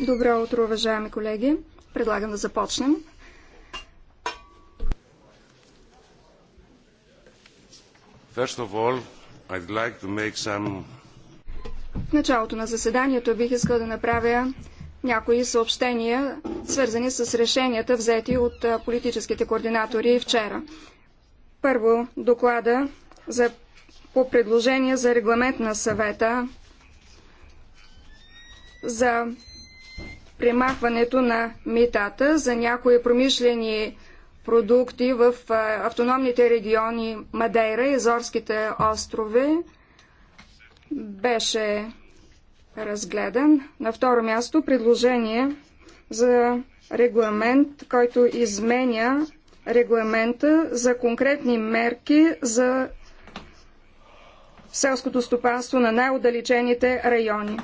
Добро утро, уважаеми колеги. Предлагам да започнем. First of all, I'd like to make some... В началото на заседанието бих искал да направя някои съобщения, свързани с решенията, взети от политическите координатори вчера. Първо, доклада за, по предложение за регламент на съвета за премахването на митата за някои промишлени продукти в автономните региони Мадейра и Зорските острови беше разгледан. На второ място предложение за регламент, който изменя регламента за конкретни мерки за селското стопанство на най-отдалечените райони.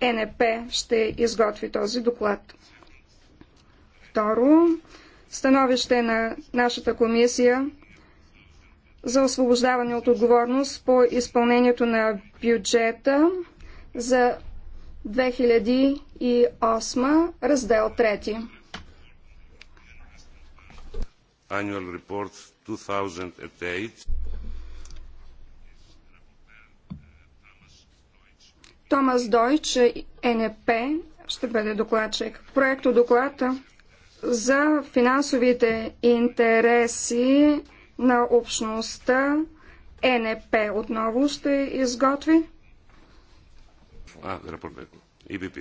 ЕНП ще изготви този доклад. Второ, становище на нашата комисия за освобождаване от отговорност по изпълнението на бюджета за 2008 раздел 3. Annual Report 2008 Томас Дойч, НП, ще бъде докладчик. Проекто доклада за финансовите интереси на общността НП отново ще изготви. А, ИБП.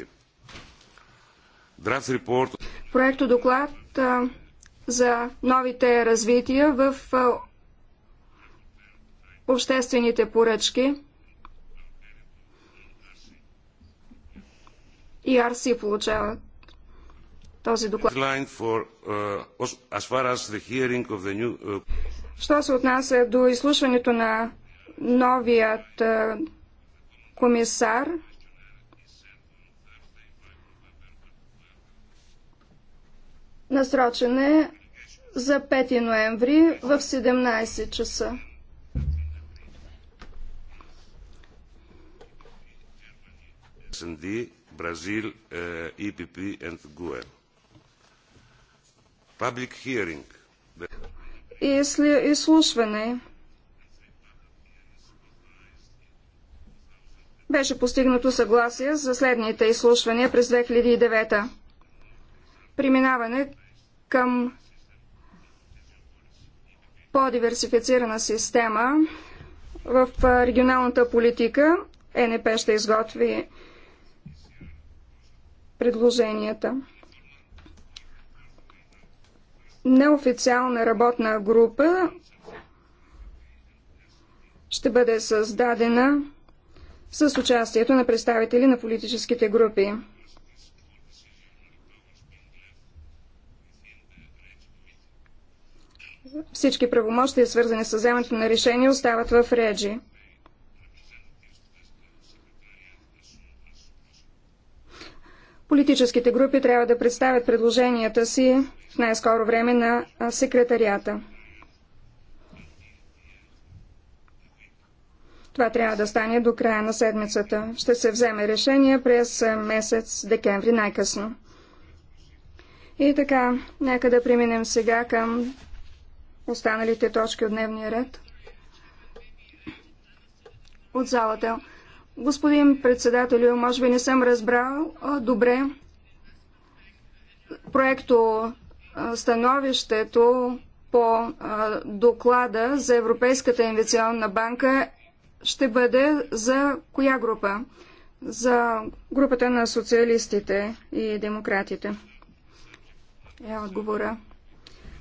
репорт. Проекто доклад за новите развития в обществените поръчки. ERC получава този доклад. Uh, uh, Що се отнася до изслушването на новият е, комисар, насрочен е за 5 ноември в 17 часа. S&D brazil uh, epp and gue. public hearing изслушване беше постигнато съгласие за следните изслушвания през 2009. Преминаване към по-диверсифицирана система в регионалната политика. Е ЕНП ще изготви предложенията. Неофициална работна група ще бъде създадена с участието на представители на политическите групи. Всички правомощия, свързани с вземането на решение, остават в Реджи. Политическите групи трябва да представят предложенията си в най-скоро време на секретарията. Това трябва да стане до края на седмицата. Ще се вземе решение през месец декември най-късно. И така, нека да преминем сега към останалите точки от дневния ред. От залата Господин председателю, може би не съм разбрал а, добре проекто становището по а, доклада за Европейската инвестиционна банка ще бъде за коя група? За групата на социалистите и демократите. Е отговора.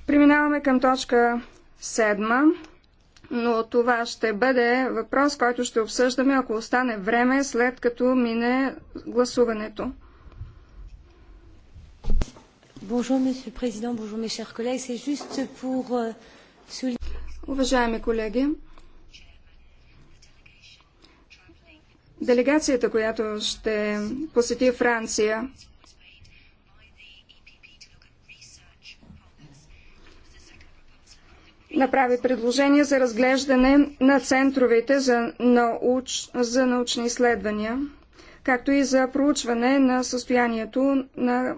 Преминаваме към точка седма но това ще бъде въпрос, който ще обсъждаме, ако остане време, след като мине гласуването. Bonjour, monsieur le président, bonjour mes chers collègues. C'est juste pour euh, Уважаеми колеги, делегацията, която ще посети Франция, направи предложение за разглеждане на центровете за, науч, за научни изследвания, както и за проучване на състоянието на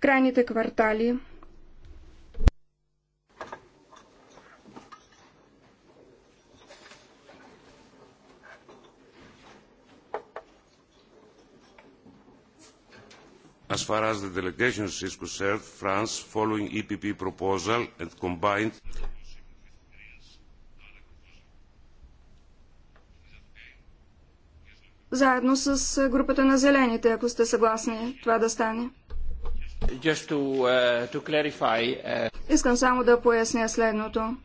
крайните квартали. As far as the delegation is concerned, France, following EPP proposal and combined заедно с е, групата на зелените, ако сте съгласни това да стане. To, uh, to clarify, uh... Искам само да поясня следното.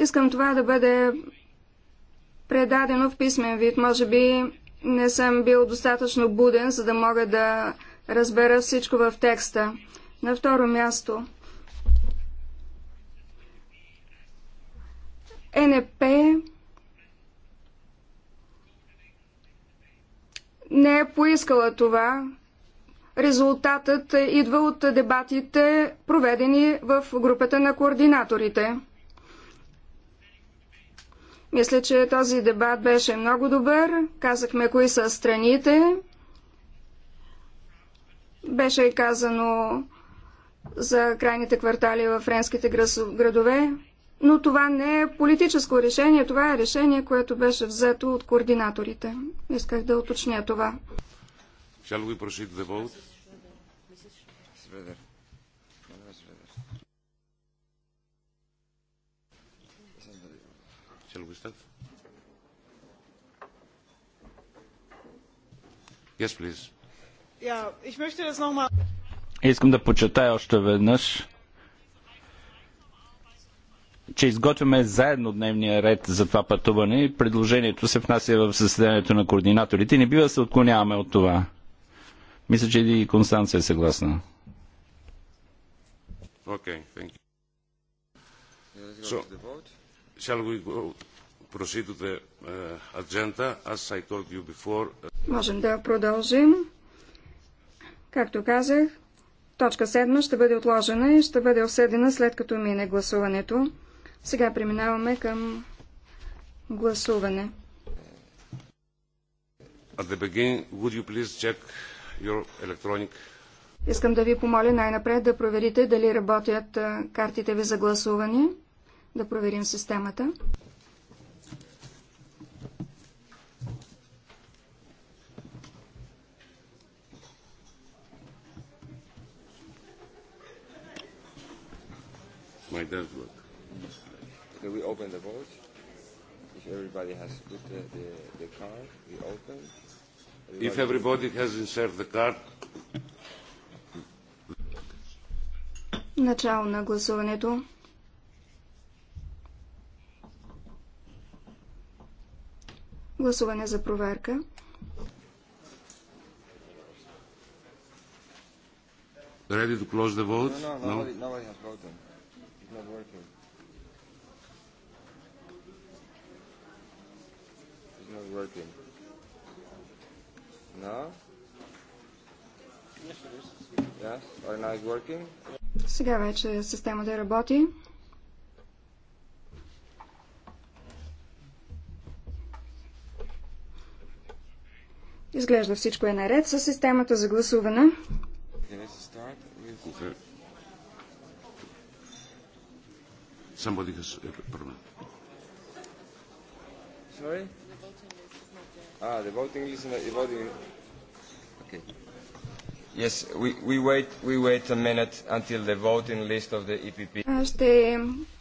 Искам това да бъде предадено в писмен вид. Може би не съм бил достатъчно буден, за да мога да разбера всичко в текста. На второ място. НП не е поискала това. Резултатът идва от дебатите, проведени в групата на координаторите. Мисля, че този дебат беше много добър. Казахме кои са страните. Беше казано за крайните квартали във френските градове. Но това не е политическо решение, това е решение, което беше взето от координаторите. Исках да уточня това. Shall we proceed the vote? Yes, please. Искам да почетая още веднъж, че изготвяме заедно дневния ред за това пътуване и предложението се внася в съседанието на координаторите. Не бива да се отклоняваме от това. Мисля, че и Констанция е съгласна. Okay, thank you. So, shall we go е, I told you before... Е, Можем да продължим. Както казах, точка 7 ще бъде отложена и ще бъде обсъдена след като мине гласуването. Сега преминаваме към гласуване. At the would you please check your electronic Искам да ви помоля най-напред да проверите дали работят е, картите ви за гласуване. Да проверим системата. My does So we open the vote. If everybody has put the, the, the card, we open. Everybody if everybody has inserted the card. Начало на гласуването. Гласуване за проверка. Ready to close the vote? No, no, no? nobody, nobody has voted not working. It's not working. No? Yes, or now it's working? Сега вече системата работи. Изглежда всичко е наред с системата за гласуване. Okay. Somebody has a problem. Sorry? Ah, the voting list. The voting. Okay. Yes, we, we wait. We wait a minute until the voting list of the EPP. Ще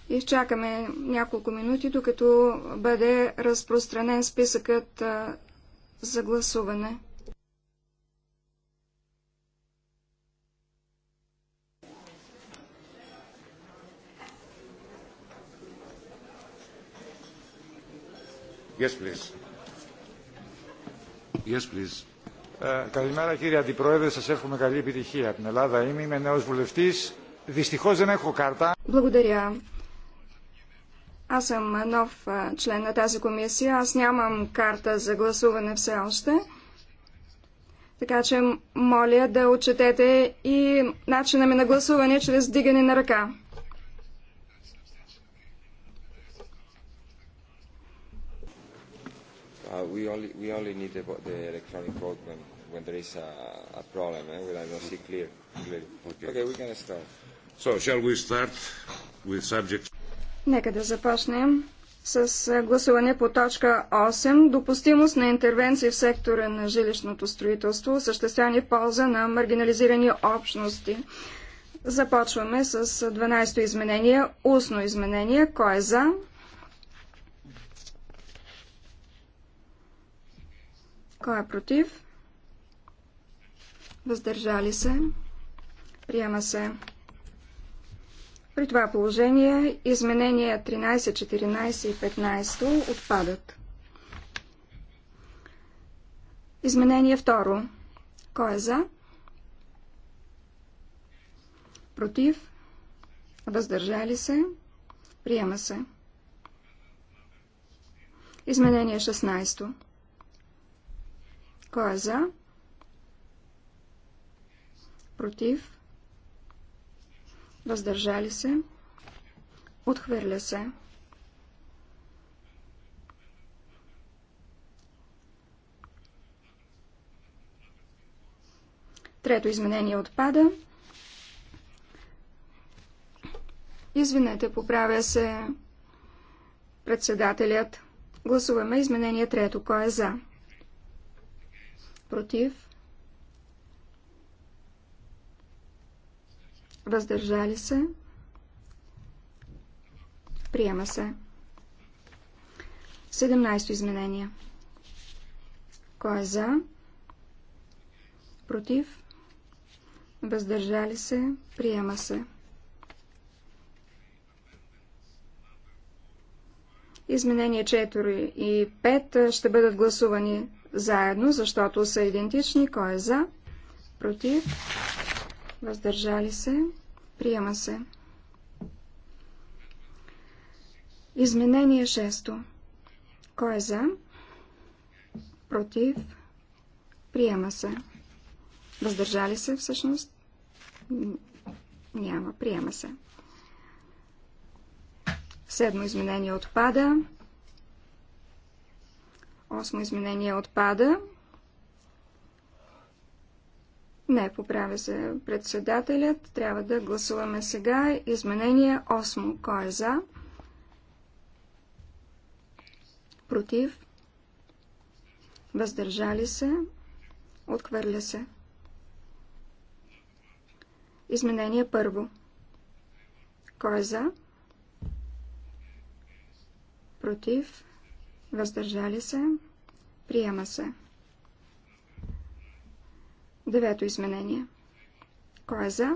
изчакаме няколко минути, докато бъде разпространен списъкът за гласуване. Yes, please. Yes, please. Ε, καλημέρα κύριε Αντιπρόεδρε, σας εύχομαι καλή επιτυχία. Από την Ελλάδα είμαι, είμαι νέος βουλευτής. Δυστυχώς δεν έχω κάρτα. Благодаря. Аз съм нов член на тази комисия. Аз нямам карта за гласуване все още. Така че моля да отчетете и начина ми на гласуване чрез дигане на ръка. uh, we only we only need the, the electronic vote when, when there is a, a problem eh, when I don't see clear. clear. Okay. okay, we can start. So shall we start with subject? Нека да започнем с гласуване по точка 8 допустимост на интервенции в сектора на жилищното строителство, осъществяване в полза на маргинализирани общности. Започваме с 12-то изменение, устно изменение. Кой е за? Кой е против? Въздържали се. Приема се. При това положение изменения 13, 14 и 15 отпадат. Изменение второ. Кой е за? Против? Въздържали се? Приема се. Изменение 16. Кой е за? Против? Въздържали се? Отхвърля се. Трето изменение отпада. Извинете, поправя се председателят. Гласуваме изменение трето. Кой е за? против, въздържали се, приема се. 17 изменение. Кой е за? Против? Въздържали се? Приема се. Изменения 4 и 5 ще бъдат гласувани заедно, защото са идентични. Кой е за? Против? Въздържали се? Приема се. Изменение 6. Кой е за? Против? Приема се. Въздържали се всъщност? Няма. Приема се. Седмо изменение отпада. Осмо изменение отпада. Не, поправя се председателят. Трябва да гласуваме сега изменение 8. Кой е за? Против? Въздържали се? Отхвърля се. Изменение първо. Кой е за? Против? въздържали се, приема се. Девето изменение. Кой е за?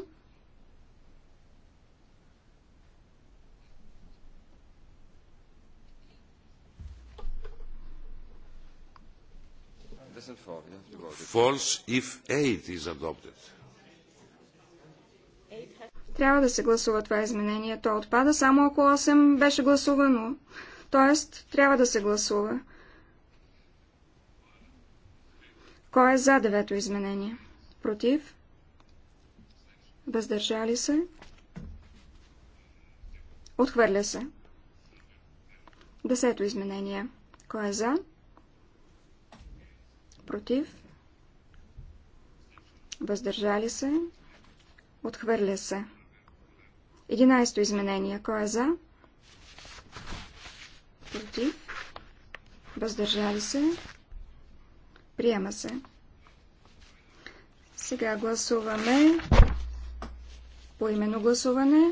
False if eight is adopted. Трябва да се гласува това изменение. То отпада само ако 8 беше гласувано. Т.е. трябва да се гласува. Кой е за девето изменение? Против? Въздържали се? Отхвърля се. Десето изменение. Кой е за? Против? Въздържали се? Отхвърля се. Единайсто изменение. Кой е за? против, въздържали се, приема се. Сега гласуваме по именно гласуване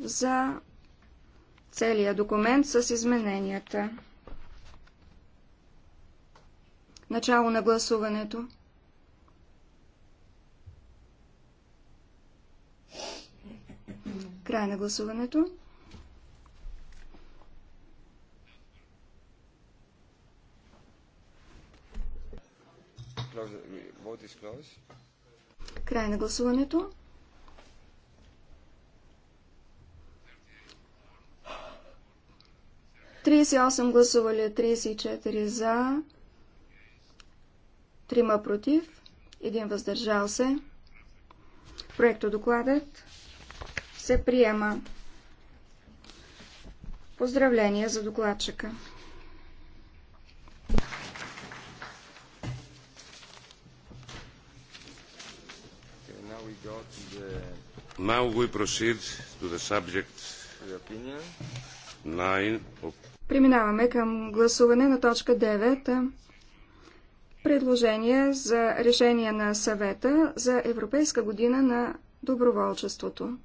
за целия документ с измененията. Начало на гласуването. Край на гласуването. Край на гласуването. Тридесет гласували, 34 за, трима против, един въздържал се. Проекто докладът се приема. Поздравления за докладчика. Now we proceed to the subject Преминаваме към гласуване на точка 9. Предложение за решение на съвета за Европейска година на доброволчеството.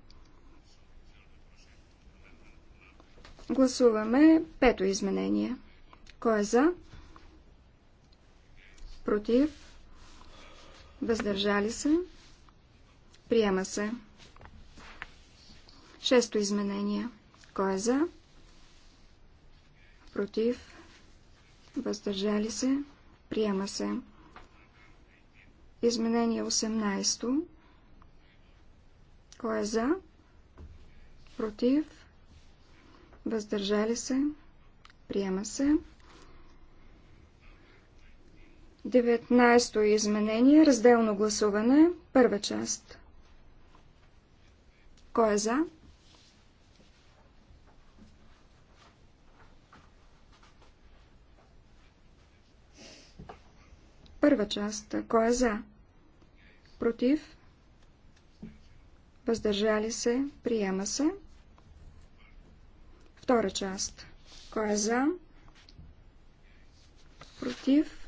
Гласуваме пето изменение. Кой е за? Против? Въздържали се? Приема се. Шесто изменение. Кой е за? Против. Въздържали се. Приема се. Изменение 18. Кой е за? Против. Въздържали се. Приема се. 19 изменение. Разделно гласуване. Първа част. Кой е за? Първа част. Кой е за? Против? Въздържали се? Приема се. Втора част. Кой е за? Против?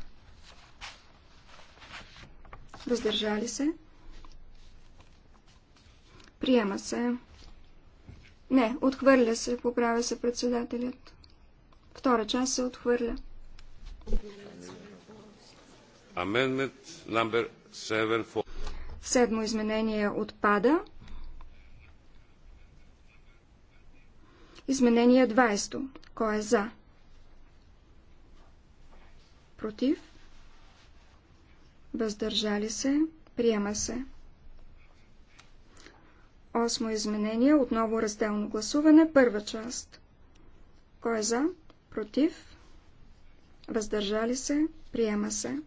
Въздържали се? Приема се. Не, отхвърля се, поправя се председателят. Втора част се отхвърля. Седмо изменение отпада. Изменение 20. Кой е за? Против? Въздържали се? Приема се. Осмо изменение, отново разделно гласуване, първа част. Кой е за? Против? Въздържали се? Приема се.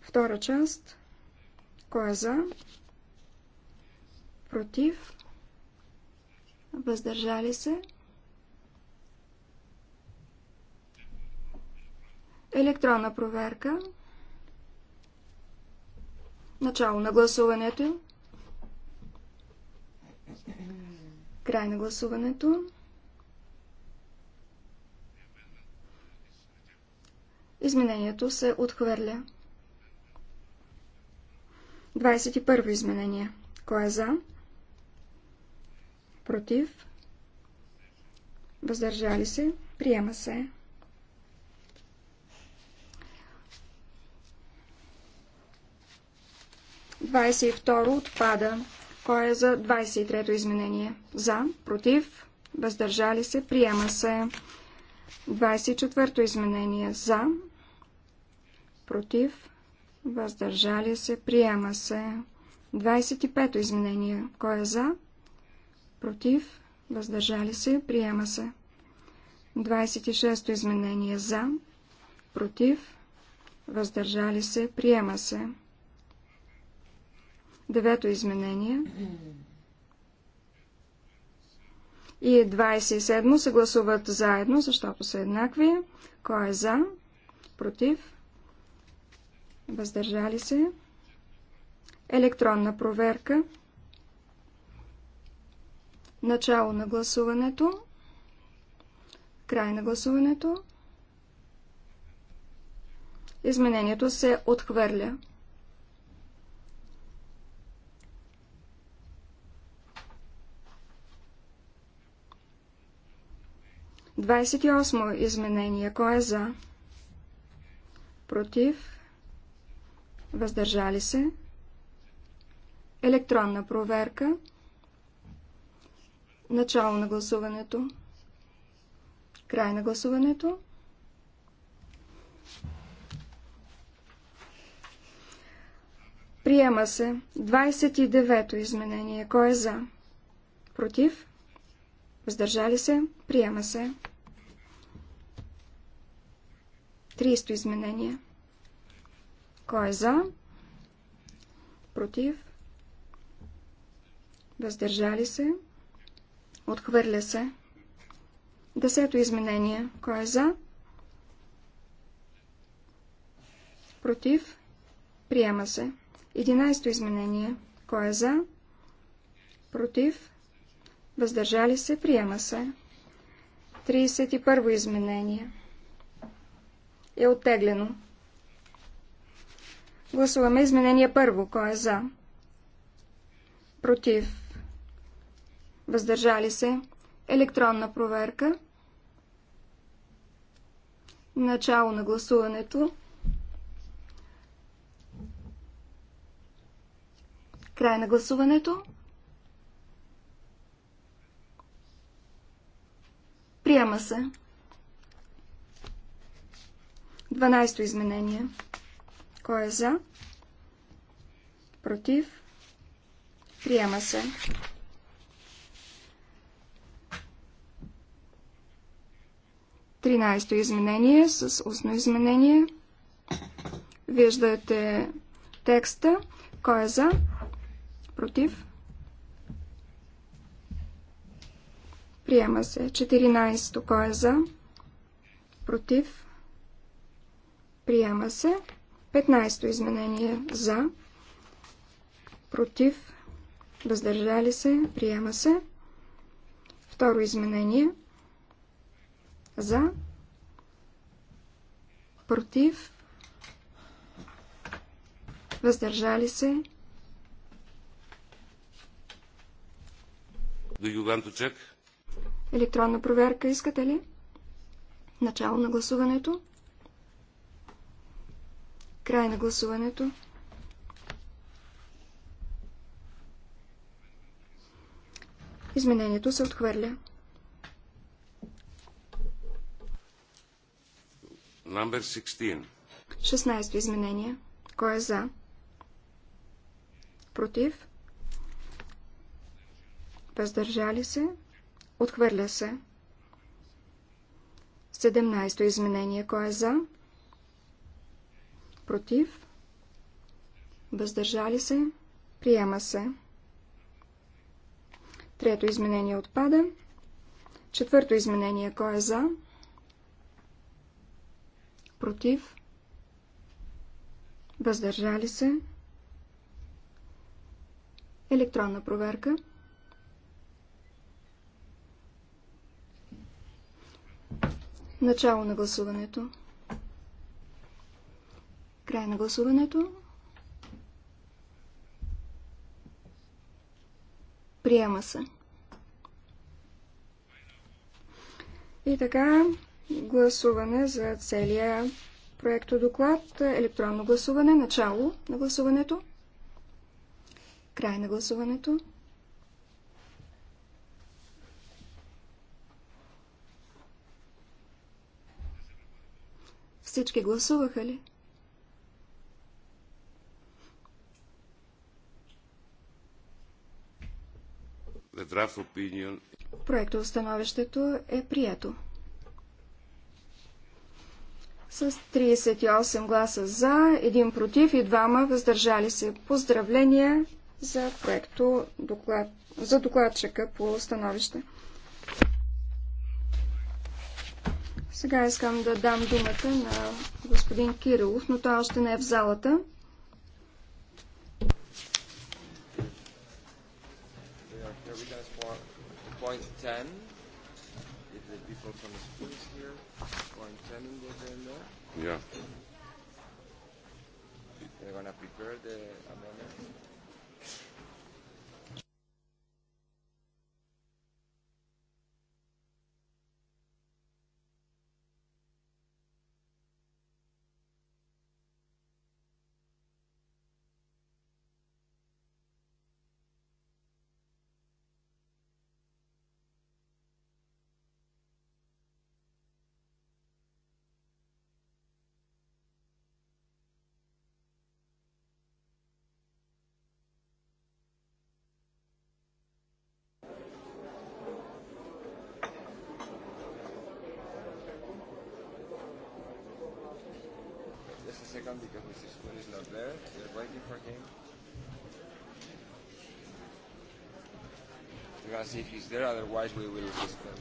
Втора част. Кой е за? Против? Въздържали се? Електронна проверка. Начало на гласуването. Край на гласуването. Изменението се отхвърля. 21 во изменение. Кой е за? Против? Въздържали се? Приема се. Двадесет и второ отпада. Кой е за 23-то изменение? За, против, въздържали се, приема се. 24-то изменение. За, против, въздържали се, приема се. 25-то изменение. Кой е за? Против, въздържали се, приема се. 26-то изменение. За, против, въздържали се, приема се. Девето изменение. И 27 се гласуват заедно, защото са еднакви. Кой е за? Против? Въздържали се? Електронна проверка. Начало на гласуването. Край на гласуването. Изменението се отхвърля. 28 изменение. Кой е за? Против? Въздържали се? Електронна проверка. Начало на гласуването. Край на гласуването. Приема се 29-то изменение. Кой е за? Против? Въздържали се? Приема се. 30 изменение. Кой е за? Против? Въздържали се? Отхвърля се. Десето изменение. Кой е за? Против? Приема се. Единайсто изменение. Кой е за? Против? въздържали се, приема се. 31 изменение е оттеглено. Гласуваме изменение първо. Кой е за? Против. Въздържали се. Електронна проверка. Начало на гласуването. Край на гласуването. Приема се. 12-то изменение. Кой е за? Против? Приема се. Тринайсто изменение с устно изменение. Виждате текста. Кой е за? Против? Приема се. 14. Кой е за? Против. Приема се. 15. Изменение за. Против. Въздържали се. Приема се. Второ изменение. За. Против. Въздържали се. Do you want to check? Електронна проверка искате ли? Начало на гласуването. Край на гласуването. Изменението се отхвърля. Номер 16. 16 изменение. Кой е за? Против? Въздържали се? Отхвърля се. 17-то изменение. Кой е за? Против? Въздържали се? Приема се. Трето изменение отпада. Четвърто изменение. Кой е за? Против? Въздържали се? Електронна проверка. Начало на гласуването. Край на гласуването. Приема се. И така, гласуване за целия проекто доклад, електронно гласуване, начало на гласуването, край на гласуването. Всички гласуваха ли? Проекто установището е прието. С 38 гласа за, един против и двама. въздържали се. Поздравления за проекто доклад, за докладчика по установище. Сега искам да дам думата на господин Кирилов, но той още не е в залата. Yeah. They're gonna prepare the Anderson because Mrs. Quinn is not there. We are waiting for him. We're going to see if he's there, otherwise we will suspend.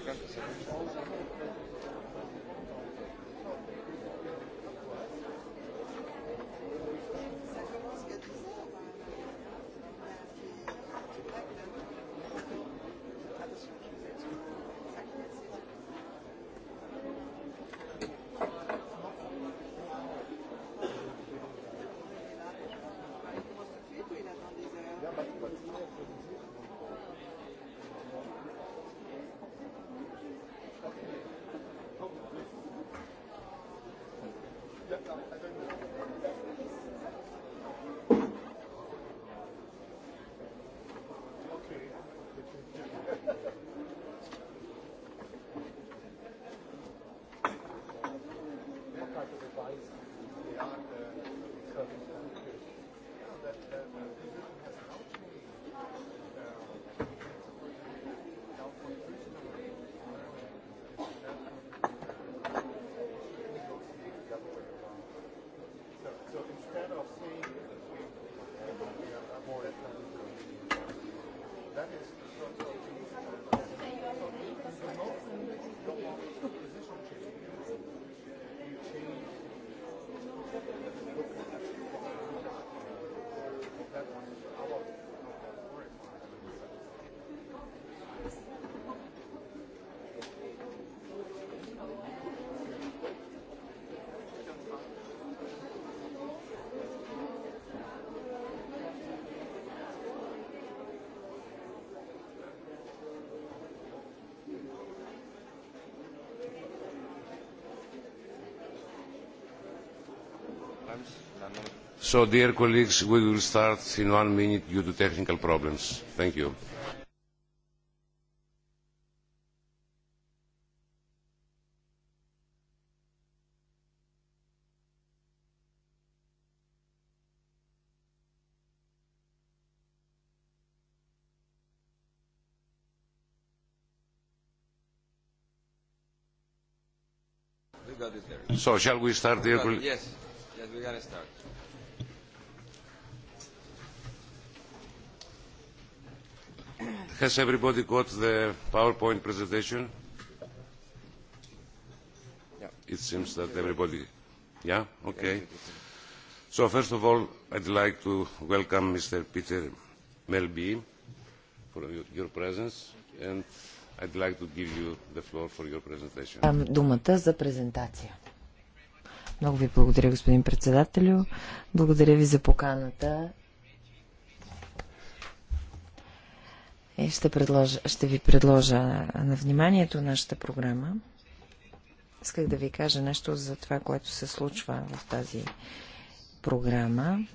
quelqu'un qui s'appelle So, dear colleagues, we will start in one minute due to technical problems. Thank you. So shall we start, dear colleagues? Yes, yes, we gotta start. Has everybody got the PowerPoint presentation? Yeah. It seems that everybody. Yeah? Okay. So first of all, I'd like to welcome Mr. Peter Melby for your presence, and I'd like to give you the floor for your presentation. Думата за презентация. Много ви благодаря, господин председателю. Благодаря ви за поканата И е, ще, предложа, ще ви предложа на вниманието нашата програма. Исках да ви кажа нещо за това, което се случва в тази програма.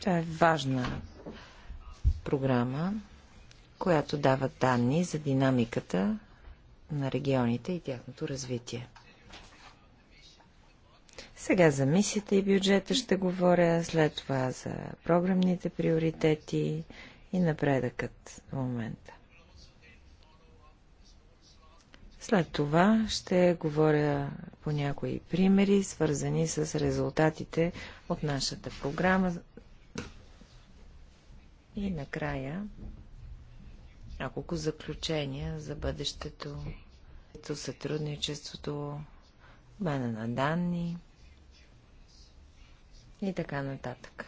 Това е важна програма, която дава данни за динамиката на регионите и тяхното развитие. Сега за мисията и бюджета ще говоря, след това за програмните приоритети и напредъкът в момента. След това ще говоря по някои примери, свързани с резултатите от нашата програма. И накрая няколко заключения за бъдещето, сътрудничеството, обмена на данни и така нататък.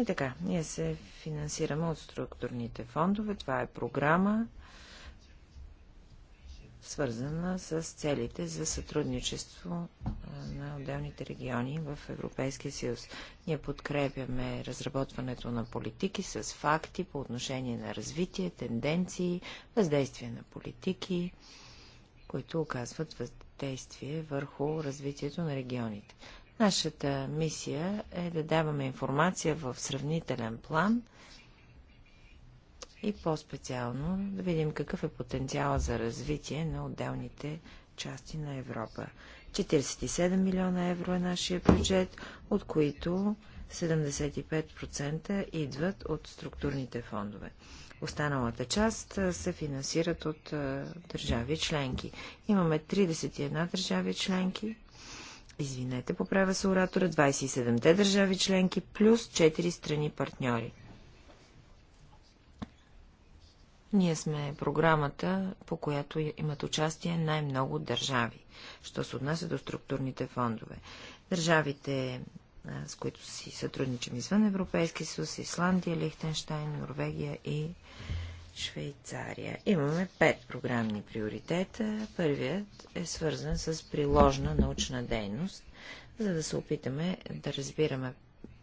И така, ние се финансираме от структурните фондове. Това е програма, свързана с целите за сътрудничество на отделните региони в Европейския съюз. Ние подкрепяме разработването на политики с факти по отношение на развитие, тенденции, въздействие на политики, които оказват въздействие върху развитието на регионите. Нашата мисия е да даваме информация в сравнителен план и по-специално да видим какъв е потенциала за развитие на отделните части на Европа. 47 милиона евро е нашия бюджет, от които 75% идват от структурните фондове. Останалата част се финансират от държави членки. Имаме 31 държави членки, извинете, поправя се оратора, 27-те държави членки, плюс 4 страни партньори. Ние сме програмата, по която имат участие най-много държави, що се отнася до структурните фондове. Държавите с които си сътрудничим извън Европейския съюз, Исландия, Лихтенштайн, Норвегия и Швейцария. Имаме пет програмни приоритета. Първият е свързан с приложна научна дейност, за да се опитаме да разбираме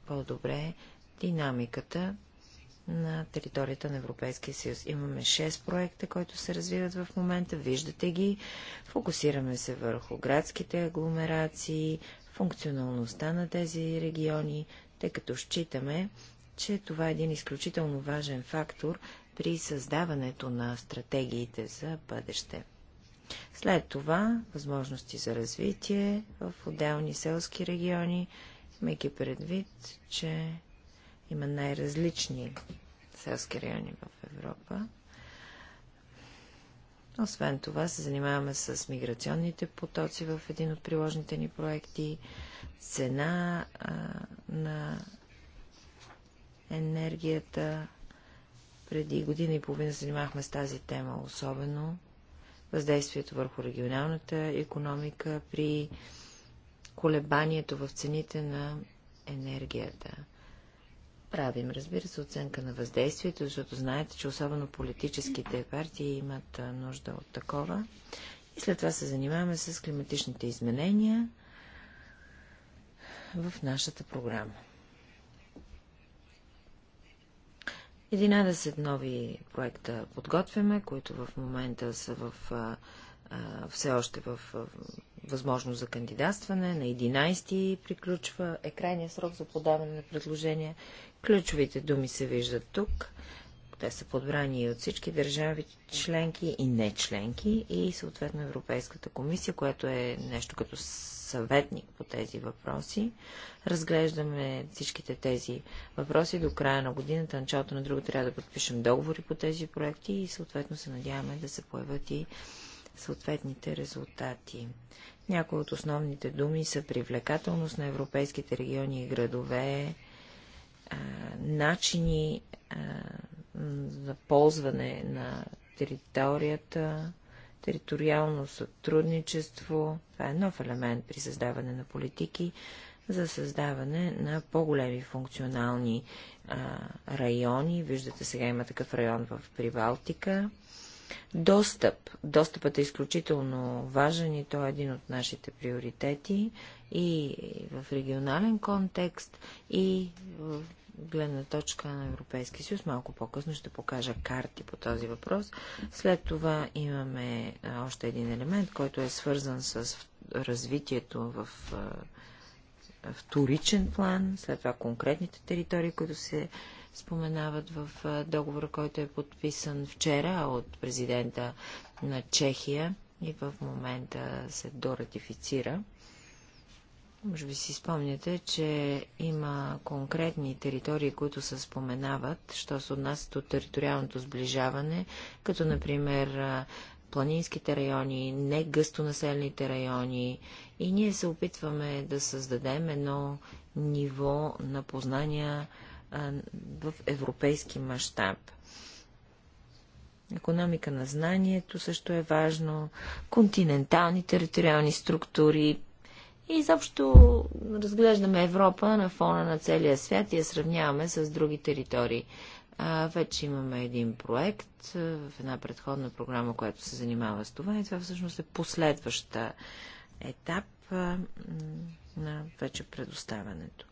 по-добре динамиката на територията на Европейския съюз. Имаме 6 проекта, които се развиват в момента. Виждате ги. Фокусираме се върху градските агломерации, функционалността на тези региони, тъй като считаме, че това е един изключително важен фактор при създаването на стратегиите за бъдеще. След това възможности за развитие в отделни селски региони, имайки предвид, че има най-различни селски райони в Европа. Освен това се занимаваме с миграционните потоци в един от приложните ни проекти, цена а, на енергията. Преди година и половина занимахме с тази тема особено. Въздействието върху регионалната економика при колебанието в цените на енергията правим, разбира се, оценка на въздействието, защото знаете, че особено политическите партии имат нужда от такова. И след това се занимаваме с климатичните изменения в нашата програма. 11 нови проекта подготвяме, които в момента са в все още в възможност за кандидатстване. На 11 приключва е крайния срок за подаване на предложения. Ключовите думи се виждат тук. Те са подбрани и от всички държави членки и не членки и съответно Европейската комисия, която е нещо като съветник по тези въпроси. Разглеждаме всичките тези въпроси до края на годината, началото на друга трябва да подпишем договори по тези проекти и съответно се надяваме да се появят и съответните резултати. Някои от основните думи са привлекателност на европейските региони и градове, начини за ползване на територията, териториално сътрудничество. Това е нов елемент при създаване на политики за създаване на по-големи функционални а, райони. Виждате, сега има такъв район в Прибалтика. Достъп. Достъпът е изключително важен и той е един от нашите приоритети и в регионален контекст, и в гледна точка на Европейския съюз. Малко по-късно ще покажа карти по този въпрос. След това имаме още един елемент, който е свързан с развитието в вторичен план, след това конкретните територии, които се споменават в договора, който е подписан вчера от президента на Чехия и в момента се доратифицира. Може би си спомняте, че има конкретни територии, които се споменават, що се отнасят от териториалното сближаване, като например планинските райони, не гъстонаселните райони и ние се опитваме да създадем едно ниво на познания в европейски мащаб. Економика на знанието също е важно, континентални териториални структури и изобщо разглеждаме Европа на фона на целия свят и я сравняваме с други територии. А, вече имаме един проект в една предходна програма, която се занимава с това и това всъщност е последваща етап на вече предоставянето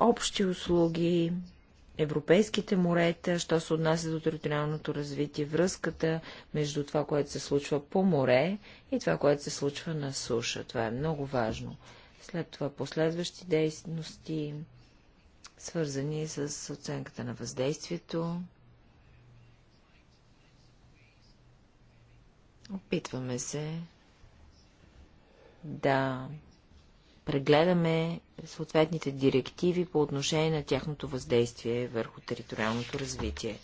общи услуги, европейските морета, що се отнася до териториалното развитие, връзката между това, което се случва по море и това, което се случва на суша. Това е много важно. След това последващи дейности, свързани с оценката на въздействието. Опитваме се да прегледаме съответните директиви по отношение на тяхното въздействие върху териториалното развитие.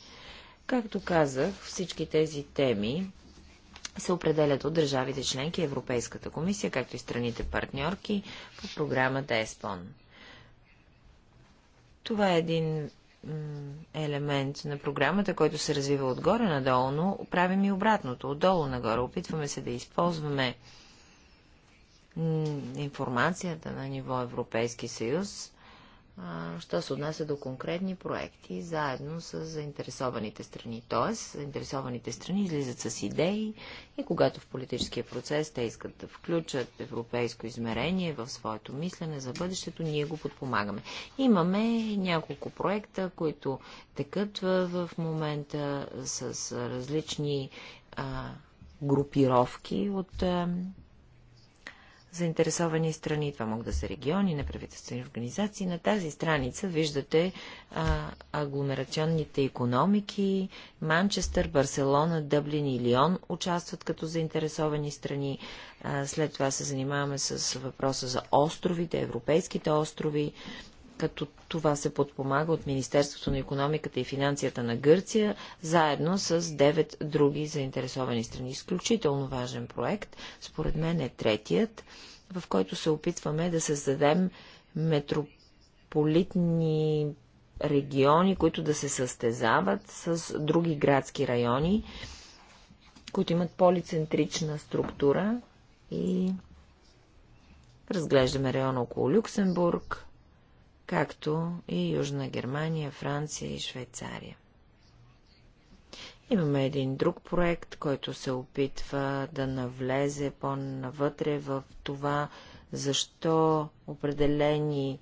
Както казах, всички тези теми се определят от държавите членки Европейската комисия, както и страните партньорки по програмата ЕСПОН. Това е един елемент на програмата, който се развива отгоре надолу, но правим и обратното, отдолу нагоре. Опитваме се да използваме информацията на ниво Европейски съюз, що се отнася до конкретни проекти, заедно с заинтересованите страни. Тоест, заинтересованите страни излизат с идеи и когато в политическия процес те искат да включат европейско измерение в своето мислене за бъдещето, ние го подпомагаме. Имаме няколко проекта, които текат в момента с различни групировки от заинтересовани страни. Това могат да са региони, неправителствени организации. На тази страница виждате а, агломерационните економики. Манчестър, Барселона, Дъблин и Лион участват като заинтересовани страни. А, след това се занимаваме с въпроса за островите, европейските острови като това се подпомага от Министерството на економиката и финансията на Гърция, заедно с девет други заинтересовани страни. Изключително важен проект, според мен е третият, в който се опитваме да създадем метрополитни региони, които да се състезават с други градски райони, които имат полицентрична структура и разглеждаме района около Люксембург, както и Южна Германия, Франция и Швейцария. Имаме един друг проект, който се опитва да навлезе по-навътре в това, защо определени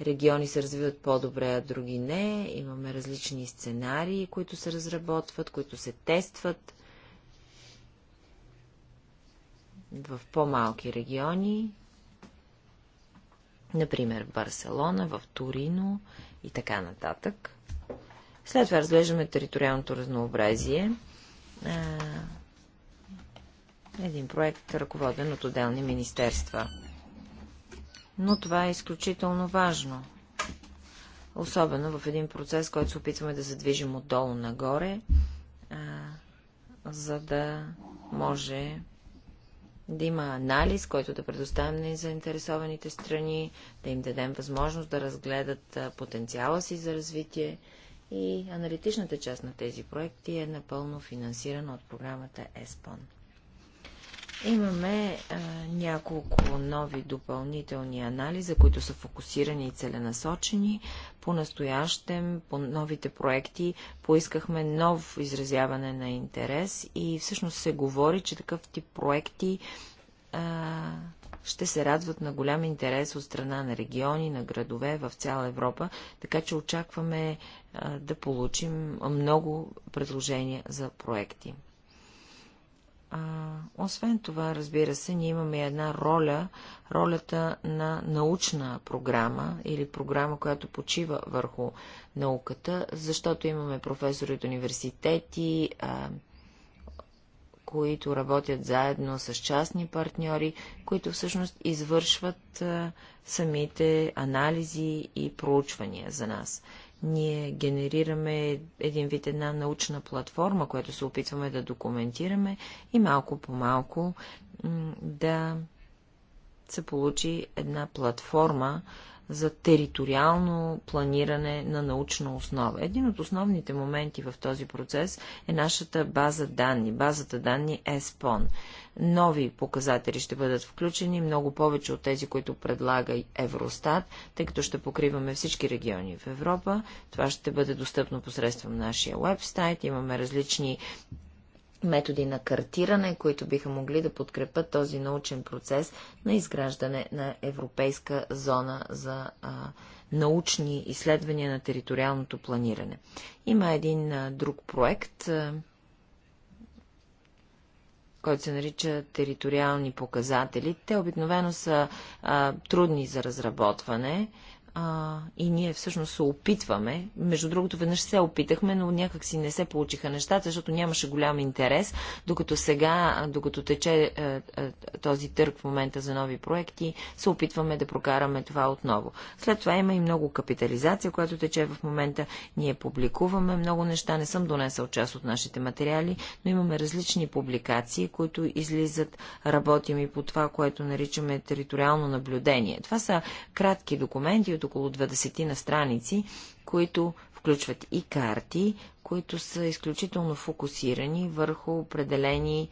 региони се развиват по-добре, а други не. Имаме различни сценарии, които се разработват, които се тестват в по-малки региони Например, в Барселона, в Торино и така нататък. След това разглеждаме териториалното разнообразие. Един проект, ръководен от отделни министерства. Но това е изключително важно. Особено в един процес, който се опитваме да задвижим отдолу нагоре, за да може да има анализ, който да предоставим на заинтересованите страни, да им дадем възможност да разгледат потенциала си за развитие и аналитичната част на тези проекти е напълно финансирана от програмата ЕСПОН. Имаме а, няколко нови допълнителни анализа, които са фокусирани и целенасочени. По-настоящем, по новите проекти, поискахме нов изразяване на интерес и всъщност се говори, че такъв тип проекти а, ще се радват на голям интерес от страна на региони, на градове в цяла Европа, така че очакваме а, да получим много предложения за проекти. А, освен това, разбира се, ние имаме една роля, ролята на научна програма или програма, която почива върху науката, защото имаме професори от университети, а, които работят заедно с частни партньори, които всъщност извършват а, самите анализи и проучвания за нас. Ние генерираме един вид една научна платформа, която се опитваме да документираме и малко по малко да се получи една платформа за териториално планиране на научна основа. Един от основните моменти в този процес е нашата база данни, базата данни ESPON. Е нови показатели ще бъдат включени, много повече от тези, които предлага Евростат, тъй като ще покриваме всички региони в Европа. Това ще бъде достъпно посредством нашия вебсайт. Имаме различни методи на картиране, които биха могли да подкрепят този научен процес на изграждане на европейска зона за а, научни изследвания на териториалното планиране. Има един а, друг проект, а, който се нарича териториални показатели. Те обикновено са а, трудни за разработване, а, и ние всъщност се опитваме. Между другото, веднъж се опитахме, но някак си не се получиха нещата, защото нямаше голям интерес, докато сега, докато тече а, е, а, е, този търг в момента за нови проекти, се опитваме да прокараме това отново. След това има и много капитализация, която тече в момента. Ние публикуваме много неща. Не съм донесъл част от нашите материали, но имаме различни публикации, които излизат. Работим и по това, което наричаме териториално наблюдение. Това са кратки документи от около 20 на страници, които включват и карти, които са изключително фокусирани върху определени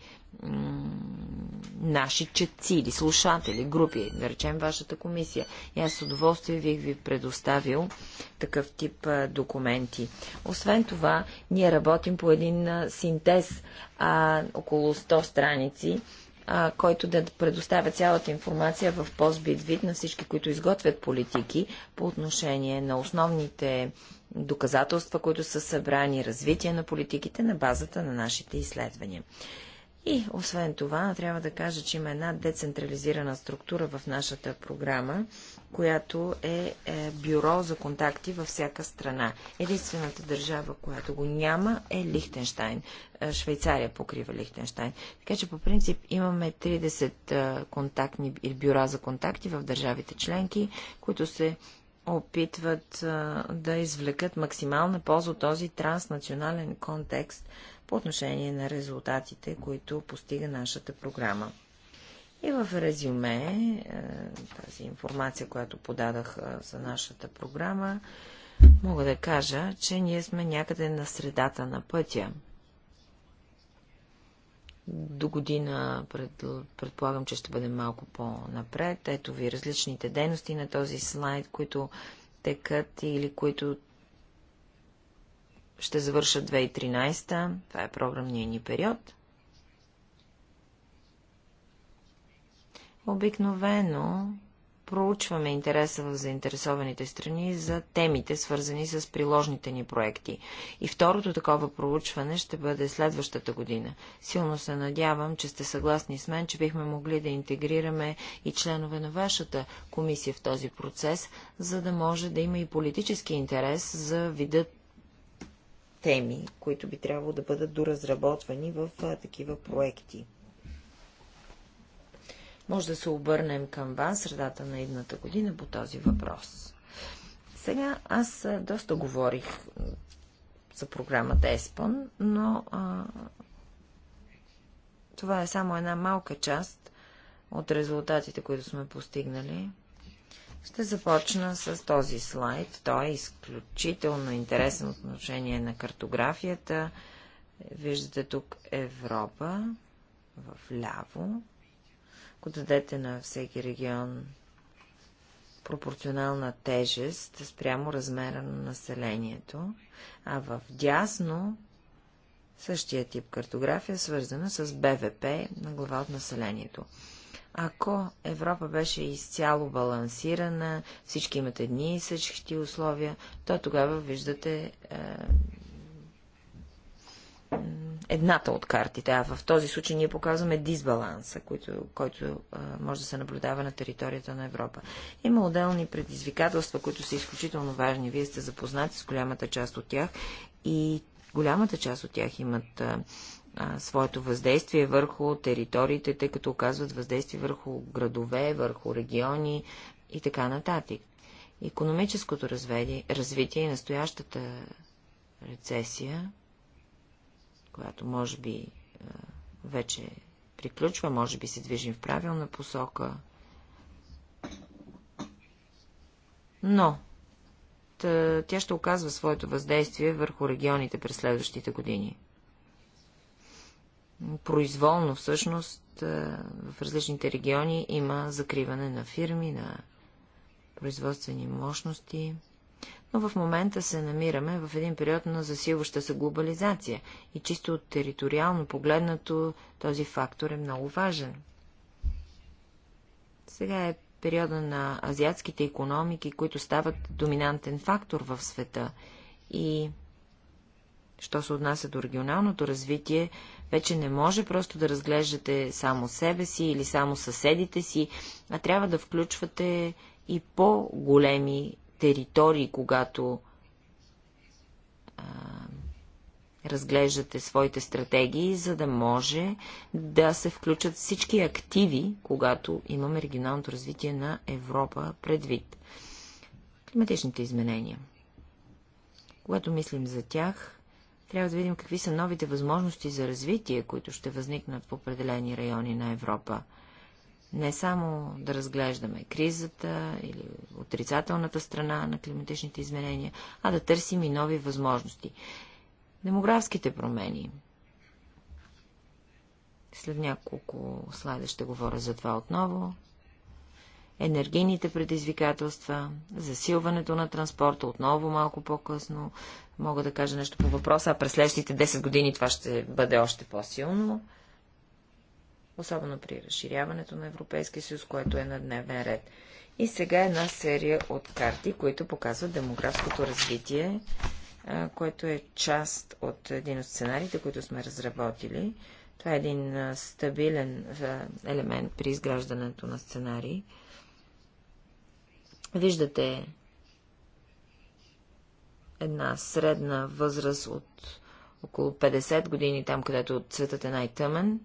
наши четци или слушатели, групи, да речем вашата комисия. И аз с удоволствие бих ви предоставил такъв тип а, документи. Освен това, ние работим по един а, синтез а, около 100 страници а, който да предоставя цялата информация в постбит вид на всички, които изготвят политики по отношение на основните доказателства, които са събрани, развитие на политиките на базата на нашите изследвания. И освен това, трябва да кажа, че има една децентрализирана структура в нашата програма, която е, е бюро за контакти във всяка страна. Единствената държава, която го няма, е Лихтенштайн. Е, Швейцария покрива Лихтенштайн. Така че по принцип имаме 30 е, контактни бюра за контакти в държавите членки, които се опитват да извлекат максимална полза от този транснационален контекст по отношение на резултатите, които постига нашата програма. И в резюме, е, тази информация, която подадах е, за нашата програма, мога да кажа, че ние сме някъде на средата на пътя. До година пред, предполагам, че ще бъдем малко по-напред. Ето ви различните дейности на този слайд, които текат или които ще завършат 2013. Това е програмния ни период. Обикновено проучваме интереса в заинтересованите страни за темите, свързани с приложните ни проекти. И второто такова проучване ще бъде следващата година. Силно се надявам, че сте съгласни с мен, че бихме могли да интегрираме и членове на вашата комисия в този процес, за да може да има и политически интерес за вида теми, които би трябвало да бъдат доразработвани в такива проекти може да се обърнем към вас средата на едната година по този въпрос. Сега аз доста говорих за програмата ЕСПОН, но а, това е само една малка част от резултатите, които сме постигнали. Ще започна с този слайд. Той е изключително интересен отношение на картографията. Виждате тук Европа в ляво, ако дадете на всеки регион пропорционална тежест спрямо размера на населението, а в дясно същия тип картография, свързана с БВП на глава от населението. Ако Европа беше изцяло балансирана, всички имат едни и същи условия, то тогава виждате е, едната от картите, а в този случай ние показваме дисбаланса, който, който а, може да се наблюдава на територията на Европа. Има отделни предизвикателства, които са изключително важни. Вие сте запознати с голямата част от тях и голямата част от тях имат а, а, своето въздействие върху териториите, тъй като оказват въздействие върху градове, върху региони и така нататък. Економическото развитие и настоящата рецесия която може би е, вече приключва, може би се движим в правилна посока. Но тя ще оказва своето въздействие върху регионите през следващите години. Произволно всъщност е, в различните региони има закриване на фирми, на производствени мощности но в момента се намираме в един период на засилваща се глобализация и чисто от териториално погледнато този фактор е много важен. Сега е периода на азиатските економики, които стават доминантен фактор в света и що се отнася до регионалното развитие, вече не може просто да разглеждате само себе си или само съседите си, а трябва да включвате и по-големи територии, когато а, разглеждате своите стратегии, за да може да се включат всички активи, когато имаме регионалното развитие на Европа предвид. Климатичните изменения. Когато мислим за тях, трябва да видим какви са новите възможности за развитие, които ще възникнат в определени райони на Европа – не само да разглеждаме кризата или отрицателната страна на климатичните изменения, а да търсим и нови възможности. Демографските промени. След няколко слайда ще говоря за това отново. Енергийните предизвикателства, засилването на транспорта, отново малко по-късно. Мога да кажа нещо по въпроса, а през следващите 10 години това ще бъде още по-силно особено при разширяването на Европейския съюз, което е на дневен ред. И сега една серия от карти, които показват демографското развитие, което е част от един от сценариите, които сме разработили. Това е един стабилен елемент при изграждането на сценарии. Виждате една средна възраст от около 50 години, там където цветът е най-тъмен,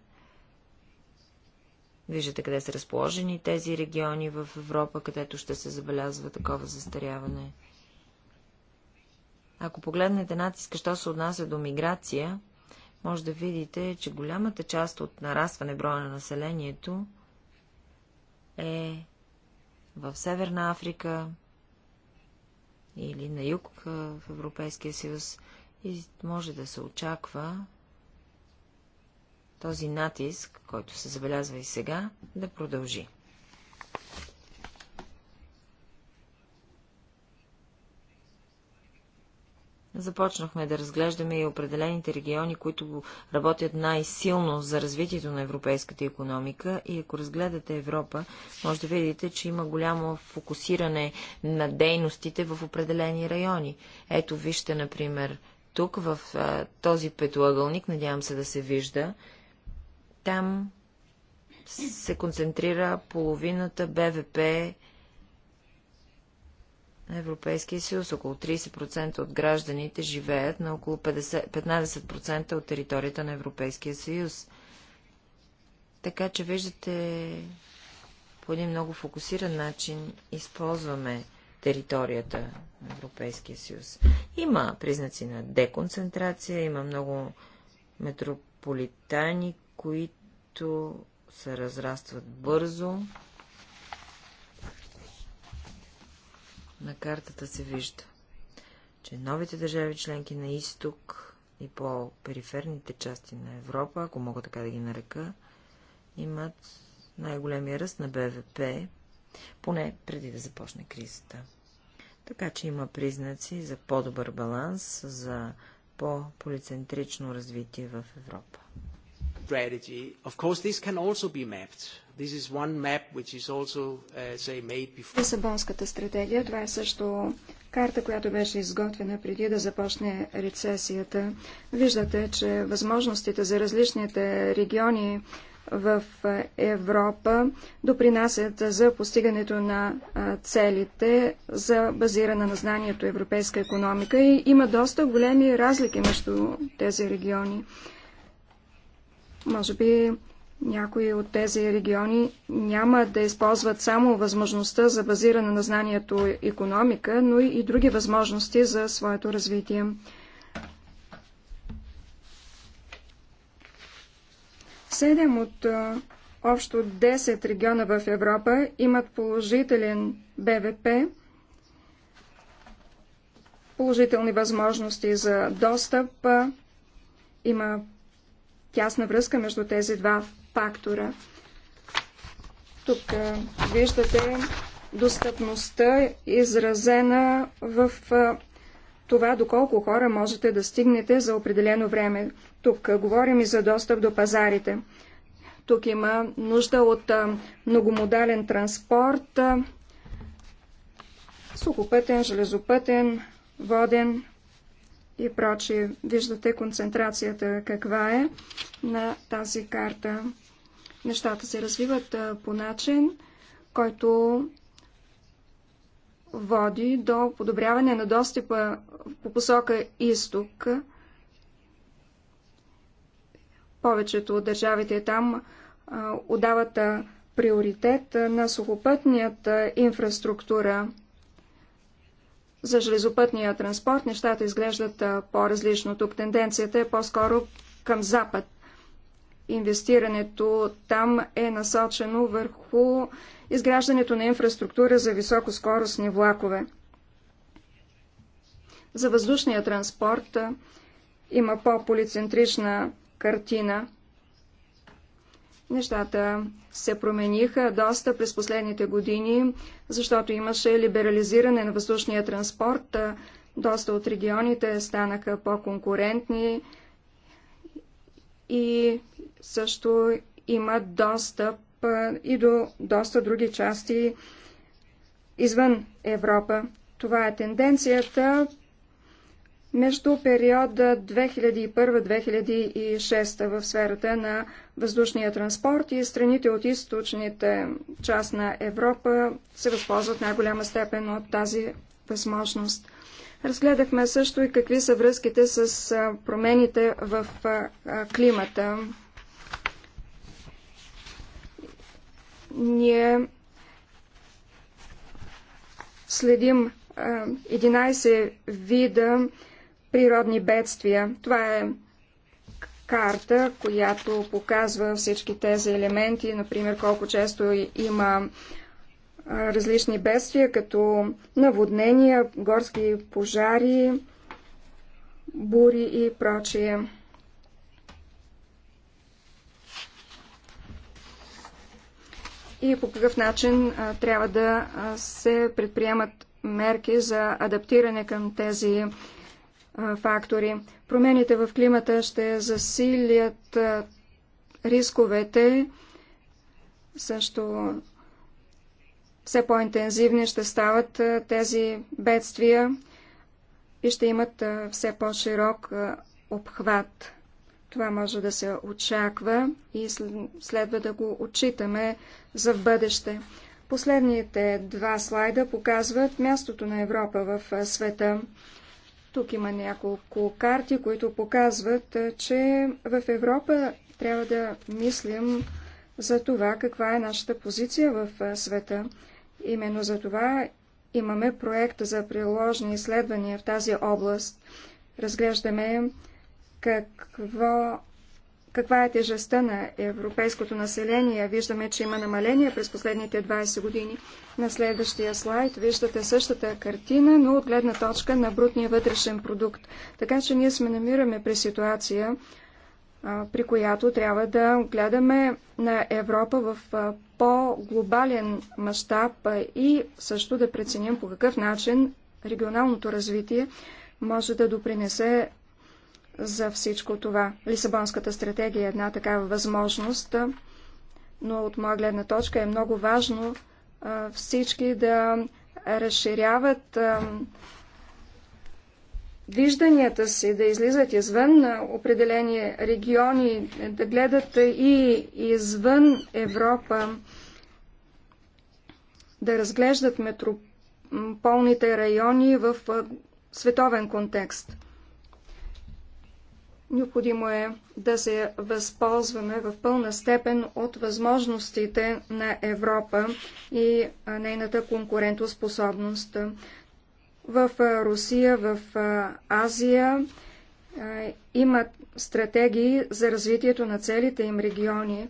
Виждате къде са разположени тези региони в Европа, където ще се забелязва такова застаряване. Ако погледнете натиска, що се отнася до миграция, може да видите, че голямата част от нарастване броя на населението е в Северна Африка или на юг в Европейския съюз и може да се очаква този натиск, който се забелязва и сега, да продължи. Започнахме да разглеждаме и определените региони, които работят най-силно за развитието на европейската економика и ако разгледате Европа, може да видите, че има голямо фокусиране на дейностите в определени райони. Ето вижте, например, тук в а, този петоъгълник, надявам се да се вижда, там се концентрира половината БВП на Европейския съюз. Около 30% от гражданите живеят на около 50, 15% от територията на Европейския съюз. Така че виждате по един много фокусиран начин използваме територията на Европейския съюз. Има признаци на деконцентрация, има много метрополитани, които се разрастват бързо. На картата се вижда, че новите държави членки на изток и по-периферните части на Европа, ако мога така да ги нарека, имат най-големия ръст на БВП, поне преди да започне кризата. Така че има признаци за по-добър баланс, за по-полицентрично развитие в Европа strategy, of course, this can also be mapped. This is one map which is also, uh, say, made before. Лисабонската стратегия, това е също карта, която беше изготвена преди да започне рецесията. Виждате, че възможностите за различните региони в Европа допринасят за постигането на целите за базиране на знанието европейска економика и има доста големи разлики между тези региони. Може би някои от тези региони няма да използват само възможността за базиране на знанието економика, но и други възможности за своето развитие. Седем от общо 10 региона в Европа имат положителен БВП, положителни възможности за достъп, има тясна връзка между тези два фактора. Тук виждате достъпността, изразена в това доколко хора можете да стигнете за определено време. Тук говорим и за достъп до пазарите. Тук има нужда от многомодален транспорт, сухопътен, железопътен, воден, и прочие. Виждате концентрацията каква е на тази карта. Нещата се развиват по начин, който води до подобряване на достъпа по посока изток. Повечето от държавите там отдават приоритет на сухопътният инфраструктура – за железопътния транспорт нещата изглеждат по-различно. Тук тенденцията е по-скоро към запад. Инвестирането там е насочено върху изграждането на инфраструктура за високоскоростни влакове. За въздушния транспорт има по-полицентрична картина – Нещата се промениха доста през последните години, защото имаше либерализиране на въздушния транспорт. Доста от регионите станаха по-конкурентни и също има достъп и до доста други части извън Европа. Това е тенденцията между периода 2001-2006 в сферата на въздушния транспорт и страните от източните част на Европа се възползват най-голяма степен от тази възможност. Разгледахме също и какви са връзките с промените в климата. Ние следим 11 вида природни бедствия. Това е карта, която показва всички тези елементи, например колко често има различни бедствия, като наводнения, горски пожари, бури и прочие. И по какъв начин трябва да се предприемат мерки за адаптиране към тези фактори. Промените в климата ще засилят рисковете, също все по-интензивни ще стават тези бедствия и ще имат все по-широк обхват. Това може да се очаква и следва да го отчитаме за в бъдеще. Последните два слайда показват мястото на Европа в света. Тук има няколко карти, които показват, е, че в Европа трябва да мислим за това каква е нашата позиция в е, света. Именно за това имаме проект за приложни изследвания в тази област. Разглеждаме какво каква е тежестта на европейското население. Виждаме, че има намаление през последните 20 години. На следващия слайд виждате същата картина, но от гледна точка на брутния вътрешен продукт. Така че ние сме намираме при ситуация, при която трябва да гледаме на Европа в по-глобален мащаб и също да преценим по какъв начин регионалното развитие може да допринесе за всичко това. Лисабонската стратегия е една такава възможност, но от моя гледна точка е много важно всички да разширяват вижданията си, да излизат извън на определени региони, да гледат и извън Европа, да разглеждат метрополните райони в световен контекст. Необходимо е да се възползваме в пълна степен от възможностите на Европа и нейната конкурентоспособност. В Русия, в Азия имат стратегии за развитието на целите им региони,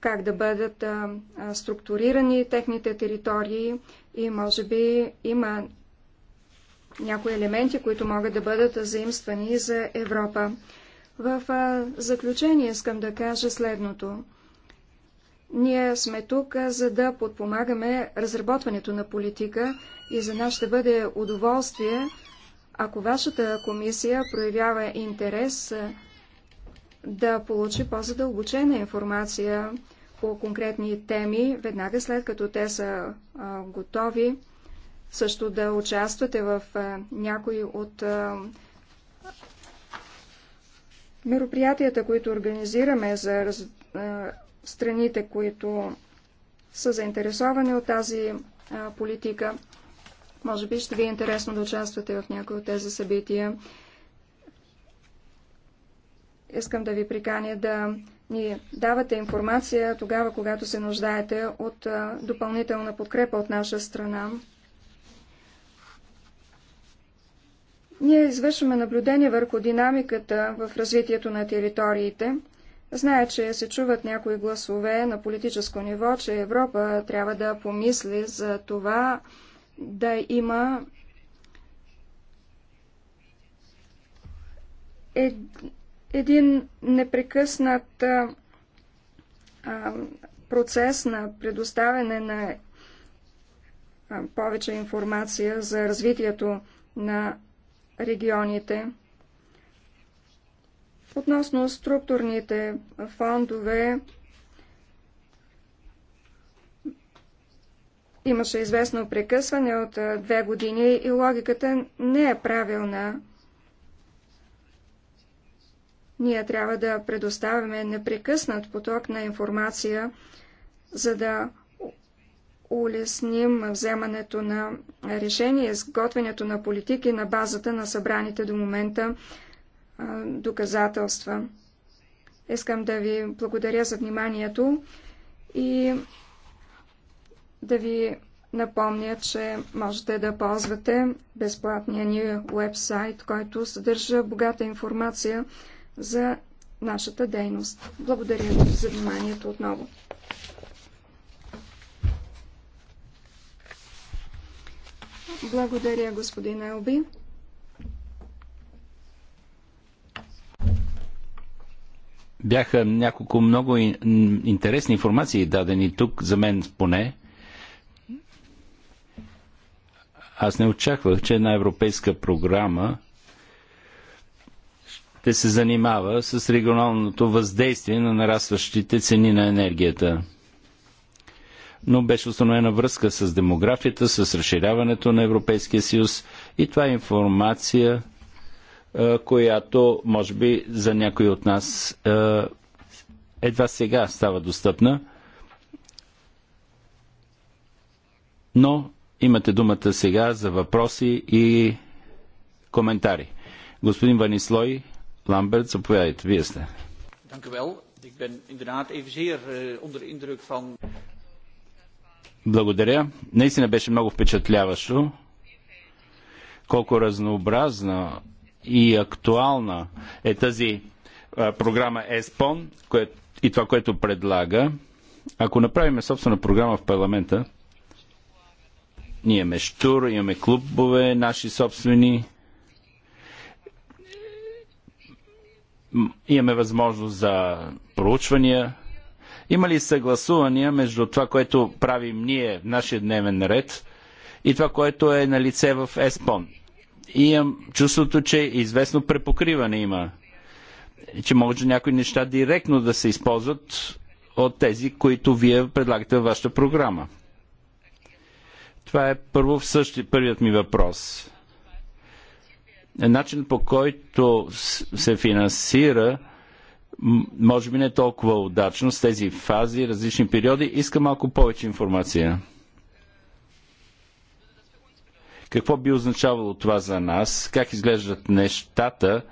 как да бъдат структурирани техните територии и може би има някои елементи, които могат да бъдат заимствани за Европа. В заключение искам да кажа следното. Ние сме тук, за да подпомагаме разработването на политика и за нас ще бъде удоволствие, ако вашата комисия проявява интерес да получи по-задълбочена информация по конкретни теми, веднага след като те са готови също да участвате в някои от мероприятията, които организираме за страните, които са заинтересовани от тази политика. Може би ще ви е интересно да участвате в някои от тези събития. Искам да ви приканя да ни давате информация тогава, когато се нуждаете от допълнителна подкрепа от наша страна. Ние извършваме наблюдение върху динамиката в развитието на териториите. Зная, че се чуват някои гласове на политическо ниво, че Европа трябва да помисли за това да има един непрекъснат а, процес на предоставяне на а, повече информация за развитието на регионите. Относно структурните фондове, имаше известно прекъсване от две години и логиката не е правилна. Ние трябва да предоставяме непрекъснат поток на информация, за да улесним вземането на решение, изготвянето на политики на базата на събраните до момента доказателства. Искам да ви благодаря за вниманието и да ви напомня, че можете да ползвате безплатния ни вебсайт, който съдържа богата информация за нашата дейност. Благодаря ви за вниманието отново. Благодаря, господин Елби. Бяха няколко много интересни информации дадени тук, за мен поне. Аз не очаквах, че една европейска програма ще се занимава с регионалното въздействие на нарастващите цени на енергията но беше установена връзка с демографията, с разширяването на Европейския съюз и това е информация, която може би за някои от нас едва сега става достъпна. Но имате думата сега за въпроси и коментари. Господин Ванислой Ламберт, заповядайте. Вие сте. Dank u wel. Ik ben inderdaad even zeer uh, onder de indruk van благодаря. Наистина беше много впечатляващо колко разнообразна и актуална е тази а, програма ЕСПОН и това, което предлага. Ако направим собствена програма в парламента, ние имаме штур, имаме клубове, наши собствени. Имаме възможност за проучвания, има ли съгласувания между това, което правим ние в нашия дневен ред и това, което е на лице в ЕСПОН? И имам чувството, че известно препокриване има. Че може някои неща директно да се използват от тези, които вие предлагате във вашата програма. Това е първо същи, първият ми въпрос. Е, Начин по който се финансира може би не толкова удачно с тези фази, различни периоди. Иска малко повече информация. Какво би означавало това за нас? Как изглеждат нещата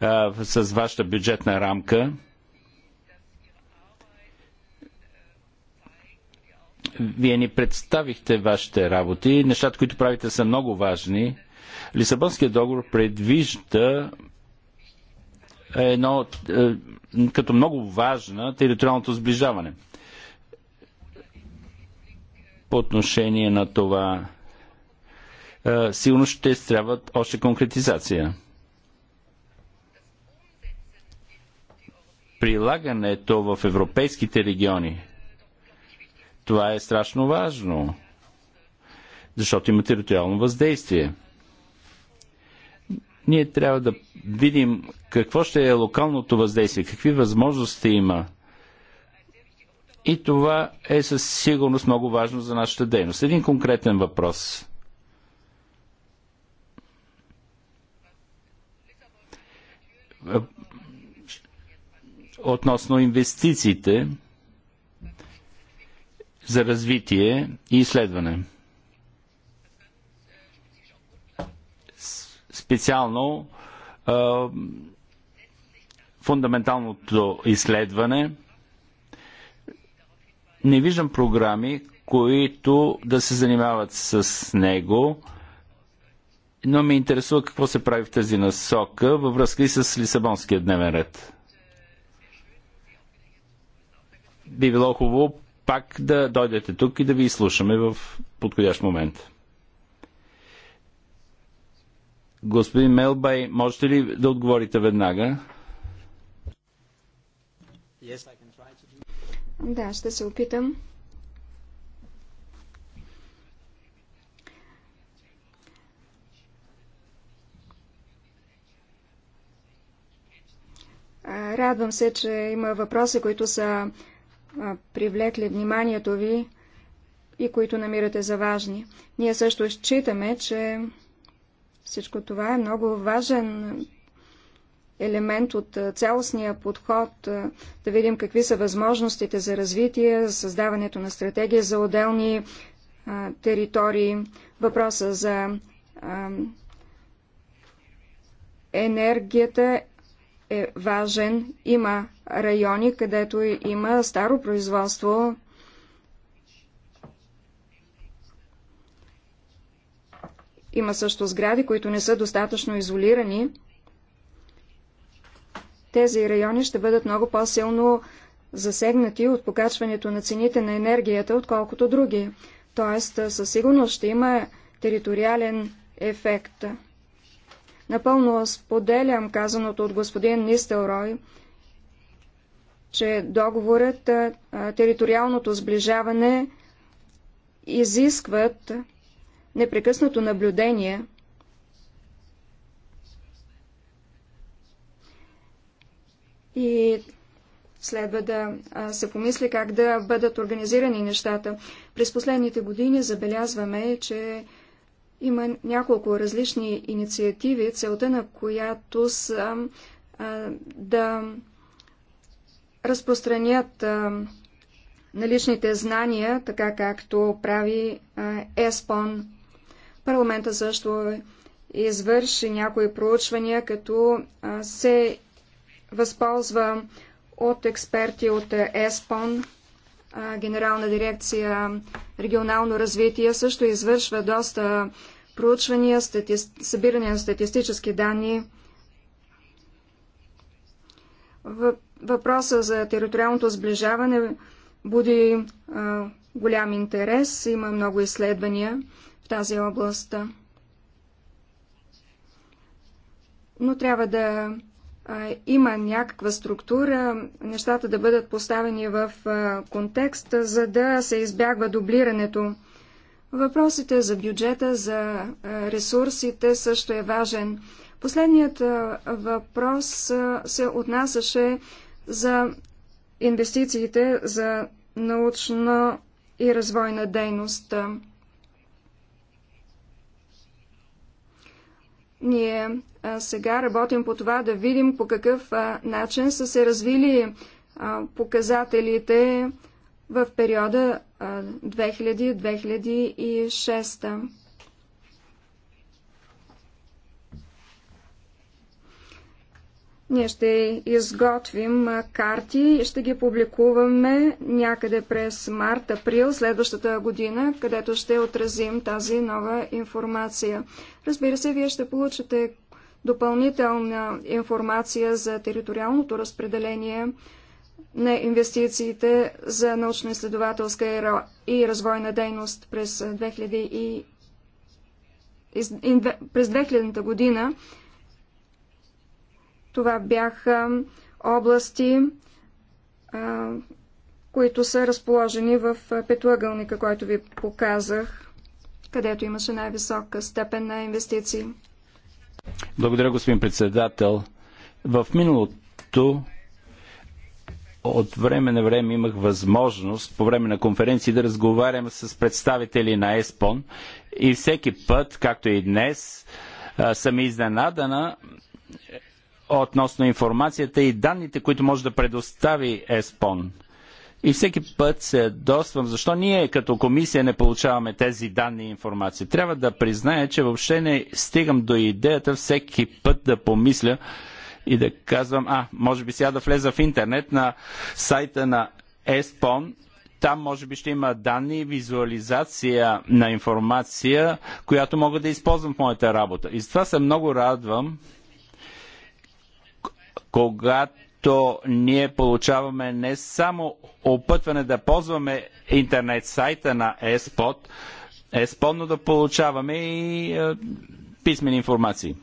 а, с вашата бюджетна рамка? Вие ни представихте вашите работи. Нещата, които правите, са много важни. Лисабонският договор предвижда е едно, е, като много важна териториалното сближаване. По отношение на това, е, сигурно ще трябват още конкретизация. Прилагането в европейските региони. Това е страшно важно, защото има териториално въздействие – ние трябва да видим какво ще е локалното въздействие, какви възможности има. И това е със сигурност много важно за нашата дейност. Един конкретен въпрос. Относно инвестициите за развитие и изследване. специално фундаменталното изследване. Не виждам програми, които да се занимават с него, но ме интересува какво се прави в тази насока във връзка и с Лисабонския дневен ред. Би било хубаво пак да дойдете тук и да ви изслушаме в подходящ момент. Господин Мелбай, можете ли да отговорите веднага? Да, ще се опитам. Радвам се, че има въпроси, които са привлекли вниманието ви и които намирате за важни. Ние също считаме, че всичко това е много важен елемент от цялостния подход, да видим какви са възможностите за развитие, създаването на стратегия за отделни територии, въпроса за енергията е важен. Има райони, където има старо производство Има също сгради, които не са достатъчно изолирани. Тези райони ще бъдат много по-силно засегнати от покачването на цените на енергията, отколкото други. Тоест, със сигурност ще има териториален ефект. Напълно споделям казаното от господин Нистелрой, че договорът, териториалното сближаване изискват непрекъснато наблюдение и следва да се помисли как да бъдат организирани нещата. През последните години забелязваме, че има няколко различни инициативи, целта на която са а, да разпространят а, наличните знания, така както прави а, ЕСПОН Парламента също извърши някои проучвания, като се възползва от експерти от ЕСПОН, Генерална дирекция регионално развитие, също извършва доста проучвания, стати... събиране на статистически данни. Въпроса за териториалното сближаване буди а, голям интерес, има много изследвания в тази област. Но трябва да има някаква структура, нещата да бъдат поставени в контекст, за да се избягва дублирането. Въпросите за бюджета, за ресурсите също е важен. Последният въпрос се отнасяше за инвестициите за научна и развойна дейност. Ние сега работим по това да видим по какъв начин са се развили показателите в периода 2000-2006. Ние ще изготвим карти и ще ги публикуваме някъде през март-април следващата година, където ще отразим тази нова информация. Разбира се, вие ще получите допълнителна информация за териториалното разпределение на инвестициите за научно-изследователска и развойна дейност през 2000 и... през 2000 година това бяха области, които са разположени в петоъгълника, който ви показах, където имаше най-висока степен на инвестиции. Благодаря, господин председател. В миналото от време на време имах възможност по време на конференции да разговарям с представители на ЕСПОН и всеки път, както и днес, съм изненадана относно информацията и данните, които може да предостави ЕСПОН. И всеки път се доствам, защо ние като комисия не получаваме тези данни и информация. Трябва да призная, че въобще не стигам до идеята всеки път да помисля и да казвам, а, може би сега да влеза в интернет на сайта на ЕСПОН там може би ще има данни, визуализация на информация, която мога да използвам в моята работа. И затова се много радвам, когато ние получаваме не само опътване да ползваме интернет сайта на ЕСПОД, е спонно е да получаваме и е, писмени информации.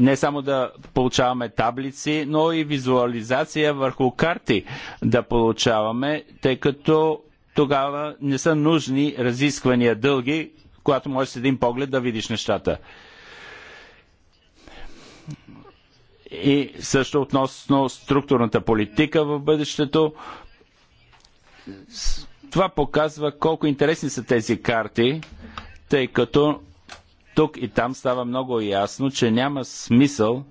Не само да получаваме таблици, но и визуализация върху карти да получаваме, тъй като тогава не са нужни разисквания дълги, когато можеш с един поглед да видиш нещата. и също относно структурната политика в бъдещето. Това показва колко интересни са тези карти, тъй като тук и там става много ясно, че няма смисъл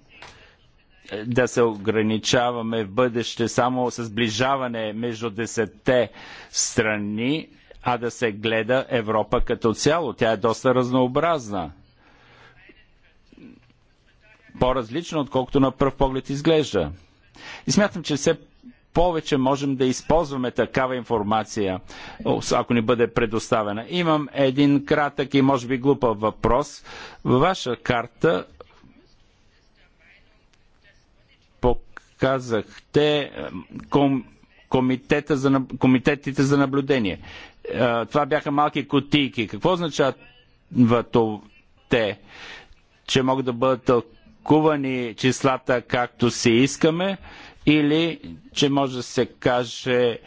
е, да се ограничаваме в бъдеще само с сближаване между десетте страни, а да се гледа Европа като цяло. Тя е доста разнообразна по-различно, отколкото на пръв поглед изглежда. И смятам, че все повече можем да използваме такава информация, ако ни бъде предоставена. Имам един кратък и може би глупав въпрос. Във ваша карта показахте ком, комитета за, комитетите за наблюдение. Е, това бяха малки котийки. Какво означава те? Че могат да бъдат тълкувани числата както си искаме или че може да се каже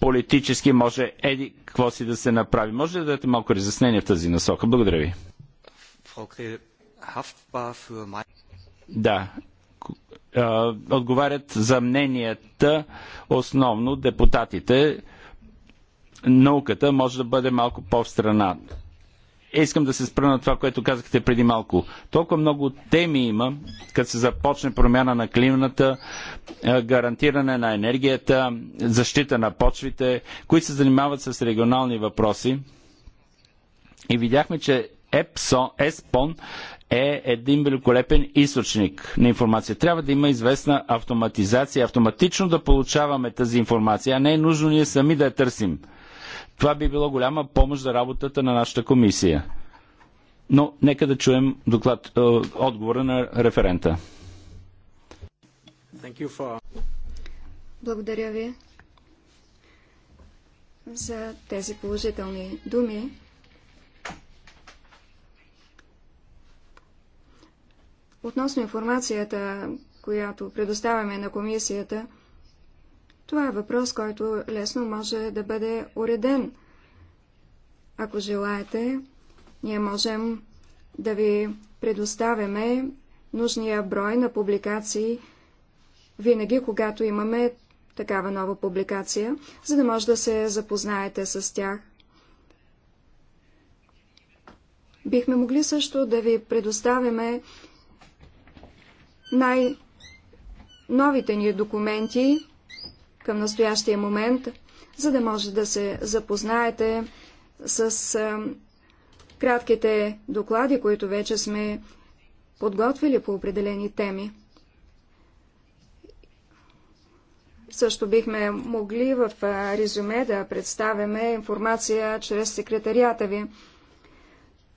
политически може еди какво си да се направи. Може ли да дадете малко разяснение в тази насока? Благодаря ви. Да. Отговарят за мненията основно депутатите. Науката може да бъде малко по-встрана е, искам да се спра на това, което казахте преди малко. Толкова много теми има, като се започне промяна на климата, гарантиране на енергията, защита на почвите, които се занимават с регионални въпроси. И видяхме, че ЕПСО, ЕСПОН е един великолепен източник на информация. Трябва да има известна автоматизация, автоматично да получаваме тази информация, а не е нужно ние сами да я търсим. Това би било голяма помощ за работата на нашата комисия. Но нека да чуем доклад, е, отговора на референта. For... Благодаря ви за тези положителни думи. Относно информацията, която предоставяме на комисията – това е въпрос, който лесно може да бъде уреден. Ако желаете, ние можем да ви предоставяме нужния брой на публикации винаги, когато имаме такава нова публикация, за да може да се запознаете с тях. Бихме могли също да ви предоставяме най-новите ни документи, към настоящия момент, за да може да се запознаете с кратките доклади, които вече сме подготвили по определени теми. Също бихме могли в резюме да представяме информация чрез секретарията ви,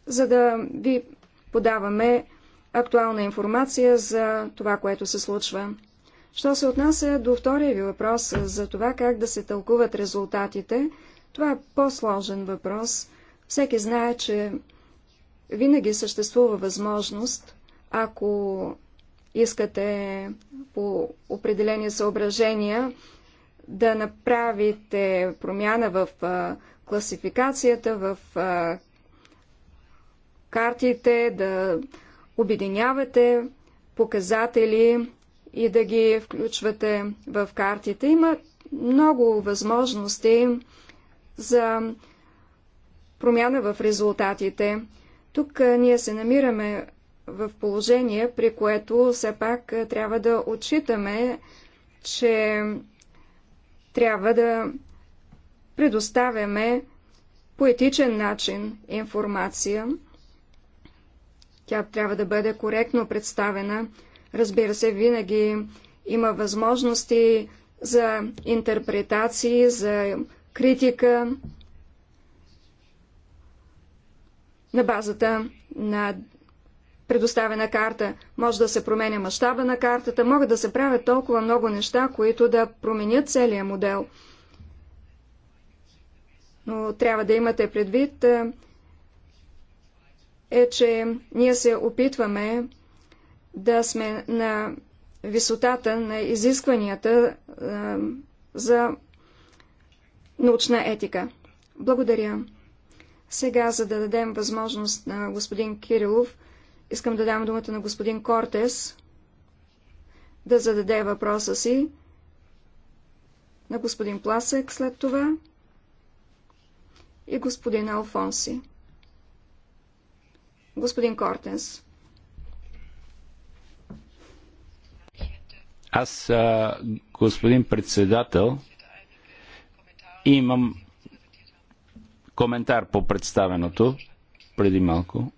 за да ви подаваме актуална информация за това, което се случва. Що се отнася до втория ви въпрос за това как да се тълкуват резултатите, това е по-сложен въпрос. Всеки знае, че винаги съществува възможност, ако искате по определени съображения да направите промяна в класификацията, в картите, да обединявате показатели, и да ги включвате в картите. Има много възможности за промяна в резултатите. Тук ние се намираме в положение, при което все пак трябва да отчитаме, че трябва да предоставяме по етичен начин информация. Тя трябва да бъде коректно представена. Разбира се, винаги има възможности за интерпретации, за критика на базата на предоставена карта. Може да се променя мащаба на картата, могат да се правят толкова много неща, които да променят целият модел. Но трябва да имате предвид, е, че ние се опитваме да сме на висотата на изискванията а, за научна етика. Благодаря. Сега, за да дадем възможност на господин Кирилов, искам да дам думата на господин Кортес да зададе въпроса си на господин Пласък след това и господин Алфонси. Господин Кортес. Аз, господин председател, имам коментар по представеното преди малко.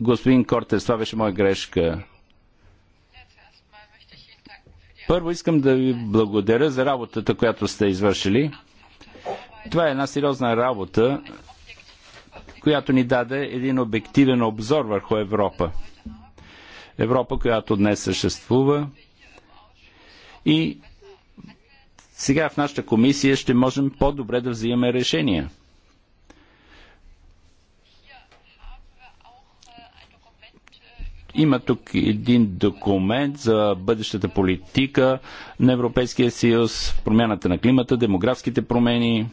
Господин Кортес, това беше моя грешка. Първо искам да ви благодаря за работата, която сте извършили. Това е една сериозна работа, която ни даде един обективен обзор върху Европа. Европа, която днес съществува. И сега в нашата комисия ще можем по-добре да взимаме решения. Има тук един документ за бъдещата политика на Европейския съюз, промяната на климата, демографските промени.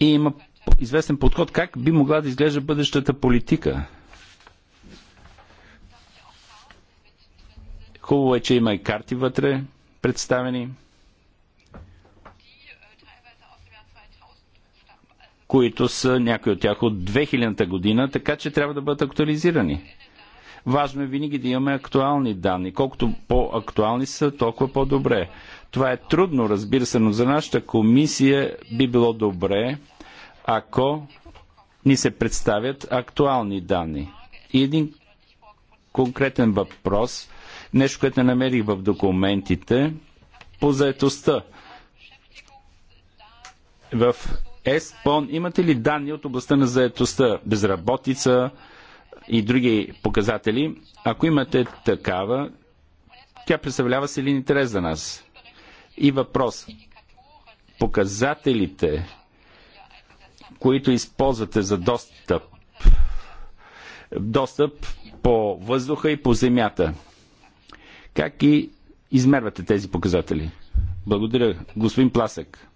И има известен подход как би могла да изглежда бъдещата политика. Хубаво е, че има и карти вътре представени, които са някои от тях от 2000-та година, така че трябва да бъдат актуализирани. Важно е винаги да имаме актуални данни. Колкото по-актуални са, толкова по-добре. Това е трудно, разбира се, но за нашата комисия би било добре, ако ни се представят актуални данни. И един конкретен въпрос, нещо, което не намерих в документите по заетостта. В ЕСПОН имате ли данни от областта на заетостта, безработица и други показатели? Ако имате такава, тя представлява силен интерес за нас. И въпрос. Показателите, които използвате за достъп, достъп по въздуха и по земята – как и измервате тези показатели? Благодаря. Господин Пласък.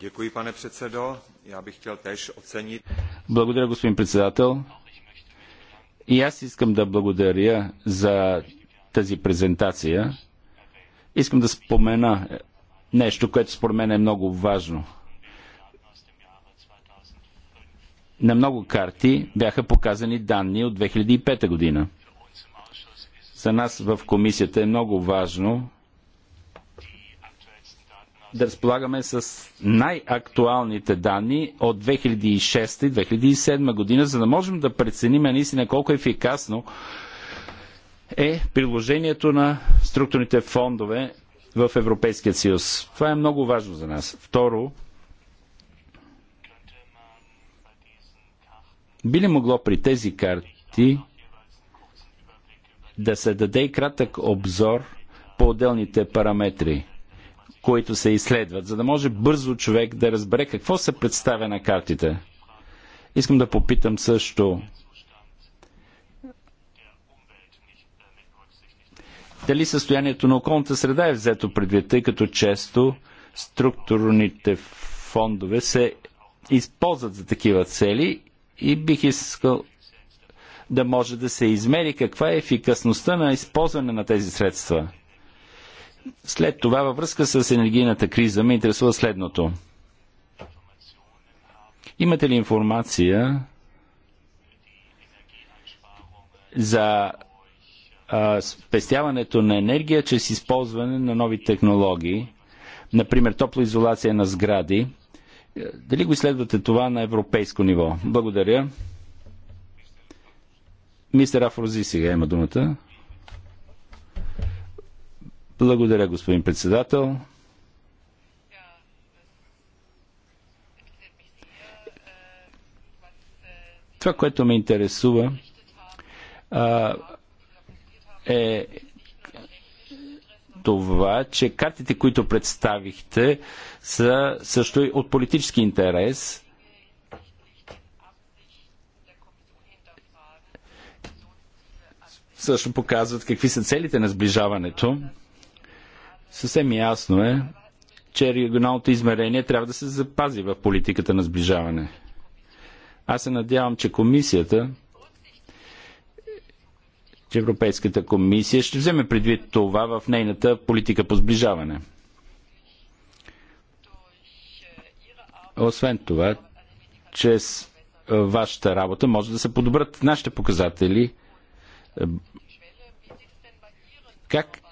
Děkuji, pane předsedo. Já bych chtěl ocenit. Благодаря, господин председател. И аз искам да благодаря за тази презентация. Искам да спомена нещо, което според мен е много важно. На много карти бяха показани данни от 2005 година. За нас в комисията е много важно да разполагаме с най-актуалните данни от 2006 и 2007 година, за да можем да преценим наистина колко ефикасно е приложението на структурните фондове в Европейския съюз. Това е много важно за нас. Второ, би ли могло при тези карти да се даде кратък обзор по отделните параметри, които се изследват, за да може бързо човек да разбере какво се представя на картите. Искам да попитам също дали състоянието на околната среда е взето предвид, тъй като често структурните фондове се използват за такива цели и бих искал да може да се измери каква е ефикасността на използване на тези средства. След това във връзка с енергийната криза ме интересува следното. Имате ли информация за спестяването на енергия чрез използване на нови технологии, например топлоизолация на сгради? Дали го изследвате това на европейско ниво? Благодаря. Мистер Афрози сега има думата. Благодаря, господин председател. Това, което ме интересува, а, е това, че картите, които представихте, са също и от политически интерес също показват какви са целите на сближаването. Съвсем ясно е, че регионалното измерение трябва да се запази в политиката на сближаване. Аз се надявам, че комисията, че Европейската комисия ще вземе предвид това в нейната политика по сближаване. Освен това, чрез вашата работа може да се подобрат нашите показатели как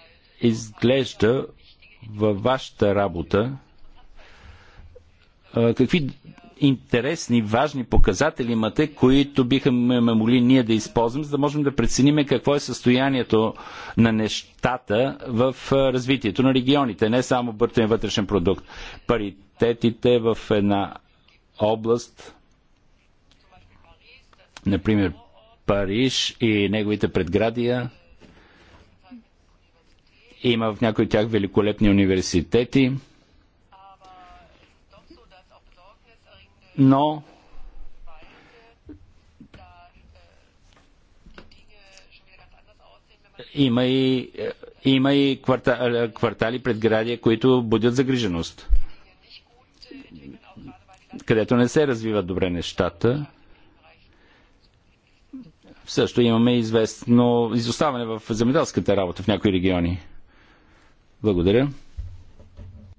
изглежда във вашата работа? Какви интересни, важни показатели имате, които биха ме могли ние да използваме, за да можем да прецениме какво е състоянието на нещата в развитието на регионите, не само бъртен вътрешен продукт. Паритетите в една област, например Париж и неговите предградия. Има в някои от тях великолепни университети. Но има и, има и квартали, квартали предградия, които будят загриженост, където не се развиват добре нещата също имаме известно изоставане в земеделската работа в някои региони. Благодаря.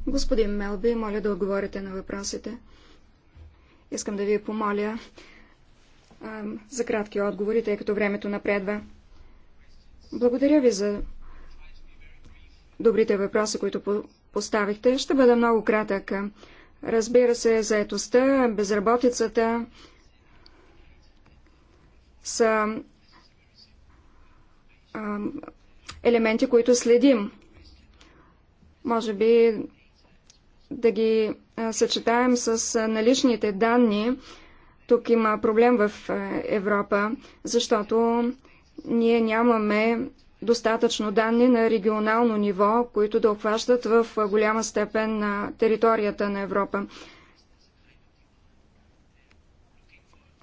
Господин Мелби, моля да отговорите на въпросите. Искам да ви помоля а, за кратки отговори, тъй като времето напредва. Благодаря ви за добрите въпроси, които по поставихте. Ще бъда много кратък. Разбира се, заетостта, безработицата са а, елементи, които следим. Може би да ги съчетаем с наличните данни. Тук има проблем в Европа, защото ние нямаме достатъчно данни на регионално ниво, които да обхващат в голяма степен на територията на Европа.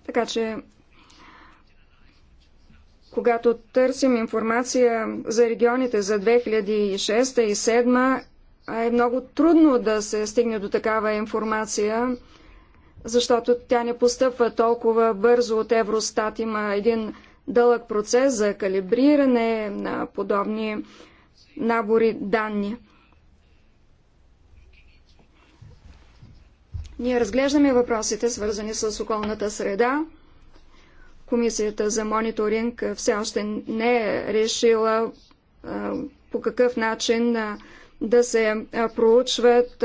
Така че когато търсим информация за регионите за 2006 и 2007, е много трудно да се стигне до такава информация, защото тя не постъпва толкова бързо от Евростат. Има един дълъг процес за калибриране на подобни набори данни. Ние разглеждаме въпросите, свързани с околната среда, Комисията за мониторинг все още не е решила по какъв начин да се проучват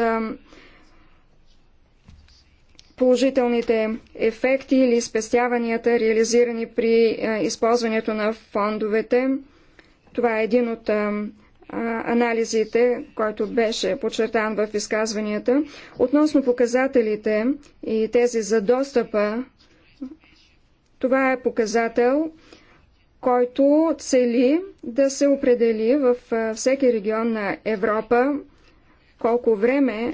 положителните ефекти или спестяванията, реализирани при използването на фондовете. Това е един от анализите, който беше подчертан в изказванията. Относно показателите и тези за достъпа това е показател, който цели да се определи във всеки регион на Европа колко време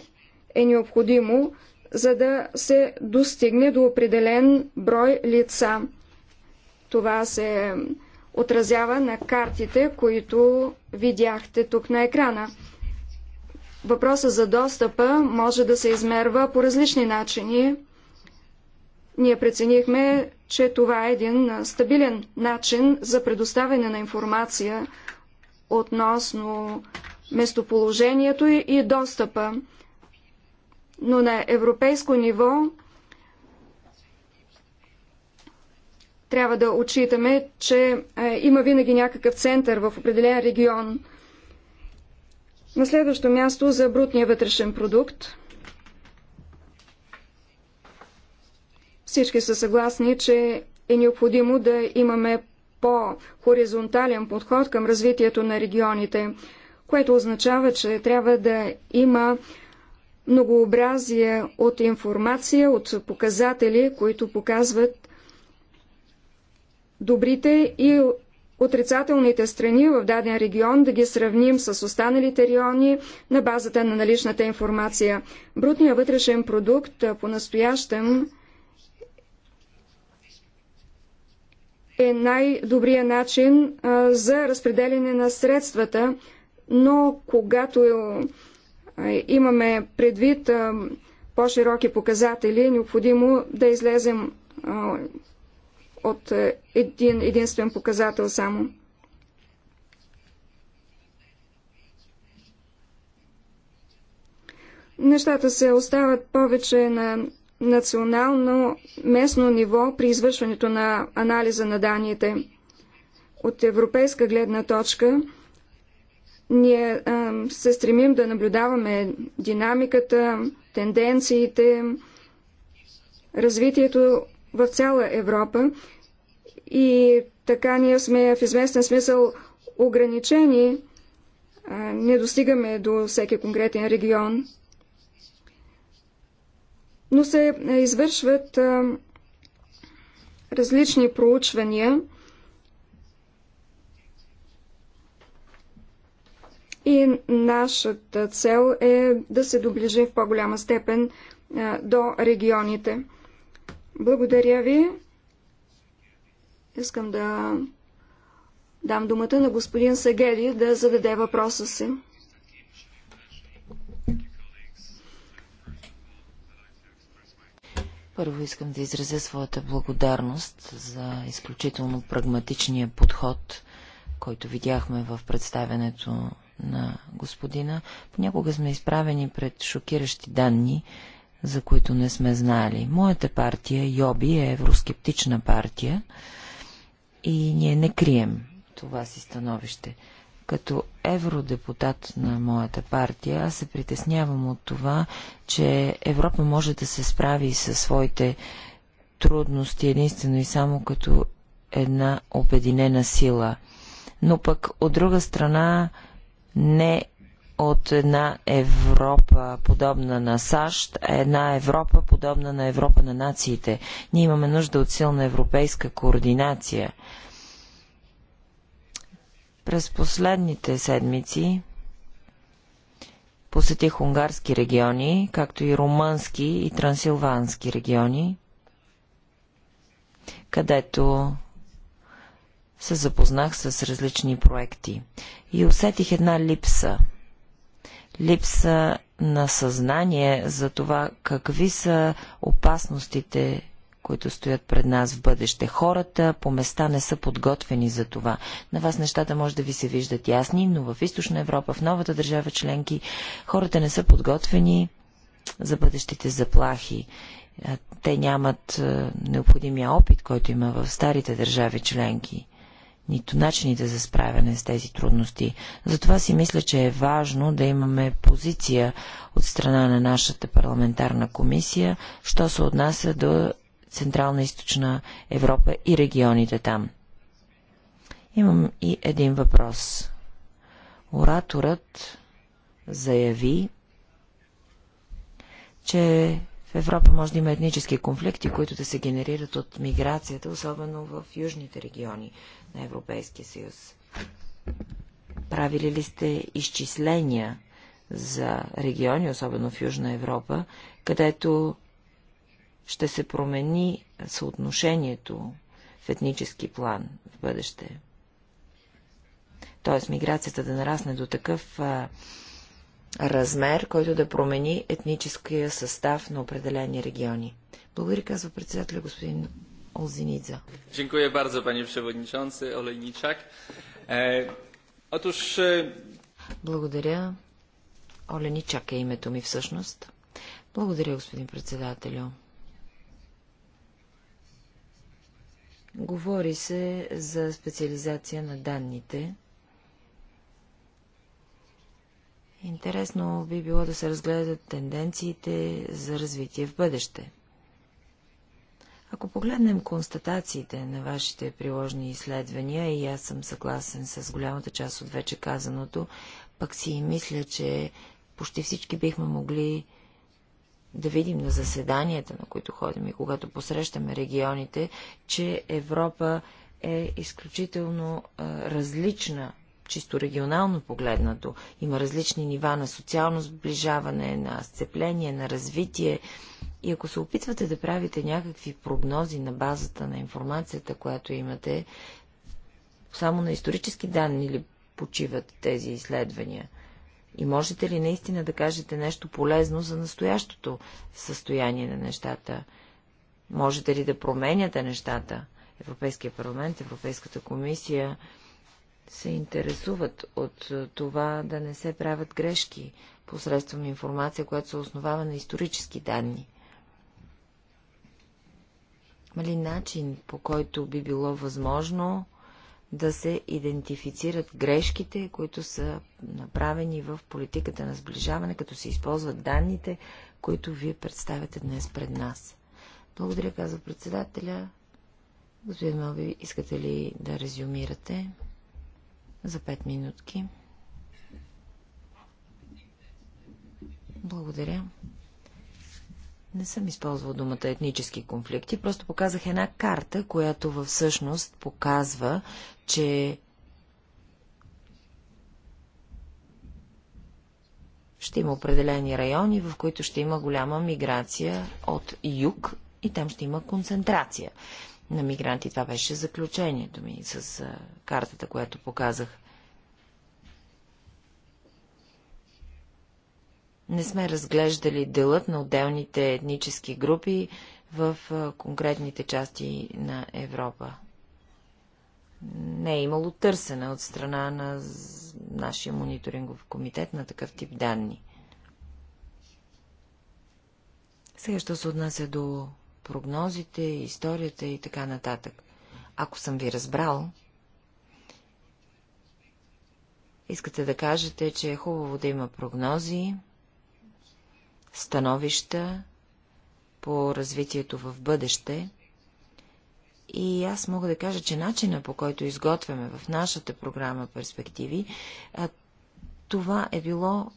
е необходимо, за да се достигне до определен брой лица. Това се отразява на картите, които видяхте тук на екрана. Въпросът за достъпа може да се измерва по различни начини. Ние преценихме, че това е един стабилен начин за предоставяне на информация относно местоположението и достъпа. Но на европейско ниво трябва да отчитаме, че е, има винаги някакъв център в определен регион. На следващо място за брутния вътрешен продукт – Всички са съгласни, че е необходимо да имаме по-хоризонтален подход към развитието на регионите, което означава, че трябва да има многообразие от информация, от показатели, които показват добрите и отрицателните страни в даден регион, да ги сравним с останалите региони на базата на наличната информация. Брутният вътрешен продукт по-настоящем е най добрият начин а, за разпределение на средствата, но когато а, имаме предвид по-широки показатели, е необходимо да излезем а, от един единствен показател само. Нещата се остават повече на национално местно ниво при извършването на анализа на данните. От европейска гледна точка ние а, се стремим да наблюдаваме динамиката, тенденциите, развитието в цяла Европа и така ние сме в известен смисъл ограничени, а, не достигаме до всеки конкретен регион но се е, извършват е, различни проучвания и нашата цел е да се доближим в по-голяма степен е, до регионите. Благодаря ви. Искам да дам думата на господин Сагели да зададе въпроса си. Първо искам да изразя своята благодарност за изключително прагматичния подход, който видяхме в представенето на господина. Понякога сме изправени пред шокиращи данни, за които не сме знали. Моята партия, Йоби, е евроскептична партия и ние не крием това си становище. Като евродепутат на моята партия, аз се притеснявам от това, че Европа може да се справи със своите трудности единствено и само като една обединена сила. Но пък от друга страна не от една Европа подобна на САЩ, а една Европа подобна на Европа на нациите. Ние имаме нужда от силна европейска координация. През последните седмици посетих унгарски региони, както и румънски и трансилвански региони, където се запознах с различни проекти и усетих една липса. Липса на съзнание за това какви са опасностите които стоят пред нас в бъдеще. Хората по места не са подготвени за това. На вас нещата може да ви се виждат ясни, но в Източна Европа, в новата държава членки, хората не са подготвени за бъдещите заплахи. Те нямат необходимия опит, който има в старите държави членки нито начините за справяне с тези трудности. Затова си мисля, че е важно да имаме позиция от страна на нашата парламентарна комисия, що се отнася до Централна и Източна Европа и регионите там. Имам и един въпрос. Ораторът заяви, че в Европа може да има етнически конфликти, които да се генерират от миграцията, особено в южните региони на Европейския съюз. Правили ли сте изчисления за региони, особено в Южна Европа, където ще се промени съотношението в етнически план в бъдеще. Тоест миграцията да нарасне до такъв а, размер, който да промени етническия състав на определени региони. Благодаря, казва председателя господин Олзиница. Дякую bardzo, пани przewodniczący e, e, Олейничак. Е, отуш... Благодаря. Оленичак е името ми всъщност. Благодаря, господин председателю. Говори се за специализация на данните. Интересно би било да се разгледат тенденциите за развитие в бъдеще. Ако погледнем констатациите на вашите приложни изследвания, и аз съм съгласен с голямата част от вече казаното, пък си мисля, че почти всички бихме могли да видим на заседанията, на които ходим и когато посрещаме регионите, че Европа е изключително а, различна, чисто регионално погледнато. Има различни нива на социално сближаване, на сцепление, на развитие. И ако се опитвате да правите някакви прогнози на базата на информацията, която имате, само на исторически данни ли почиват тези изследвания? И можете ли наистина да кажете нещо полезно за настоящото състояние на нещата? Можете ли да променяте нещата? Европейския парламент, Европейската комисия се интересуват от е, това да не се правят грешки посредством информация, която се основава на исторически данни. Мали начин, по който би било възможно да се идентифицират грешките, които са направени в политиката на сближаване, като се използват данните, които вие представяте днес пред нас. Благодаря, казва председателя. Господин Моби, искате ли да резюмирате за 5 минутки? Благодаря. Не съм използвал думата етнически конфликти, просто показах една карта, която всъщност показва че ще има определени райони, в които ще има голяма миграция от юг и там ще има концентрация на мигранти. Това беше заключението ми с картата, която показах. Не сме разглеждали делът на отделните етнически групи в конкретните части на Европа не е имало търсене от страна на нашия мониторингов комитет на такъв тип данни. Сега, що се отнася до прогнозите, историята и така нататък. Ако съм ви разбрал, искате да кажете, че е хубаво да има прогнози, становища по развитието в бъдеще, и аз мога да кажа, че начина по който изготвяме в нашата програма перспективи, това е било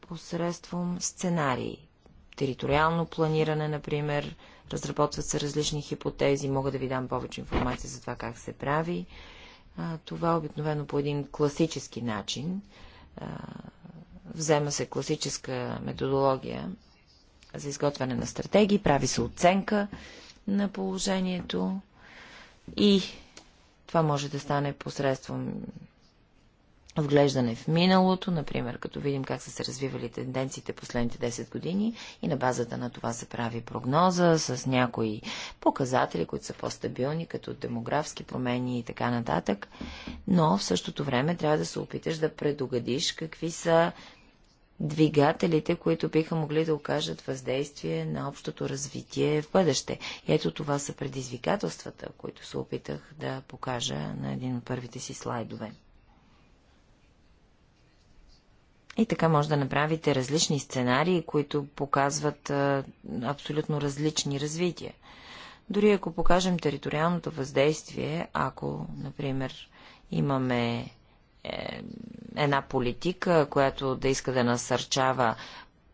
посредством сценарии. Териториално планиране, например, разработват се различни хипотези, мога да ви дам повече информация за това как се прави. Това обикновено по един класически начин. Взема се класическа методология за изготвяне на стратегии, прави се оценка на положението и това може да стане посредством вглеждане в миналото, например, като видим как са се развивали тенденциите последните 10 години и на базата на това се прави прогноза с някои показатели, които са по-стабилни, като демографски промени и така нататък. Но в същото време трябва да се опиташ да предугадиш какви са двигателите, които биха могли да окажат въздействие на общото развитие в бъдеще. И ето това са предизвикателствата, които се опитах да покажа на един от първите си слайдове. И така може да направите различни сценарии, които показват а, абсолютно различни развития. Дори ако покажем териториалното въздействие, ако, например, имаме е, една политика, която да иска да насърчава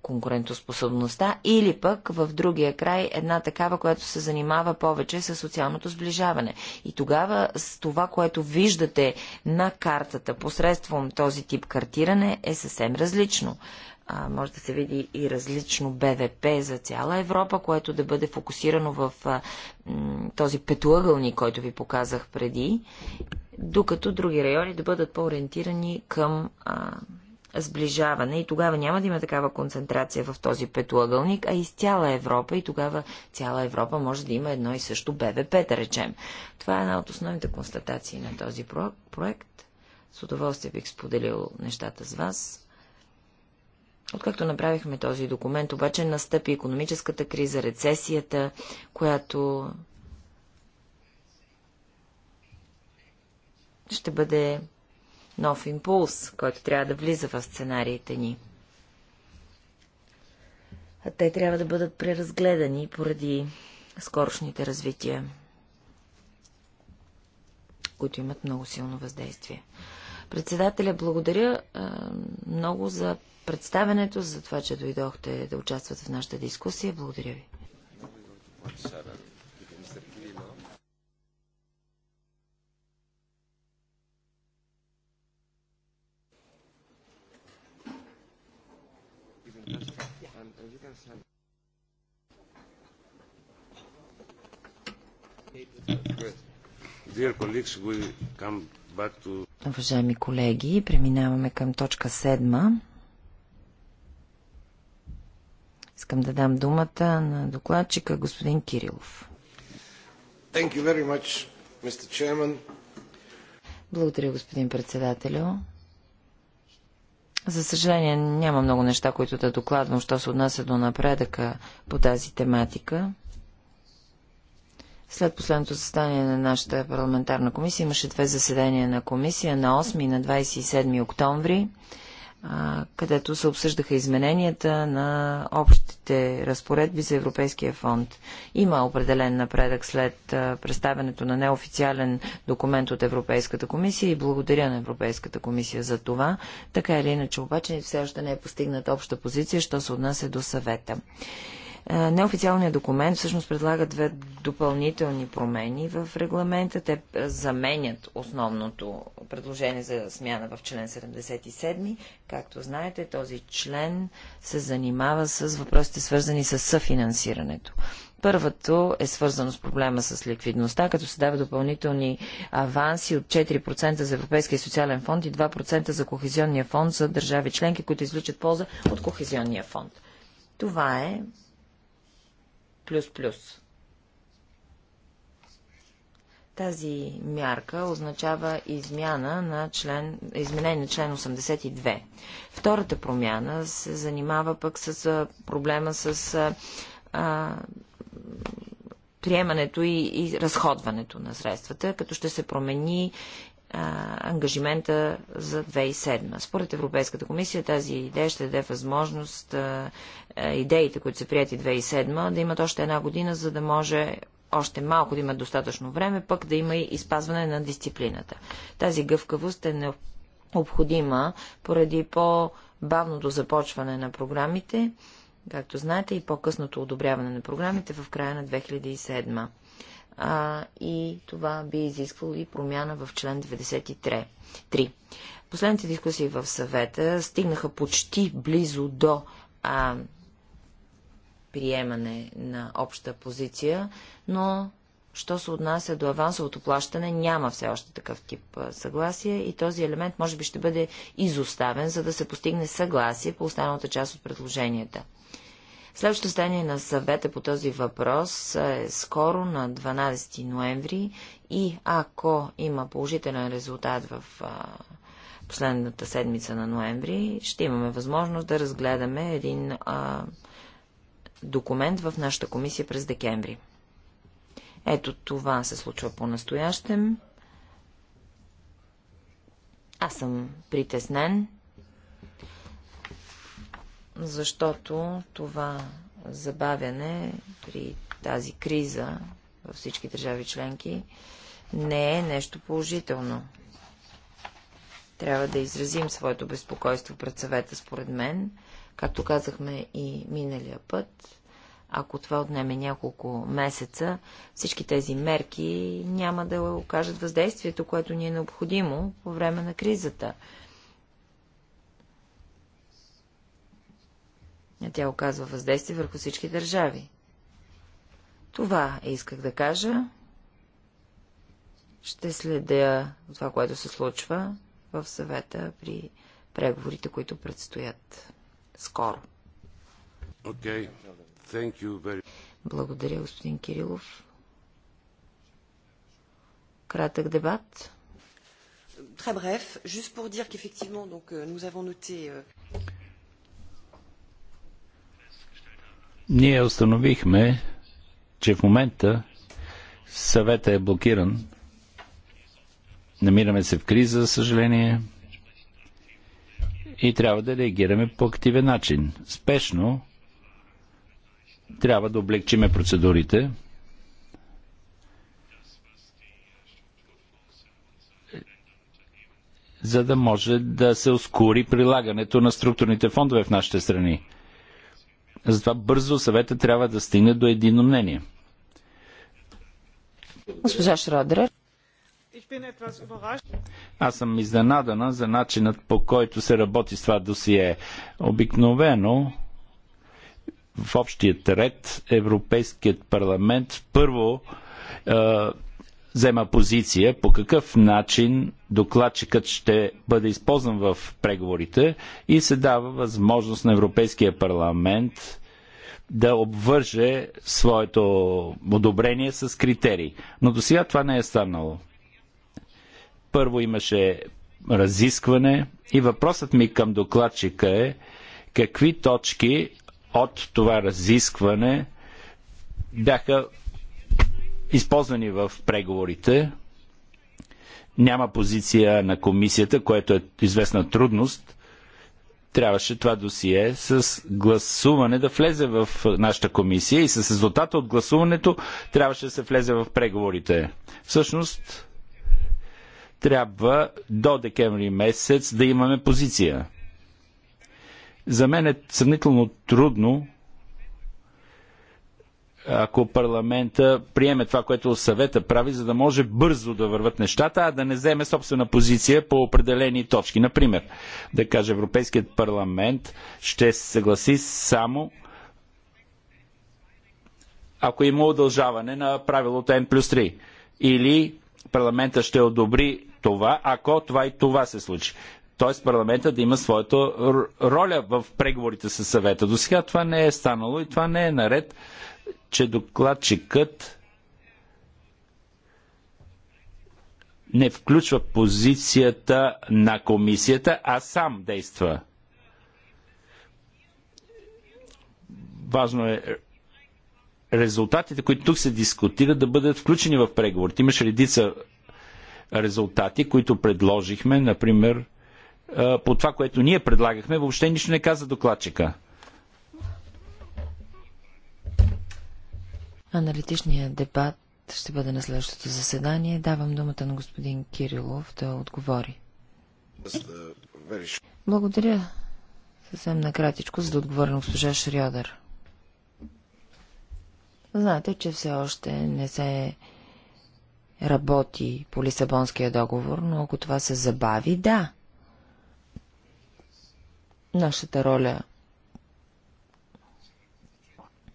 конкурентоспособността, или пък в другия край една такава, която се занимава повече с социалното сближаване. И тогава с това, което виждате на картата посредством този тип картиране е съвсем различно. А, може да се види и различно БВП за цяла Европа, което да бъде фокусирано в а, този петоъгълник, който ви показах преди докато други райони да бъдат по-ориентирани към а, сближаване и тогава няма да има такава концентрация в този петоъгълник, а из цяла Европа и тогава цяла Европа може да има едно и също БВП, да речем. Това е една от основните констатации на този проект. С удоволствие бих споделил нещата с вас. Откакто направихме този документ, обаче настъпи економическата криза, рецесията, която ще бъде нов импулс, който трябва да влиза в сценариите ни. А те трябва да бъдат преразгледани поради скорошните развития, които имат много силно въздействие. Председателя, благодаря много за представенето, за това, че дойдохте да участвате в нашата дискусия. Благодаря ви. Уважаеми колеги, преминаваме към точка седма. Искам да дам думата на докладчика господин Кирилов. Благодаря, господин председателю. За съжаление, няма много неща, които да докладвам, що се отнася до напредъка по тази тематика. След последното състояние на нашата парламентарна комисия имаше две заседания на комисия на 8 и на 27 октомври където се обсъждаха измененията на общите разпоредби за Европейския фонд. Има определен напредък след представянето на неофициален документ от Европейската комисия и благодаря на Европейската комисия за това. Така или иначе обаче все още не е постигната обща позиция, що се отнася до съвета. Е, неофициалният документ всъщност предлага две допълнителни промени в регламента. Те е, заменят основното предложение за смяна в член 77. Както знаете, този член се занимава с въпросите свързани с съфинансирането. Първото е свързано с проблема с ликвидността, като се дава допълнителни аванси от 4% за Европейския социален фонд и 2% за Кохезионния фонд за държави членки, които изличат полза от Кохезионния фонд. Това е тази мярка означава измяна на член, изменение на член 82. Втората промяна се занимава пък с проблема с а, приемането и, и разходването на средствата, като ще се промени ангажимента за 2007. Според Европейската комисия тази идея ще даде възможност идеите, които са прияти 2007, да имат още една година, за да може още малко да имат достатъчно време, пък да има и изпазване на дисциплината. Тази гъвкавост е необходима поради по-бавното започване на програмите, както знаете, и по-късното одобряване на програмите в края на 2007 а, и това би изисквало и промяна в член 93. Последните дискусии в съвета стигнаха почти близо до а, приемане на обща позиция, но що се отнася до авансовото плащане, няма все още такъв тип съгласие и този елемент може би ще бъде изоставен, за да се постигне съгласие по останалата част от предложенията. Следващото стане на съвета по този въпрос е скоро на 12 ноември и ако има положителен резултат в последната седмица на ноември, ще имаме възможност да разгледаме един а, документ в нашата комисия през декември. Ето това се случва по-настоящем. Аз съм притеснен защото това забавяне при тази криза във всички държави членки не е нещо положително. Трябва да изразим своето безпокойство пред съвета, според мен. Както казахме и миналия път, ако това отнеме няколко месеца, всички тези мерки няма да окажат въздействието, което ни е необходимо по време на кризата. Тя оказва въздействие върху всички държави. Това исках да кажа. Ще следя това, което се случва в съвета при преговорите, които предстоят скоро. Okay. Thank you very... Благодаря, господин Кирилов. Кратък дебат. Très bref, juste pour dire qu'effectivement, donc, euh, nous avons noté... Euh, Ние установихме, че в момента съвета е блокиран. Намираме се в криза, за съжаление. И трябва да реагираме по активен начин. Спешно трябва да облегчиме процедурите. за да може да се ускори прилагането на структурните фондове в нашите страни. Затова бързо съвета трябва да стигне до едино мнение. Госпожа Шрадер. Аз съм изненадана за начинът по който се работи с това досие. Обикновено в общият ред Европейският парламент първо е, взема позиция по какъв начин докладчикът ще бъде използван в преговорите и се дава възможност на Европейския парламент да обвърже своето одобрение с критерии. Но до сега това не е станало. Първо имаше разискване и въпросът ми към докладчика е какви точки от това разискване бяха използвани в преговорите. Няма позиция на комисията, което е известна трудност. Трябваше това досие с гласуване да влезе в нашата комисия и с резултата от гласуването трябваше да се влезе в преговорите. Всъщност, трябва до декември месец да имаме позиция. За мен е съмнително трудно ако парламента приеме това, което съвета прави, за да може бързо да върват нещата, а да не вземе собствена позиция по определени точки. Например, да каже Европейският парламент ще се съгласи само ако има удължаване на правилото N плюс 3. Или парламента ще одобри това, ако това и това се случи. Тоест парламента да има своята роля в преговорите с съвета. До сега това не е станало и това не е наред че докладчикът не включва позицията на комисията, а сам действа. Важно е резултатите, които тук се дискутират, да бъдат включени в преговорите. Имаше редица резултати, които предложихме, например, по това, което ние предлагахме, въобще нищо не каза докладчика. Аналитичният дебат ще бъде на следващото заседание. Давам думата на господин Кирилов да отговори. Благодаря. Съвсем накратичко, за да отговоря на госпожа Шриодър. Знаете, че все още не се работи по Лисабонския договор, но ако това се забави, да. Нашата роля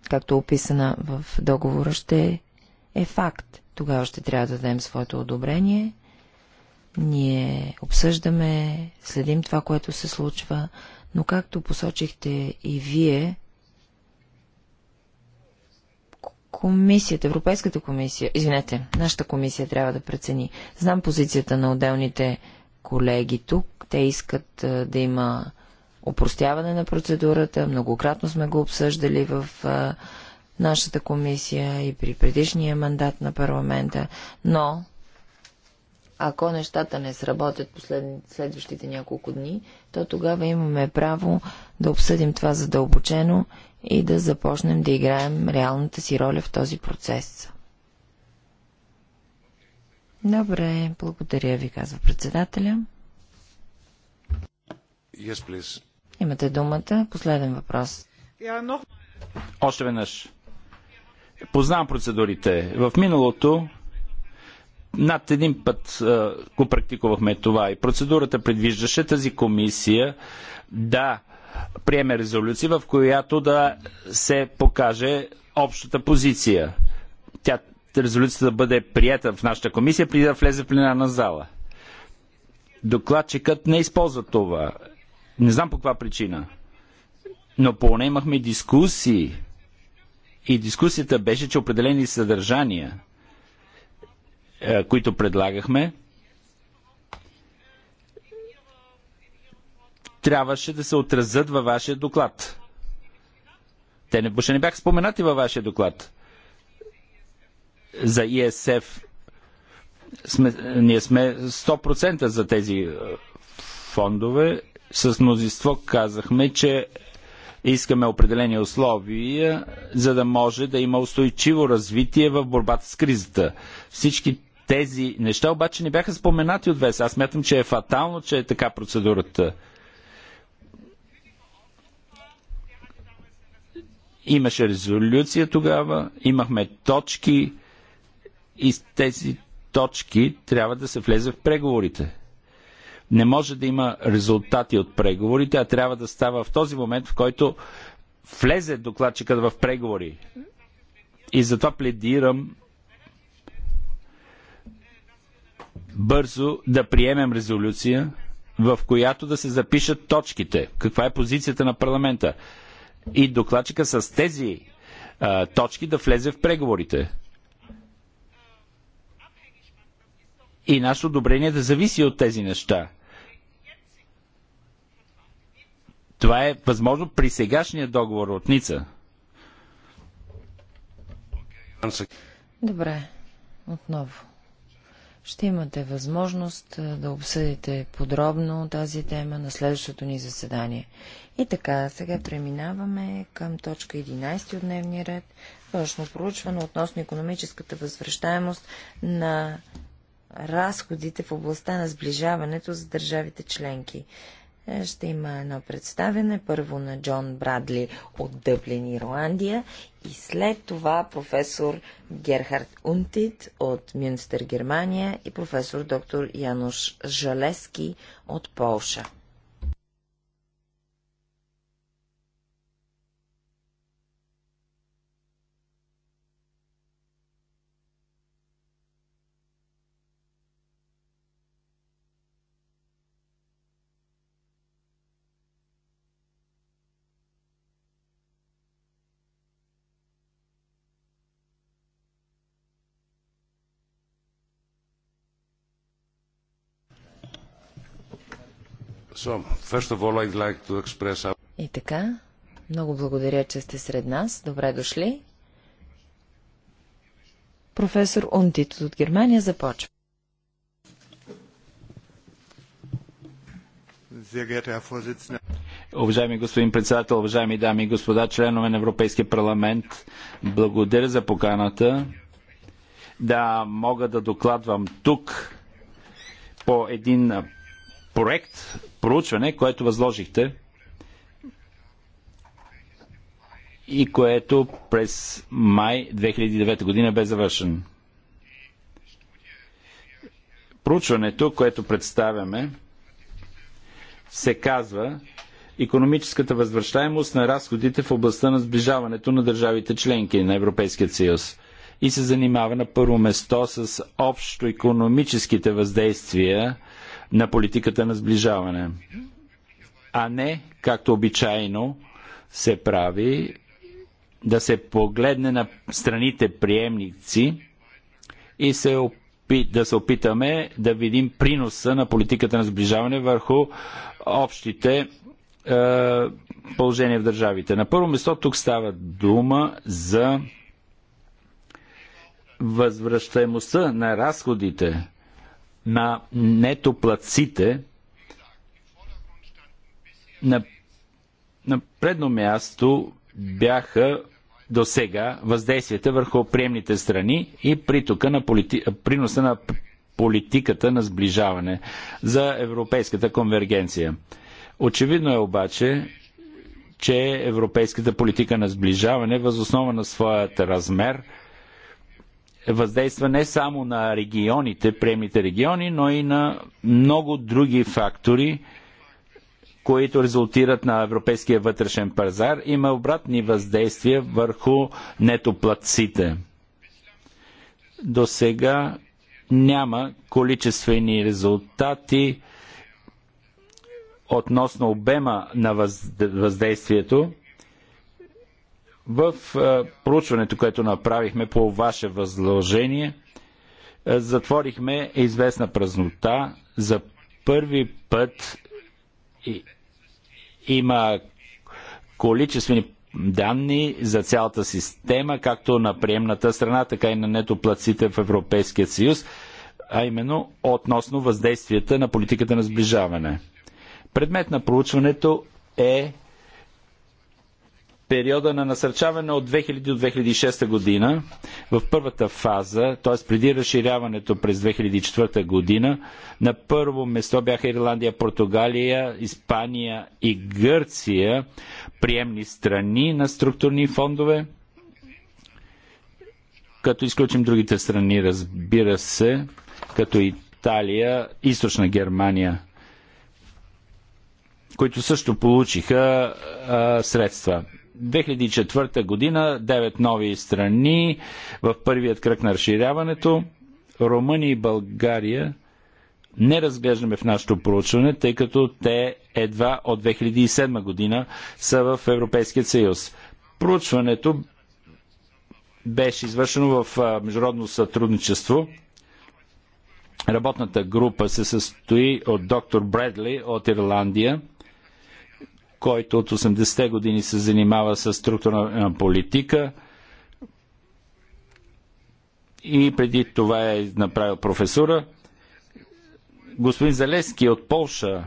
както описана в договора, ще е факт. Тогава ще трябва да дадем своето одобрение. Ние обсъждаме, следим това, което се случва, но както посочихте и вие, комисията, Европейската комисия, извинете, нашата комисия трябва да прецени. Знам позицията на отделните колеги тук. Те искат да има Опростяване на процедурата, многократно сме го обсъждали в нашата комисия и при предишния мандат на парламента, но ако нещата не сработят послед... следващите няколко дни, то тогава имаме право да обсъдим това задълбочено и да започнем да играем реалната си роля в този процес. Добре, благодаря ви, казва председателя. Yes, please. Имате думата. Последен въпрос. Още веднъж. Познавам процедурите. В миналото над един път а, го практикувахме това и процедурата предвиждаше тази комисия да приеме резолюция, в която да се покаже общата позиция. Тя, резолюцията да бъде прията в нашата комисия, преди да влезе в пленарна зала. Докладчикът не използва това. Не знам по каква причина. Но поне имахме дискусии. И дискусията беше, че определени съдържания, е, които предлагахме, трябваше да се отразят във вашия доклад. Те не, не бяха споменати във вашия доклад. За ИСФ сме, е, ние сме 100% за тези е, фондове с мнозинство казахме, че искаме определени условия, за да може да има устойчиво развитие в борбата с кризата. Всички тези неща обаче не бяха споменати от ВЕС. Аз мятам, че е фатално, че е така процедурата. Имаше резолюция тогава, имахме точки и с тези точки трябва да се влезе в преговорите не може да има резултати от преговорите, а трябва да става в този момент, в който влезе докладчикът в преговори. И затова пледирам бързо да приемем резолюция, в която да се запишат точките. Каква е позицията на парламента? И докладчика с тези а, точки да влезе в преговорите. И нашето одобрение да зависи от тези неща. Това е възможно при сегашния договор от Ница. Добре, отново. Ще имате възможност да обсъдите подробно тази тема на следващото ни заседание. И така, сега преминаваме към точка 11 от дневния ред. Външно проучване относно економическата възвръщаемост на разходите в областта на сближаването за държавите членки. Е, ще има едно представене първо на Джон Брадли от Дъблин, Ирландия и след това професор Герхард Унтит от Мюнстер, Германия и професор доктор Януш Жалески от Полша. И така, много благодаря, че сте сред нас. Добре дошли. Професор Унтит от Германия започва. Уважаеми господин председател, уважаеми дами и господа, членове на Европейския парламент, благодаря за поканата да мога да докладвам тук по един проект, проучване, което възложихте и което през май 2009 година бе завършено. Проучването, което представяме, се казва економическата възвръщаемост на разходите в областта на сближаването на държавите членки на Европейския съюз и се занимава на първо место с общо економическите въздействия на политиката на сближаване. А не, както обичайно се прави, да се погледне на страните приемници и се да се опитаме да видим приноса на политиката на сближаване върху общите е, положения в държавите. На първо место тук става дума за възвръщаемостта на разходите на нетоплаците на, на предно място бяха до сега въздействията върху приемните страни и притока на полити... приноса на политиката на сближаване за европейската конвергенция. Очевидно е обаче, че европейската политика на сближаване, възоснова на своят размер – въздейства не само на регионите, премите региони, но и на много други фактори, които резултират на европейския вътрешен пазар, има обратни въздействия върху нетоплатците. До сега няма количествени резултати относно обема на въздействието в е, проучването, което направихме по ваше възложение, е, затворихме известна празнота. За първи път има количествени данни за цялата система, както на приемната страна, така и на нетоплаците в Европейския съюз, а именно относно въздействията на политиката на сближаване. Предмет на проучването е периода на насърчаване от 2000 до 2006 година, в първата фаза, т.е. преди разширяването през 2004 година, на първо место бяха Ирландия, Португалия, Испания и Гърция, приемни страни на структурни фондове. Като изключим другите страни, разбира се, като Италия, Източна Германия, които също получиха а, средства 2004 година 9 нови страни в първият кръг на разширяването. Румъния и България не разглеждаме в нашето проучване, тъй като те едва от 2007 година са в Европейския съюз. Проучването беше извършено в международно сътрудничество. Работната група се състои от доктор Бредли от Ирландия – който от 80-те години се занимава с структурна политика и преди това е направил професура. Господин Залески от Полша,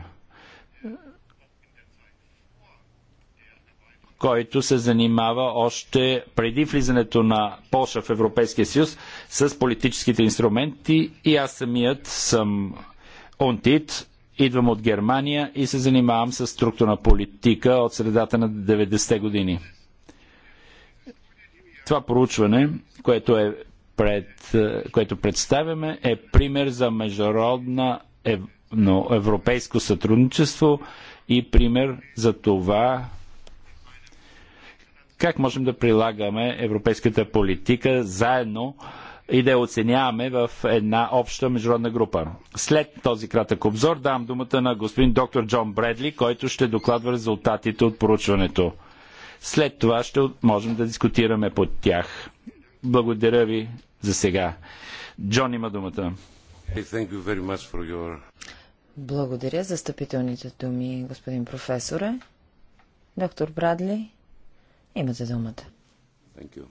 който се занимава още преди влизането на Полша в Европейския съюз с политическите инструменти и аз самият съм онтит Идвам от Германия и се занимавам с структурна политика от средата на 90-те години. Това проучване, което, е пред, което представяме, е пример за международно ев, но европейско сътрудничество и пример за това как можем да прилагаме европейската политика заедно и да я оценяваме в една обща международна група. След този кратък обзор давам думата на господин доктор Джон Бредли, който ще докладва резултатите от поручването. След това ще можем да дискутираме под тях. Благодаря ви за сега. Джон има думата. Благодаря за стъпителните думи, господин професоре. Доктор Брадли, имате думата. Thank you.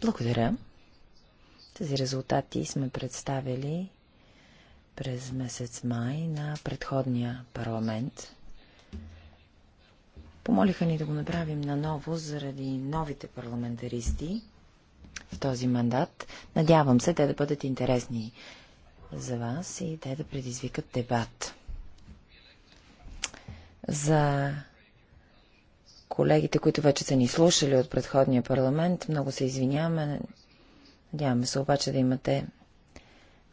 Благодаря. Тези резултати сме представили през месец май на предходния парламент. Помолиха ни да го направим наново заради новите парламентаристи в този мандат. Надявам се те да бъдат интересни за вас и те да предизвикат дебат. За колегите, които вече са ни слушали от предходния парламент. Много се извиняваме. Надяваме се обаче да имате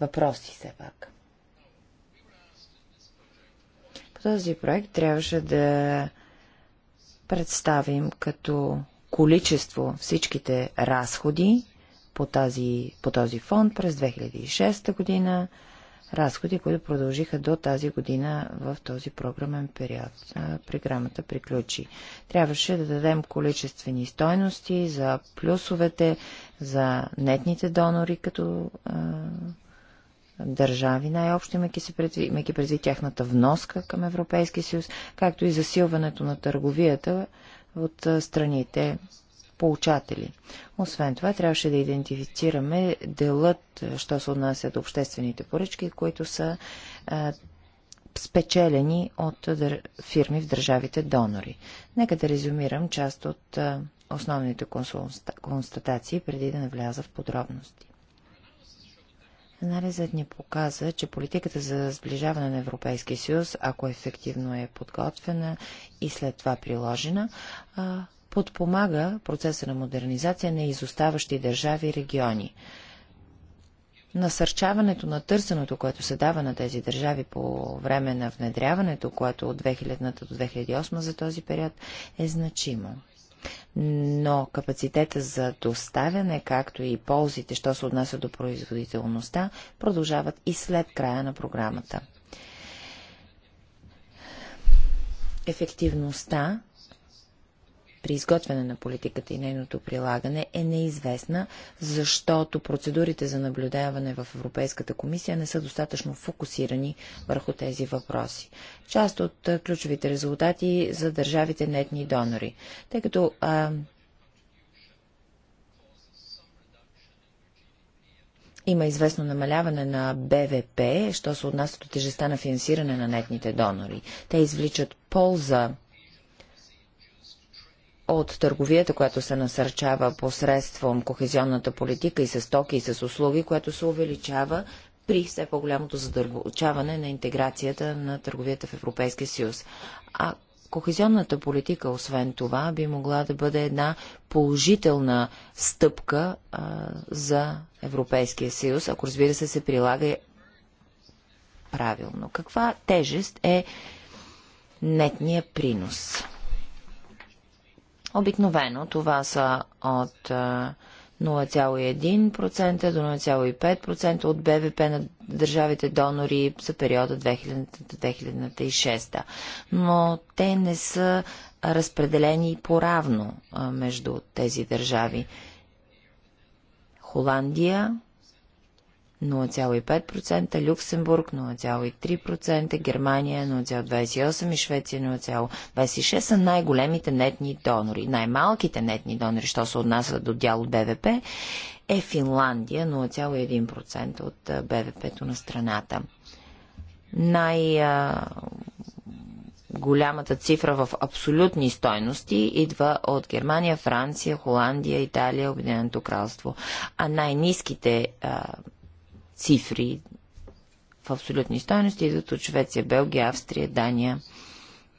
въпроси все пак. По този проект трябваше да представим като количество всичките разходи по, тази, по този фонд през 2006 година, разходи, които продължиха до тази година в този програмен период. Програмата приключи. Трябваше да дадем количествени стойности за плюсовете, за нетните донори като а, държави, най-общо имайки, се пред, имайки предвид тяхната вноска към Европейския съюз, както и засилването на търговията от страните получатели. Освен това, трябваше да идентифицираме делът, е, що се отнася до обществените поръчки, които са а, е, спечелени от фирми в държавите донори. Нека да резюмирам част от а, е, основните констатации, преди да навляза в подробности. Анализът ни показа, че политиката за сближаване на Европейския съюз, ако ефективно е подготвена и след това приложена, подпомага процеса на модернизация на изоставащи държави и региони. Насърчаването на търсеното, което се дава на тези държави по време на внедряването, което от 2000 до 2008 за този период е значимо но капацитета за доставяне, както и ползите, що се отнася до производителността, продължават и след края на програмата. Ефективността при изготвяне на политиката и нейното прилагане е неизвестна, защото процедурите за наблюдаване в Европейската комисия не са достатъчно фокусирани върху тези въпроси. Част от ключовите резултати за държавите нетни донори. Тъй като а, има известно намаляване на БВП, що се отнася до тежестта на финансиране на нетните донори. Те извличат полза от търговията, която се насърчава посредством кохезионната политика и с стоки и с услуги, което се увеличава при все по-голямото задълбочаване на интеграцията на търговията в Европейския съюз. А кохезионната политика, освен това, би могла да бъде една положителна стъпка а, за Европейския съюз, ако разбира се се прилага правилно. Каква тежест е нетния принос? Обикновено това са от 0,1% до 0,5% от БВП на държавите донори за периода 2000-2006. Но те не са разпределени поравно между тези държави. Холандия 0,5%, Люксембург 0,3%, Германия 0,28% и Швеция 0,26% са най-големите нетни донори. Най-малките нетни донори, що се отнася до дял от БВП, е Финландия 0,1% от БВП-то на страната. Най- голямата цифра в абсолютни стойности идва от Германия, Франция, Холандия, Италия, Обединеното кралство. А най-низките цифри в абсолютни стоености идват от Швеция, Белгия, Австрия, Дания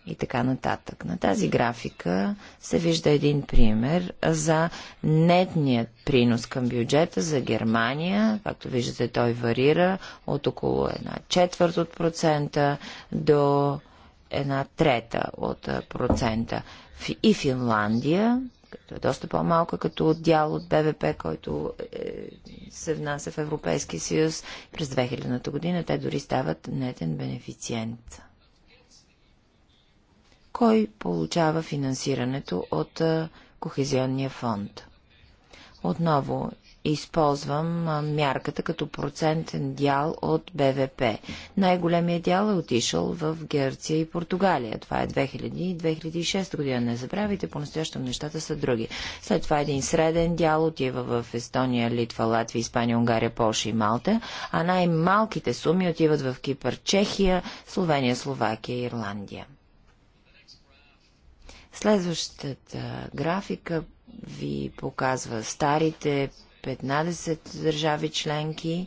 и така нататък. На тази графика се вижда един пример за нетният принос към бюджета за Германия. Както виждате, той варира от около една четвърт от процента до една трета от процента. И Финландия като е доста по-малка като дял от БВП, който е, се внася в Европейския съюз. През 2000-та година те дори стават нетен бенефициент. Кой получава финансирането от е, Кохезионния фонд? Отново използвам мярката като процентен дял от БВП. Най-големият дял е отишъл в Гърция и Португалия. Това е 2000 и 2006 година. Не забравяйте, по-настоящем нещата са други. След това един среден дял отива в Естония, Литва, Латвия, Испания, Унгария, Польша и Малта, а най-малките суми отиват в Кипър, Чехия, Словения, Словакия и Ирландия. Следващата графика ви показва старите 15 държави членки.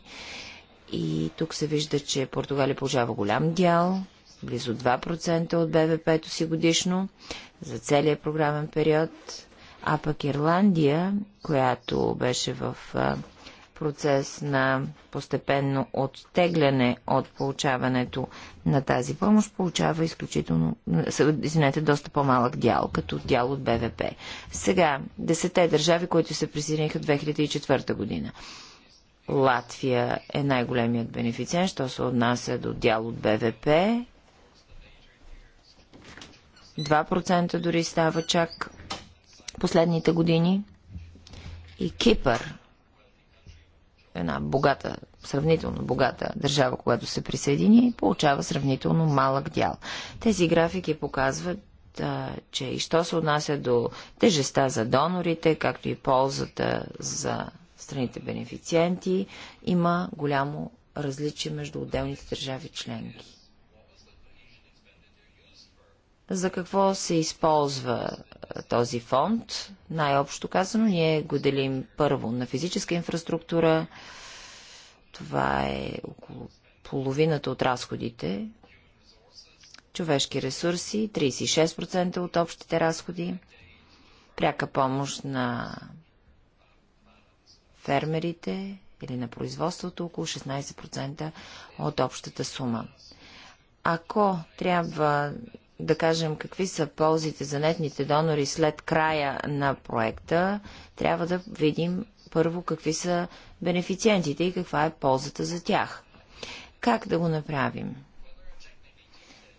И тук се вижда, че Португалия получава голям дял, близо 2% от БВП-то си годишно за целият програмен период. А пък Ирландия, която беше в процес на постепенно оттегляне от получаването на тази помощ получава изключително, извинете, доста по-малък дял, като дял от БВП. Сега, десете държави, които се присъединиха 2004 година. Латвия е най-големият бенефициент, що се отнася до дял от БВП. 2% дори става чак последните години. И Кипър една богата, сравнително богата държава, когато се присъедини, получава сравнително малък дял. Тези графики показват, а, че и що се отнася до тежеста за донорите, както и ползата за страните бенефициенти, има голямо различие между отделните държави членки. За какво се използва този фонд, най-общо казано, ние го делим първо на физическа инфраструктура. Това е около половината от разходите. Човешки ресурси 36% от общите разходи. Пряка помощ на фермерите или на производството около 16% от общата сума. Ако трябва да кажем какви са ползите за нетните донори след края на проекта, трябва да видим първо какви са бенефициентите и каква е ползата за тях. Как да го направим?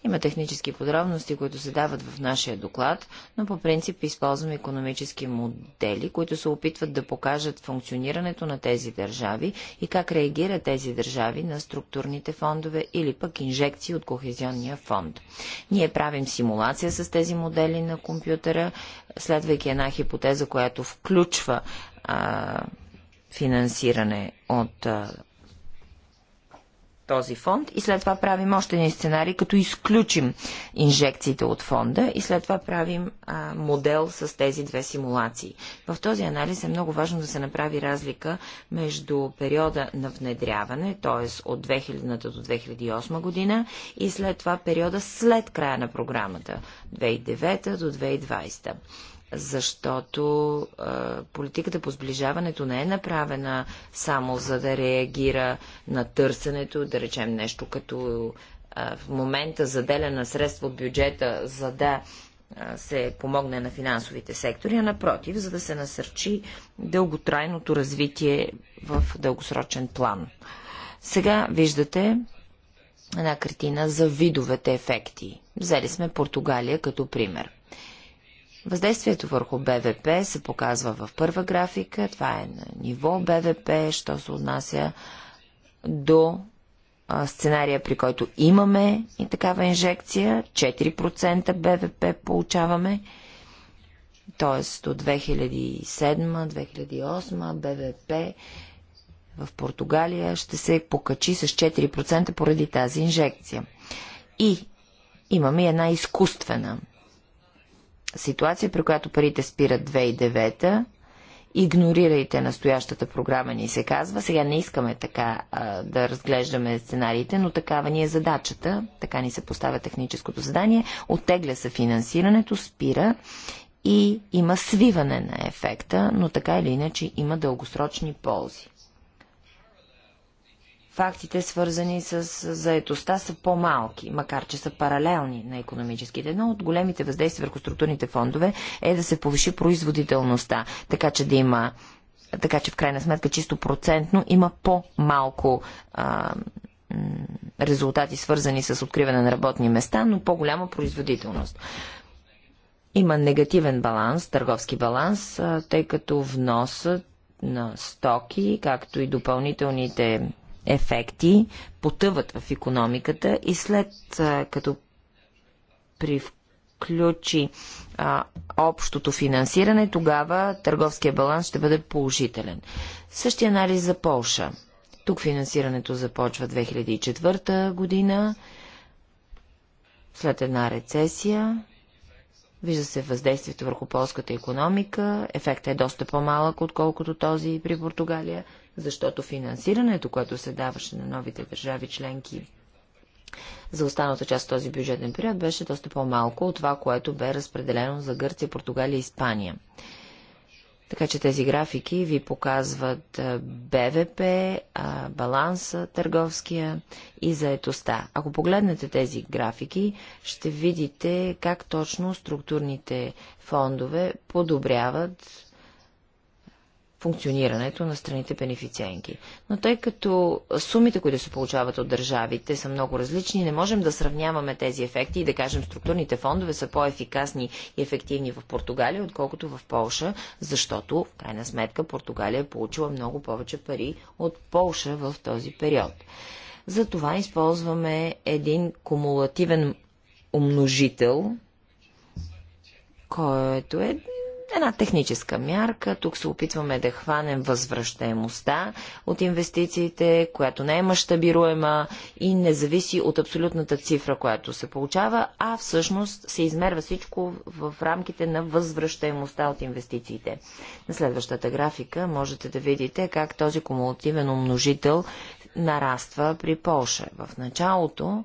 Има технически подробности, които се дават в нашия доклад, но по принцип използваме економически модели, които се опитват да покажат функционирането на тези държави и как реагират тези държави на структурните фондове или пък инжекции от Кохезионния фонд. Ние правим симулация с тези модели на компютъра, следвайки една хипотеза, която включва а, финансиране от а, този фонд и след това правим още един сценарий, като изключим инжекциите от фонда и след това правим а, модел с тези две симулации. В този анализ е много важно да се направи разлика между периода на внедряване, т.е. от 2000 до 2008 година и след това периода след края на програмата, 2009 до 2020 защото а, политиката по сближаването не е направена само за да реагира на търсенето, да речем нещо като а, в момента заделя на средства от бюджета, за да а, се помогне на финансовите сектори, а напротив, за да се насърчи дълготрайното развитие в дългосрочен план. Сега виждате една картина за видовете ефекти. Взели сме Португалия като пример – Въздействието върху БВП се показва в първа графика. Това е на ниво БВП, що се отнася до сценария, при който имаме и такава инжекция. 4% БВП получаваме. Т.е. до 2007-2008 БВП в Португалия ще се покачи с 4% поради тази инжекция. И имаме една изкуствена ситуация, при която парите спират 2009 игнорирайте настоящата програма, ни се казва. Сега не искаме така а, да разглеждаме сценариите, но такава ни е задачата. Така ни се поставя техническото задание. Оттегля се финансирането, спира и има свиване на ефекта, но така или иначе има дългосрочни ползи фактите, свързани с заетостта, са по-малки, макар че са паралелни на економическите. Едно от големите въздействия върху структурните фондове е да се повиши производителността, така че да има така че в крайна сметка чисто процентно има по-малко резултати, свързани с откриване на работни места, но по-голяма производителност. Има негативен баланс, търговски баланс, тъй като вносът на стоки, както и допълнителните ефекти, потъват в економиката и след като привключи а, общото финансиране, тогава търговския баланс ще бъде положителен. Същия анализ за Полша. Тук финансирането започва 2004 година, след една рецесия. Вижда се въздействието върху полската економика. Ефектът е доста по-малък, отколкото този при Португалия защото финансирането, което се даваше на новите държави членки за останалата част от този бюджетен период, беше доста по-малко от това, което бе разпределено за Гърция, Португалия и Испания. Така че тези графики ви показват БВП, баланса търговския и заетостта. Ако погледнете тези графики, ще видите как точно структурните фондове подобряват функционирането на страните бенефициенки. Но тъй като сумите, които се получават от държавите, са много различни, не можем да сравняваме тези ефекти и да кажем структурните фондове са по-ефикасни и ефективни в Португалия, отколкото в Полша, защото, в крайна сметка, Португалия е получила много повече пари от Полша в този период. Затова използваме един кумулативен умножител, който е Една техническа мярка. Тук се опитваме да хванем възвръщаемостта от инвестициите, която не е мащабируема и не зависи от абсолютната цифра, която се получава, а всъщност се измерва всичко в рамките на възвръщаемостта от инвестициите. На следващата графика можете да видите как този кумулативен умножител нараства при Полша. В началото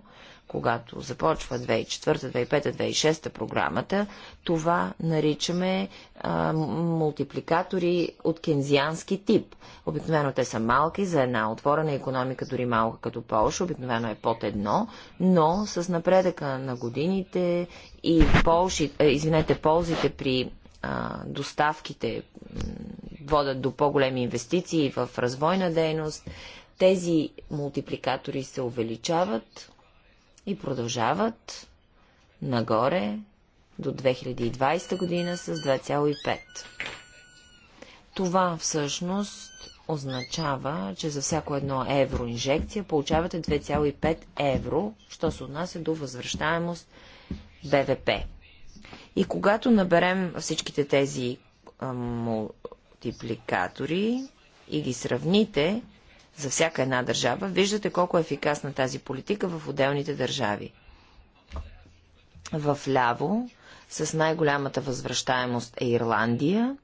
когато започва 2004, 2005, 2006 програмата, това наричаме а, мултипликатори от кензиански тип. Обикновено те са малки за една отворена економика, дори малка като Полша, обикновено е под едно, но с напредъка на годините и полши, а, е, извинете, ползите при а, доставките водят до по-големи инвестиции в развойна дейност, тези мултипликатори се увеличават, и продължават нагоре до 2020 година с 2,5. Това всъщност означава, че за всяко едно евро инжекция получавате 2,5 евро, що се отнася до възвръщаемост БВП. И когато наберем всичките тези мултипликатори и ги сравните, за всяка една държава, виждате колко е ефикасна тази политика в отделните държави. В ляво с най-голямата възвръщаемост е Ирландия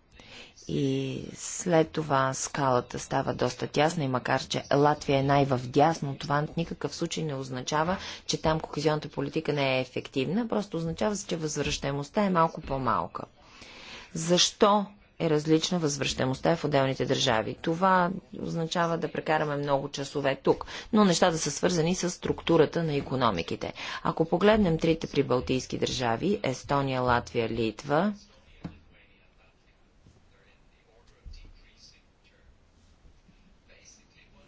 и след това скалата става доста тясна и макар, че Латвия е най-вдясно, това в никакъв случай не означава, че там кохезионната политика не е ефективна, просто означава, че възвръщаемостта е малко по-малка. Защо е различна възвръщаемостта в отделните държави. Това означава да прекараме много часове тук, но нещата са свързани с структурата на економиките. Ако погледнем трите прибалтийски държави Естония, Латвия, Литва,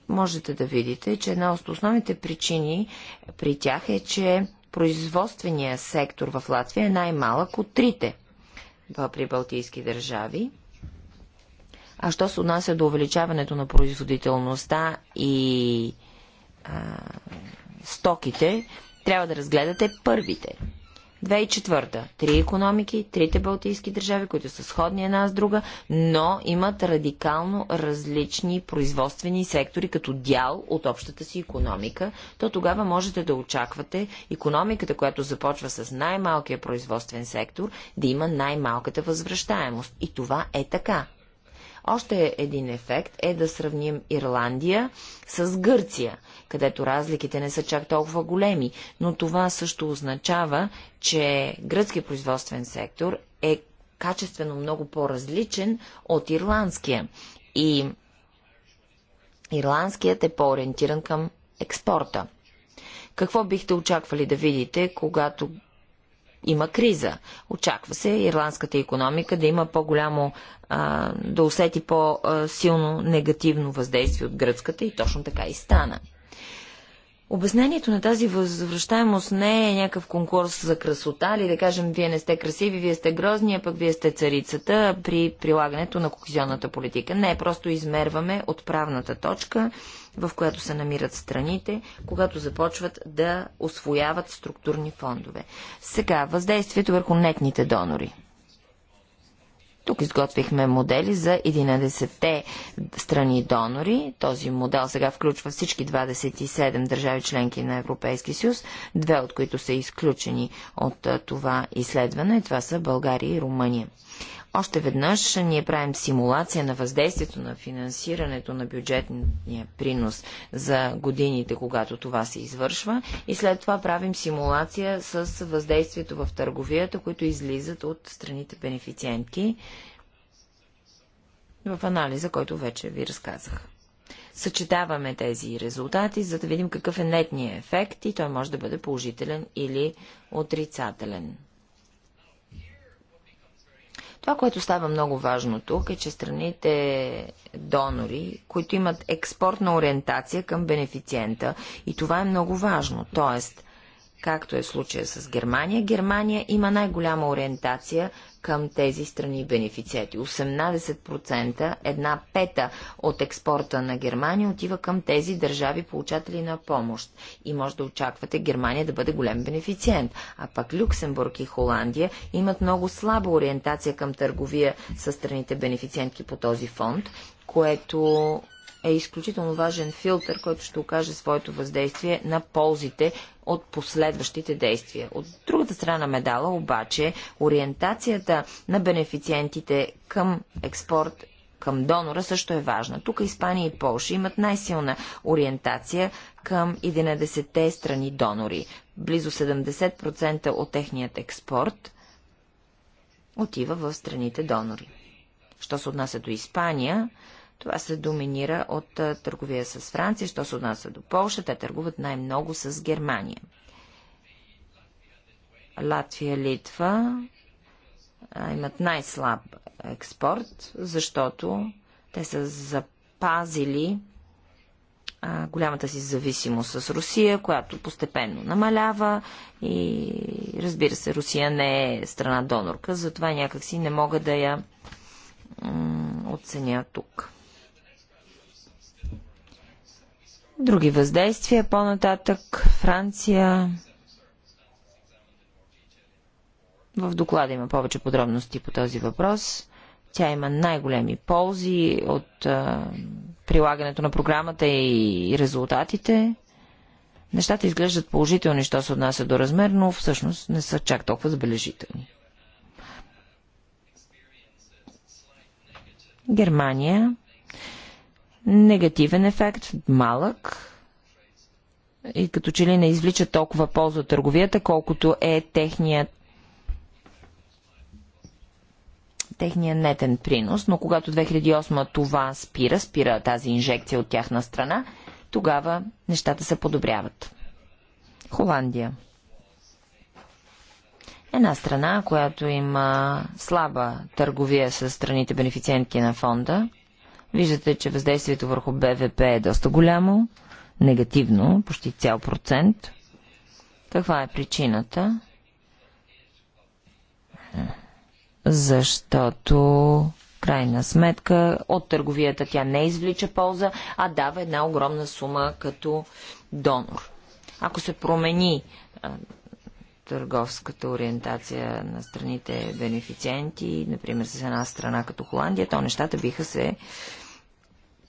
можете да видите, че една от основните причини при тях е, че производствения сектор в Латвия е най-малък от трите – при балтийски държави. А що се отнася до увеличаването на производителността и а, стоките, трябва да разгледате първите 2004. Три економики, трите балтийски държави, които са сходни една с друга, но имат радикално различни производствени сектори като дял от общата си економика, то тогава можете да очаквате економиката, която започва с най-малкия производствен сектор, да има най-малката възвръщаемост. И това е така. Още един ефект е да сравним Ирландия с Гърция където разликите не са чак толкова големи. Но това също означава, че гръцки производствен сектор е качествено много по-различен от ирландския. И ирландският е по-ориентиран към експорта. Какво бихте очаквали да видите, когато има криза. Очаква се ирландската економика да има по-голямо, да усети по-силно негативно въздействие от гръцката и точно така и стана. Обяснението на тази възвръщаемост не е някакъв конкурс за красота или да кажем вие не сте красиви, вие сте грозни, а пък вие сте царицата при прилагането на кохезионната политика. Не, просто измерваме отправната точка, в която се намират страните, когато започват да освояват структурни фондове. Сега, въздействието върху нетните донори. Тук изготвихме модели за 11-те страни донори. Този модел сега включва всички 27 държави членки на Европейски съюз, две от които са изключени от това изследване. Това са България и Румъния. Още веднъж ние правим симулация на въздействието на финансирането на бюджетния принос за годините, когато това се извършва и след това правим симулация с въздействието в търговията, които излизат от страните бенефициентки в анализа, който вече ви разказах. Съчетаваме тези резултати, за да видим какъв е нетният ефект и той може да бъде положителен или отрицателен. Това, което става много важно тук е, че страните донори, които имат експортна ориентация към бенефициента и това е много важно. Тоест, както е случая с Германия, Германия има най-голяма ориентация към тези страни бенефициенти. 18% една пета от експорта на Германия отива към тези държави получатели на помощ. И може да очаквате Германия да бъде голям бенефициент. А пък Люксембург и Холандия имат много слаба ориентация към търговия с страните бенефициентки по този фонд, което е изключително важен филтър, който ще окаже своето въздействие на ползите от последващите действия. От другата страна на медала обаче ориентацията на бенефициентите към експорт към донора също е важна. Тук Испания и Полша имат най-силна ориентация към 11-те страни донори. Близо 70% от техният експорт отива в страните донори. Що се отнася до Испания, това се доминира от търговия с Франция, що се отнася до Полша, те търгуват най-много с Германия. Латвия, Литва имат най-слаб експорт, защото те са запазили голямата си зависимост с Русия, която постепенно намалява и разбира се, Русия не е страна донорка, затова някакси не мога да я оценя тук. Други въздействия по-нататък. Франция. В доклада има повече подробности по този въпрос. Тя има най-големи ползи от а, прилагането на програмата и, и резултатите. Нещата изглеждат положителни, що се отнася до размер, но всъщност не са чак толкова забележителни. Германия негативен ефект, малък и като че ли не извлича толкова полза от търговията, колкото е техният техния нетен принос, но когато 2008 това спира, спира тази инжекция от тяхна страна, тогава нещата се подобряват. Холандия. Една страна, която има слаба търговия с страните бенефициентки на фонда – Виждате, че въздействието върху БВП е доста голямо, негативно, почти цял процент. Каква е причината? Защото крайна сметка от търговията тя не извлича полза, а дава една огромна сума като донор. Ако се промени търговската ориентация на страните бенефициенти, например с една страна като Холандия, то нещата биха се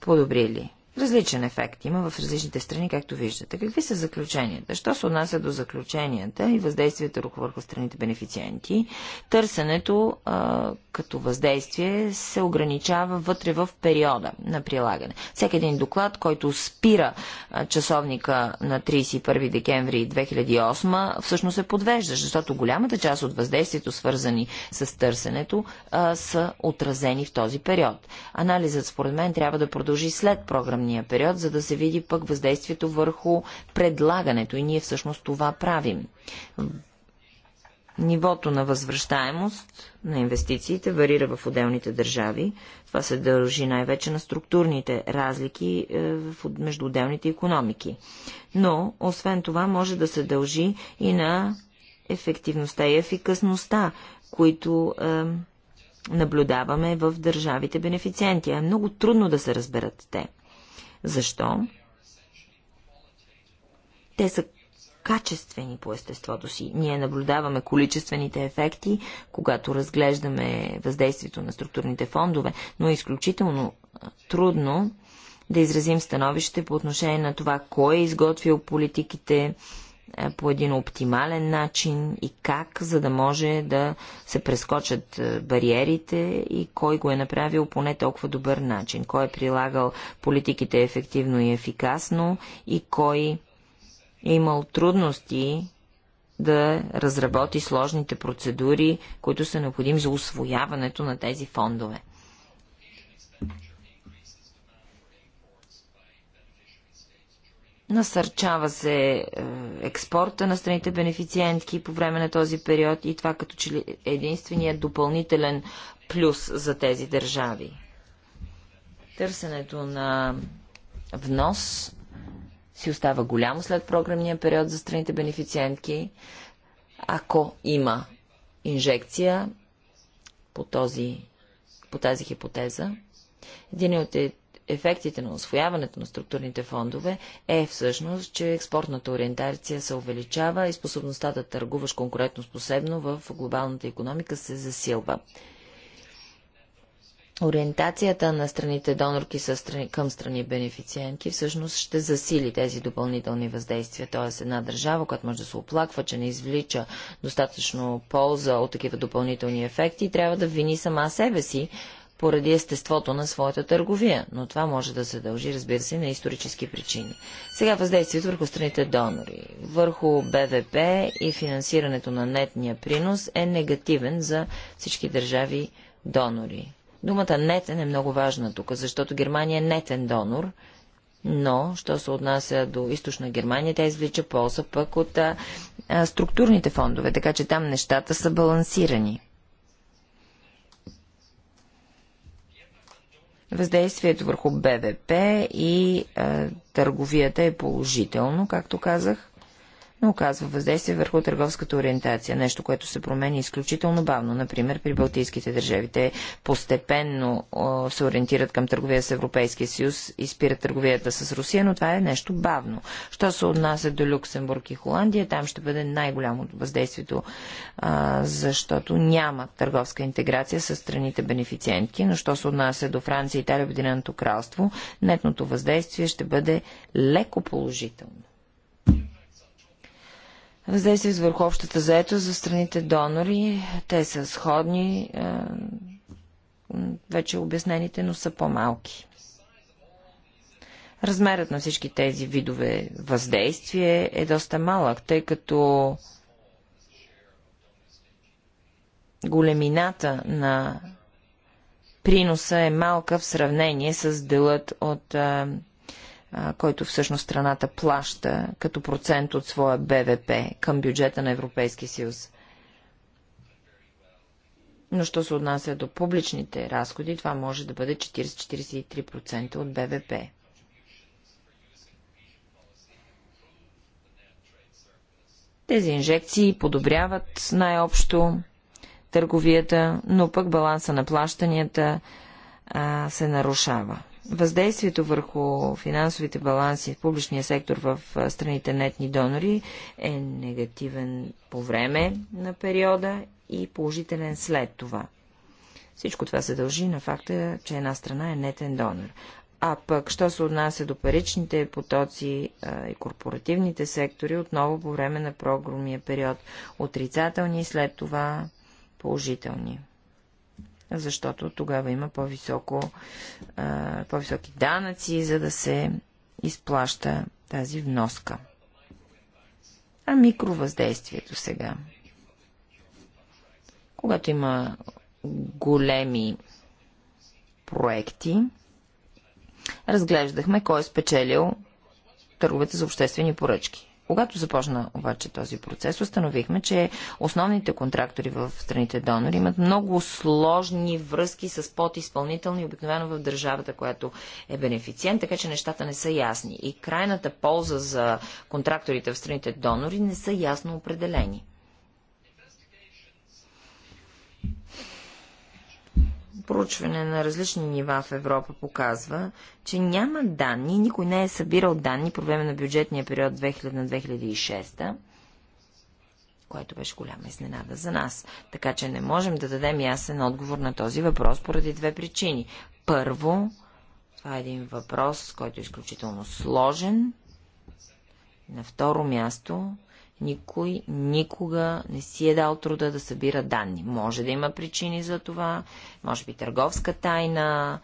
подобрили. Различен ефект има в различните страни, както виждате. Какви са заключенията? Що се отнася до заключенията и въздействията върху страните бенефициенти? Търсенето а, като въздействие се ограничава вътре в периода на прилагане. Всеки един доклад, който спира а, часовника на 31 декември 2008, всъщност се подвежда, защото голямата част от въздействието, свързани с търсенето, а, са отразени в този период. Анализът, според мен, трябва да продължи след програмния програмния период, за да се види пък въздействието върху предлагането и ние всъщност това правим. Нивото на възвръщаемост на инвестициите варира в отделните държави. Това се дължи най-вече на структурните разлики е, между отделните економики. Но, освен това, може да се дължи и на ефективността и ефикасността, които е, наблюдаваме в държавите бенефициенти. Е много трудно да се разберат те. Защо? Те са качествени по естеството си. Ние наблюдаваме количествените ефекти, когато разглеждаме въздействието на структурните фондове, но е изключително трудно да изразим становище по отношение на това кой е изготвил политиките, е, по един оптимален начин и как, за да може да се прескочат е, бариерите и кой го е направил по не толкова добър начин, кой е прилагал политиките ефективно и ефикасно и кой е имал трудности да разработи сложните процедури, които са необходими за освояването на тези фондове. Насърчава се е, експорта на страните бенефициентки по време на този период и това като че ли е единственият допълнителен плюс за тези държави. Търсенето на внос си остава голямо след програмния период за страните бенефициентки. Ако има инжекция по, този, по тази хипотеза, един от е- ефектите на освояването на структурните фондове е всъщност, че експортната ориентация се увеличава и способността да търгуваш способно в глобалната економика се засилва. Ориентацията на страните донорки към страни бенефициентки всъщност ще засили тези допълнителни въздействия. Т.е. една държава, която може да се оплаква, че не извлича достатъчно полза от такива допълнителни ефекти, трябва да вини сама себе си поради естеството на своята търговия, но това може да се дължи, разбира се, на исторически причини. Сега въздействието върху страните донори, върху БВП и финансирането на нетния принос е негативен за всички държави донори. Думата нетен е много важна тук, защото Германия е нетен донор, но, що се отнася до източна Германия, тя извлича полза пък от а, а, структурните фондове, така че там нещата са балансирани. Въздействието върху БВП и а, търговията е положително, както казах но оказва въздействие върху търговската ориентация, нещо, което се промени изключително бавно. Например, при балтийските държави те постепенно се ориентират към търговия с Европейския съюз и спират търговията с Русия, но това е нещо бавно. Що се отнася до Люксембург и Холандия, там ще бъде най-голямото въздействието, защото няма търговска интеграция с страните бенефициентки, но що се отнася до Франция, Италия, Обединеното кралство, нетното въздействие ще бъде леко положително. Въздействие върху общата заето за страните донори. Те са сходни, е, вече обяснените, но са по-малки. Размерът на всички тези видове въздействие е доста малък, тъй като големината на приноса е малка в сравнение с делът от е, който всъщност страната плаща като процент от своя БВП към бюджета на Европейския съюз. Но що се отнася до публичните разходи, това може да бъде 40-43% от БВП. Тези инжекции подобряват най-общо търговията, но пък баланса на плащанията а, се нарушава. Въздействието върху финансовите баланси в публичния сектор в страните нетни донори е негативен по време на периода и положителен след това. Всичко това се дължи на факта, че една страна е нетен донор. А пък, що се отнася до паричните потоци а, и корпоративните сектори, отново по време на програмния период отрицателни, и след това положителни защото тогава има по-високо, по-високи данъци, за да се изплаща тази вноска. А микровъздействието сега. Когато има големи проекти, разглеждахме кой е спечелил търговете за обществени поръчки. Когато започна обаче този процес, установихме, че основните контрактори в страните донори имат много сложни връзки с подизпълнителни, обикновено в държавата, която е бенефициент, така че нещата не са ясни. И крайната полза за контракторите в страните донори не са ясно определени проучване на различни нива в Европа показва, че няма данни, никой не е събирал данни по време на бюджетния период 2000-2006, което беше голяма изненада за нас. Така че не можем да дадем ясен отговор на този въпрос поради две причини. Първо, това е един въпрос, който е изключително сложен. На второ място, никой никога не си е дал труда да събира данни. Може да има причини за това, може би търговска тайна,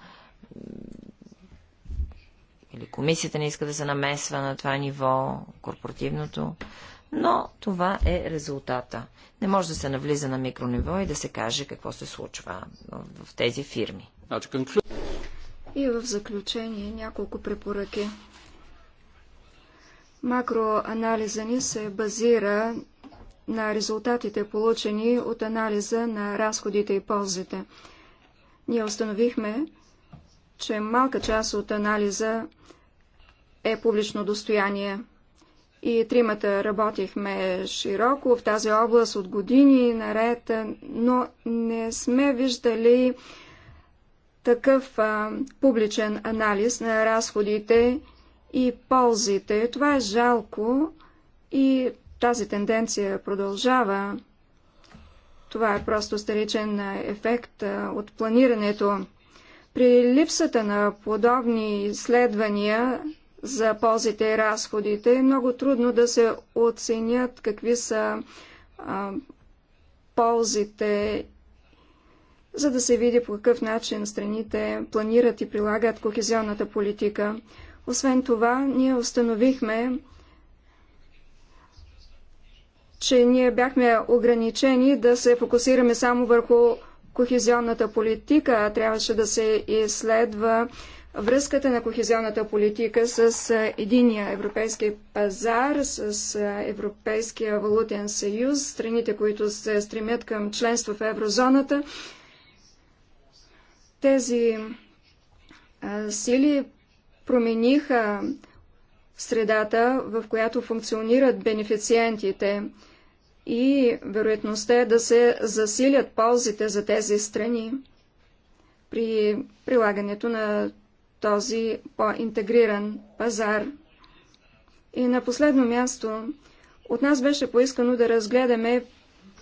или комисията не иска да се намесва на това ниво, корпоративното, но това е резултата. Не може да се навлиза на микрониво и да се каже какво се случва в тези фирми. Значи, и в заключение няколко препоръки. Макроанализа ни се базира на резултатите, получени от анализа на разходите и ползите. Ние установихме, че малка част от анализа е публично достояние. И тримата работихме широко в тази област от години наред, но не сме виждали такъв а, публичен анализ на разходите и ползите. Това е жалко и тази тенденция продължава. Това е просто старичен ефект от планирането. При липсата на подобни изследвания за ползите и разходите е много трудно да се оценят какви са а, ползите, за да се види по какъв начин страните планират и прилагат кохезионната политика. Освен това, ние установихме, че ние бяхме ограничени да се фокусираме само върху кохезионната политика, трябваше да се изследва връзката на кохезионната политика с единия европейски пазар, с Европейския валутен съюз, страните, които се стремят към членство в еврозоната. Тези сили промениха средата, в която функционират бенефициентите и вероятността е да се засилят ползите за тези страни при прилагането на този по-интегриран пазар. И на последно място от нас беше поискано да разгледаме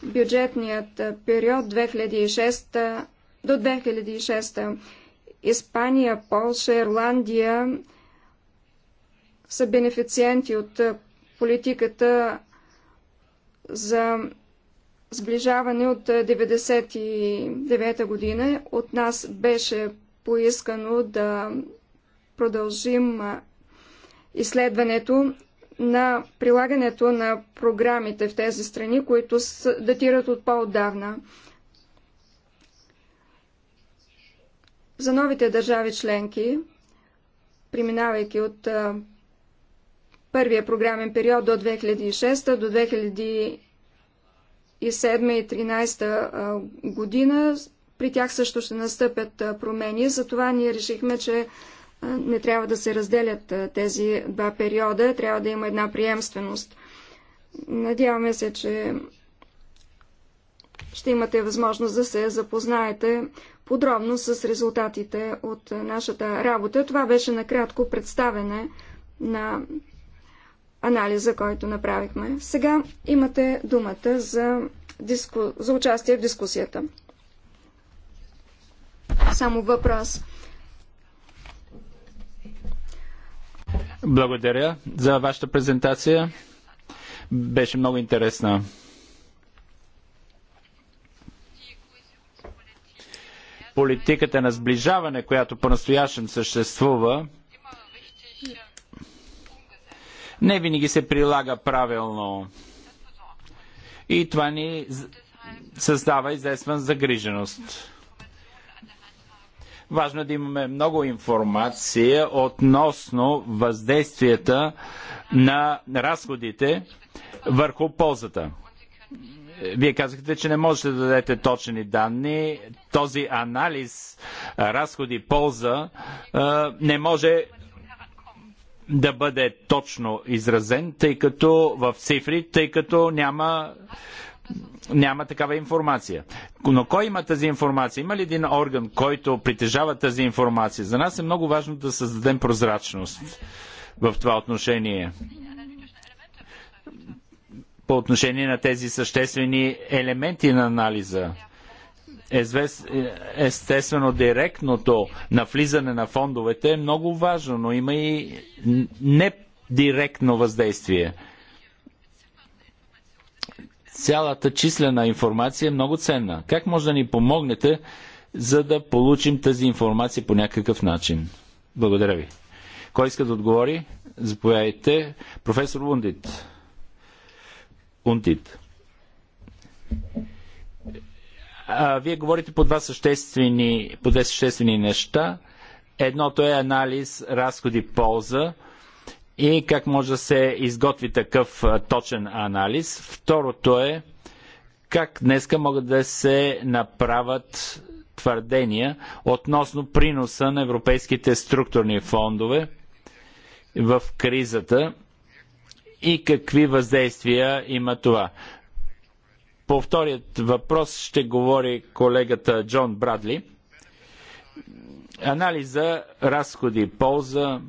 бюджетният период 2006 до 2006 Испания, Полша, Ирландия са бенефициенти от политиката за сближаване от 1999 година. От нас беше поискано да продължим изследването на прилагането на програмите в тези страни, които датират от по-отдавна. За новите държави членки, преминавайки от а, първия програмен период до 2006 до 2007 и 2013 година, при тях също ще настъпят а, промени. Затова ние решихме, че не трябва да се разделят тези два периода, трябва да има една приемственост. Надяваме се, че ще имате възможност да се запознаете подробно с резултатите от нашата работа. Това беше накратко представене на анализа, който направихме. Сега имате думата за, диску... за участие в дискусията. Само въпрос. Благодаря за вашата презентация. Беше много интересна. политиката на сближаване, която по-настоящем съществува, не винаги се прилага правилно. И това ни създава известна загриженост. Важно е да имаме много информация относно въздействията на разходите върху ползата. Вие казахте, че не можете да дадете точни данни. Този анализ разходи-полза не може да бъде точно изразен, тъй като в цифри, тъй като няма няма такава информация. Но кой има тази информация? Има ли един орган, който притежава тази информация? За нас е много важно да създадем прозрачност в това отношение по отношение на тези съществени елементи на анализа. Естествено, директното навлизане на фондовете е много важно, но има и недиректно въздействие. Цялата числена информация е много ценна. Как може да ни помогнете, за да получим тази информация по някакъв начин? Благодаря ви. Кой иска да отговори? Заповядайте. Професор Лундит und А, Вие говорите по, два съществени, по две съществени неща. Едното е анализ разходи-полза и как може да се изготви такъв точен анализ. Второто е как днеска могат да се направят твърдения относно приноса на европейските структурни фондове в кризата и какви въздействия има това. По вторият въпрос ще говори колегата Джон Брадли. Анализа, разходи, полза.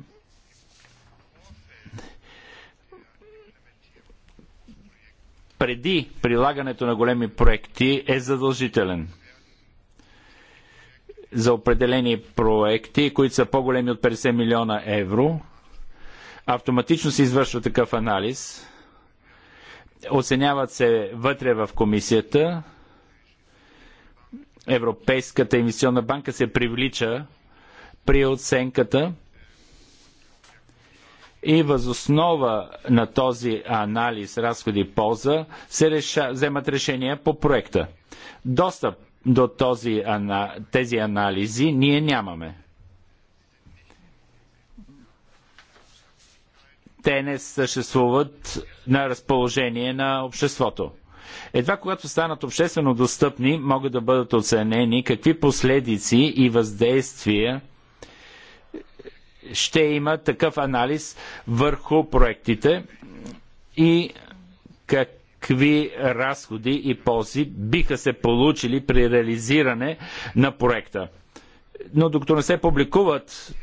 Преди прилагането на големи проекти е задължителен за определени проекти, които са по-големи от 50 милиона евро – автоматично се извършва такъв анализ. Оценяват се вътре в комисията. Европейската инвестиционна банка се привлича при оценката и възоснова на този анализ разходи и полза се реша, вземат решения по проекта. Достъп до този, тези анализи ние нямаме. те не съществуват на разположение на обществото. Едва когато станат обществено достъпни, могат да бъдат оценени какви последици и въздействия ще има такъв анализ върху проектите и какви разходи и ползи биха се получили при реализиране на проекта. Но докато не се публикуват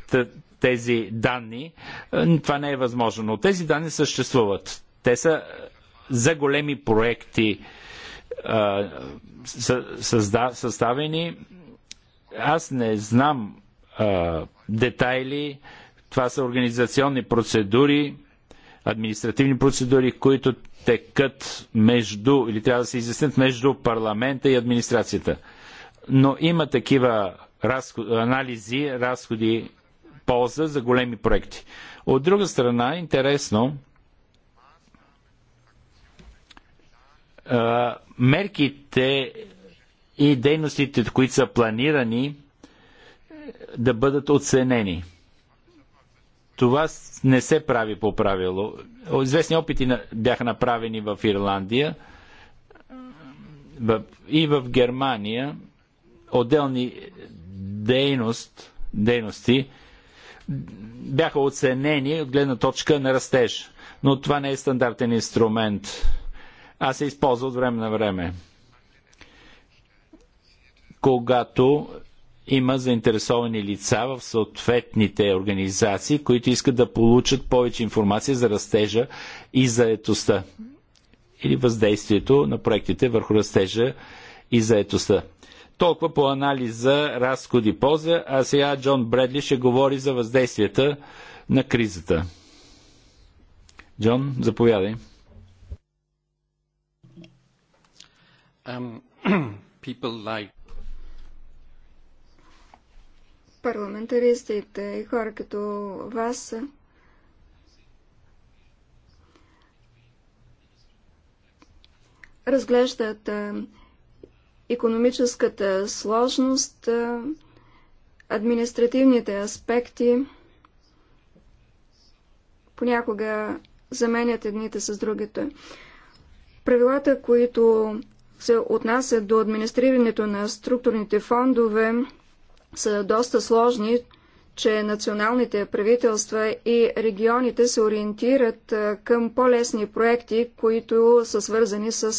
тези данни. Е, това не е възможно, но тези данни съществуват. Те са за големи проекти е, създа, съставени. Аз не знам а, е, детайли. Това са организационни процедури, административни процедури, които текат между, или трябва да се изяснят между парламента и администрацията. Но има такива разход, анализи, разходи полза за големи проекти. От друга страна, интересно, мерките и дейностите, които са планирани, е, да бъдат оценени. Това не се прави по правило. Известни опити бяха направени в Ирландия и в Германия. Отделни дейност, дейности бяха оценени от гледна точка на растеж. Но това не е стандартен инструмент, а се използва от време на време. Когато има заинтересовани лица в съответните организации, които искат да получат повече информация за растежа и заетостта или въздействието на проектите върху растежа и заетостта. Толкова по анализа разходи-полза, а сега Джон Бредли ще говори за въздействията на кризата. Джон, заповядай. Парламентаристите и хора като вас разглеждат економическата сложност, административните аспекти понякога заменят едните с другите. Правилата, които се отнасят до администрирането на структурните фондове, са доста сложни, че националните правителства и регионите се ориентират към по-лесни проекти, които са свързани с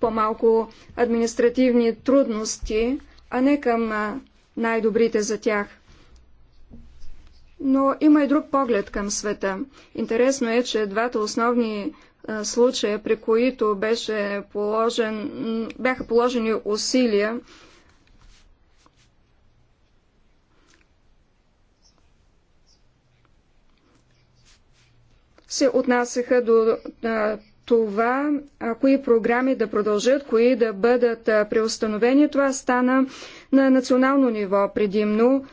по-малко административни трудности, а не към най-добрите за тях. Но има и друг поглед към света. Интересно е, че двата основни случая, при които беше положен, бяха положени усилия се отнасяха до това, кои програми да продължат, кои да бъдат преустановени, това стана на национално ниво предимно.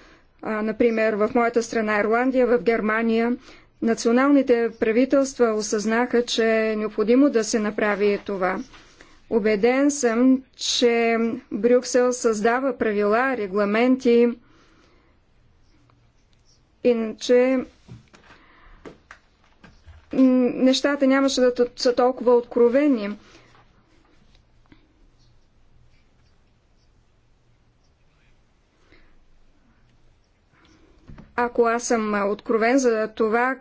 Например, в моята страна Ирландия, в Германия, националните правителства осъзнаха, че е необходимо да се направи това. Обеден съм, че Брюксел създава правила, регламенти, иначе нещата нямаше да са толкова откровени. Ако аз съм откровен за това,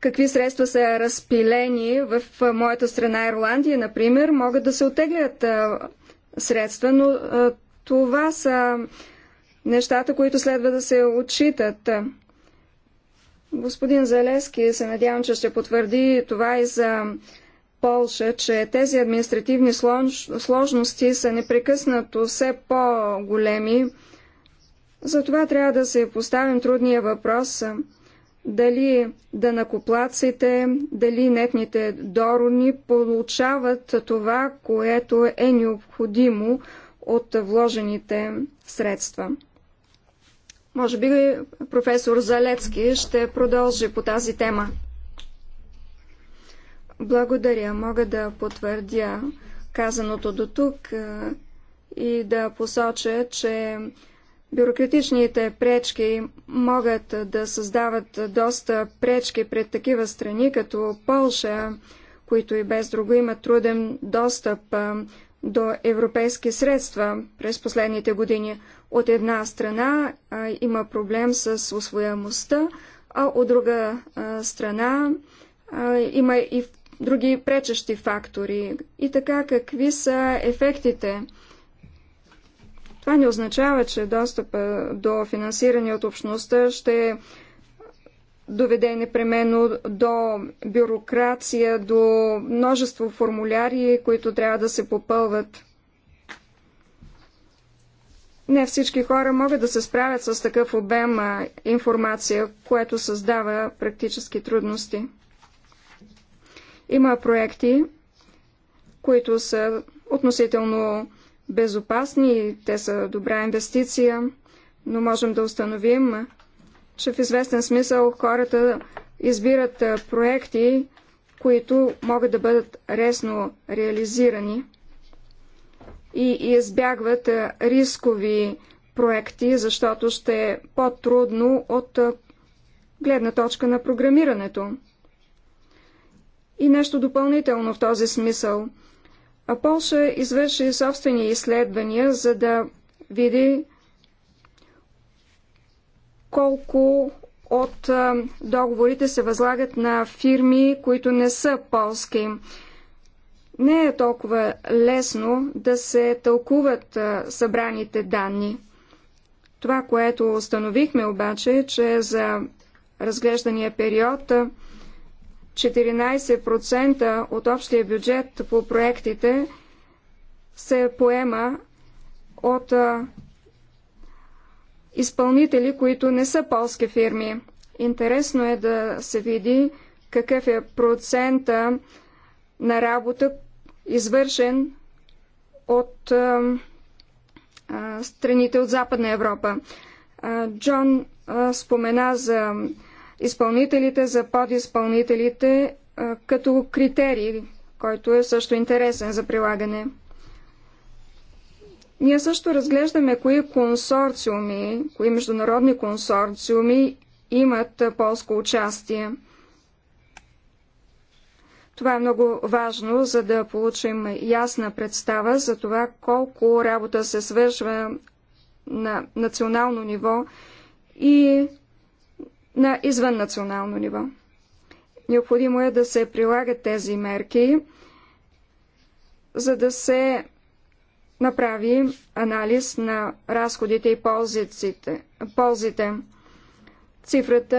какви средства са разпилени в моята страна Ирландия, например, могат да се отеглят средства, но това са нещата, които следва да се отчитат. Господин Залески се надявам, че ще потвърди това и за Полша, че тези административни сложности са непрекъснато все по-големи. Затова трябва да се поставим трудния въпрос дали данакоплаците, дали нетните дорони получават това, което е необходимо от вложените средства. Може би професор Залецки ще продължи по тази тема. Благодаря. Мога да потвърдя казаното до тук и да посоча, че бюрократичните пречки могат да създават доста пречки пред такива страни, като Полша, които и без друго имат труден достъп до европейски средства през последните години. От една страна а, има проблем с освоямостта, а от друга а, страна а, има и други пречещи фактори. И така, какви са ефектите? Това не означава, че достъпа до финансиране от общността ще доведе непременно до бюрокрация, до множество формуляри, които трябва да се попълват. Не всички хора могат да се справят с такъв обем информация, което създава практически трудности. Има проекти, които са относително безопасни, те са добра инвестиция, но можем да установим, че в известен смисъл хората избират проекти, които могат да бъдат ресно реализирани и избягват рискови проекти, защото ще е по-трудно от гледна точка на програмирането. И нещо допълнително в този смисъл. Полша извърши собствени изследвания, за да види колко от договорите се възлагат на фирми, които не са полски. Не е толкова лесно да се тълкуват събраните данни. Това, което установихме обаче, е, че за разглеждания период 14% от общия бюджет по проектите се поема от изпълнители, които не са полски фирми. Интересно е да се види какъв е процента на работа, извършен от а, а, страните от Западна Европа. А, Джон а, спомена за изпълнителите, за подизпълнителите а, като критерий, който е също интересен за прилагане. Ние също разглеждаме кои консорциуми, кои международни консорциуми имат полско участие. Това е много важно, за да получим ясна представа за това колко работа се свършва на национално ниво и на извън национално ниво. Необходимо е да се прилагат тези мерки, за да се направи анализ на разходите и ползите. Цифрата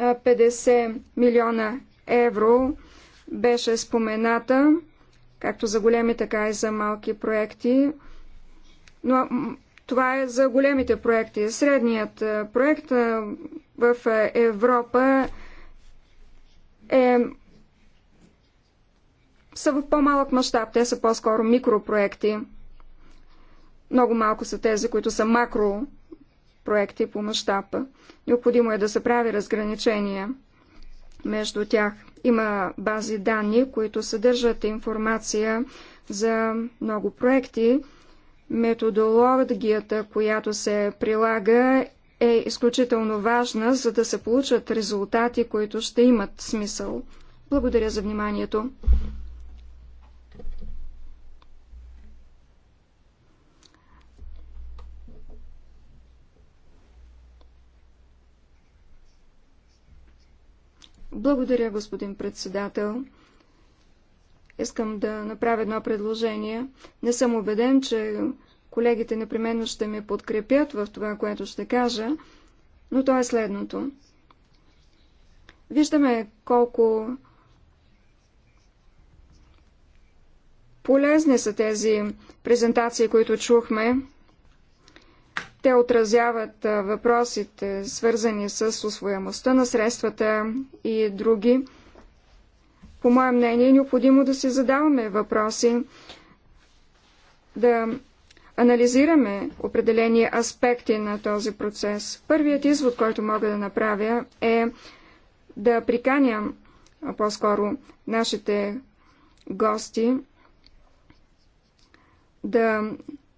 50 милиона евро беше спомената, както за големи, така и за малки проекти. Но това е за големите проекти. Средният проект в Европа е са в по-малък мащаб. Те са по-скоро микропроекти. Много малко са тези, които са макро проекти по мащаба. Необходимо е да се прави разграничения между тях. Има бази данни, които съдържат информация за много проекти. Методологията, която се прилага, е изключително важна, за да се получат резултати, които ще имат смисъл. Благодаря за вниманието. Благодаря, господин председател. Искам да направя едно предложение. Не съм убеден, че колегите непременно ще ме подкрепят в това, което ще кажа, но то е следното. Виждаме колко полезни са тези презентации, които чухме те отразяват въпросите, свързани с освоемостта на средствата и други. По мое мнение е необходимо да си задаваме въпроси, да анализираме определени аспекти на този процес. Първият извод, който мога да направя е да приканям по-скоро нашите гости да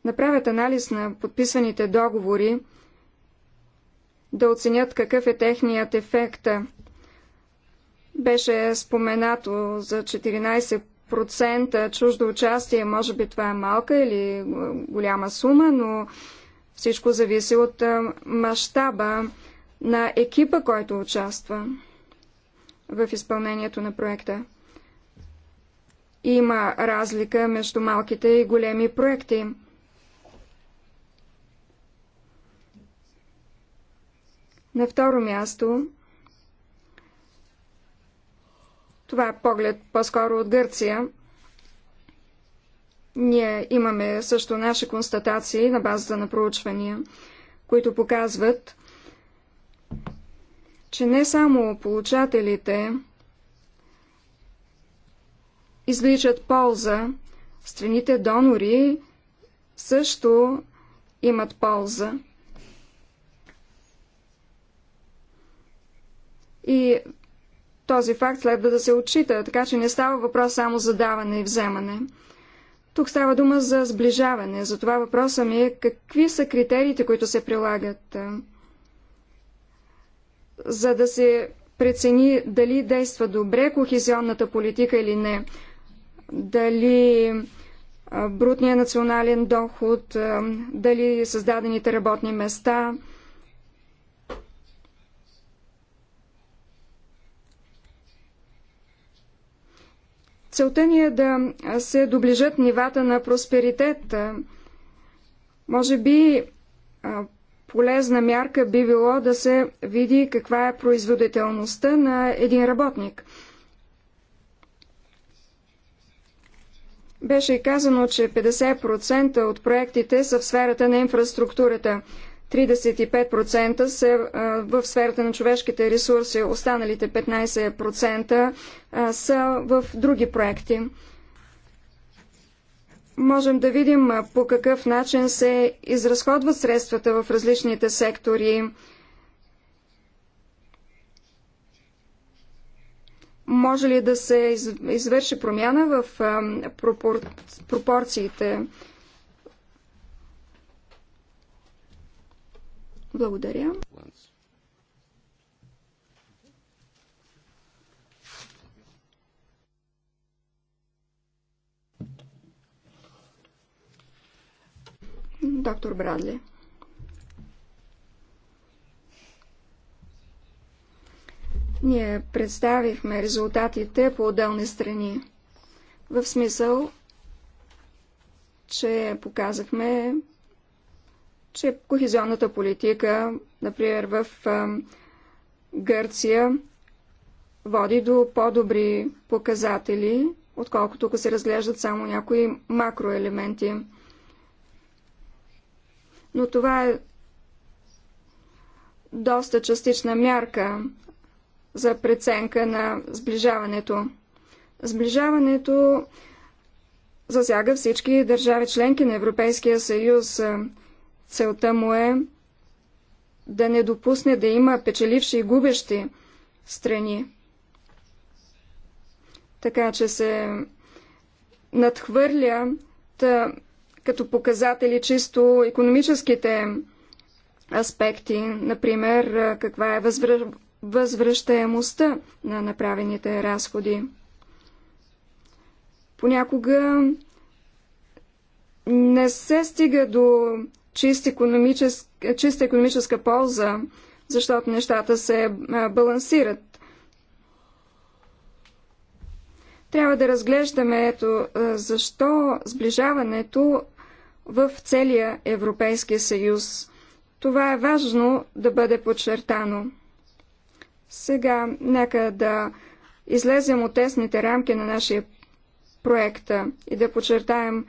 направят анализ на подписаните договори, да оценят какъв е техният ефект. Беше споменато за 14% чуждо участие. Може би това е малка или голяма сума, но всичко зависи от мащаба на екипа, който участва в изпълнението на проекта. Има разлика между малките и големи проекти. На второ място, това е поглед по-скоро от Гърция. Ние имаме също наши констатации на базата на проучвания, които показват, че не само получателите извличат полза, страните донори също имат полза. И този факт следва да се отчита, така че не става въпрос само за даване и вземане. Тук става дума за сближаване, затова въпросът ми е какви са критериите, които се прилагат, за да се прецени дали действа добре кохезионната политика или не, дали брутният национален доход, дали създадените работни места – Целта ни е да се доближат нивата на просперитет. Може би полезна мярка би било да се види каква е производителността на един работник. Беше казано, че 50% от проектите са в сферата на инфраструктурата. 35% са в сферата на човешките ресурси, останалите 15% са в други проекти. Можем да видим по какъв начин се изразходват средствата в различните сектори. Може ли да се извърши промяна в пропорциите? Благодаря. Доктор Брадли. Ние представихме резултатите по отделни страни. В смисъл, че показахме че кохезионната политика, например в Гърция, води до по-добри показатели, отколкото ако се разглеждат само някои макроелементи. Но това е доста частична мярка за преценка на сближаването. Сближаването засяга всички държави членки на Европейския съюз Целта му е да не допусне да има печеливши и губещи страни. Така че се надхвърля та, като показатели чисто економическите аспекти, например каква е възвръ... възвръщаемостта на направените разходи. Понякога не се стига до чист економичес... чиста економическа полза, защото нещата се балансират. Трябва да разглеждаме ето защо сближаването в целия Европейския съюз. Това е важно да бъде подчертано. Сега нека да излезем от тесните рамки на нашия проект и да подчертаем,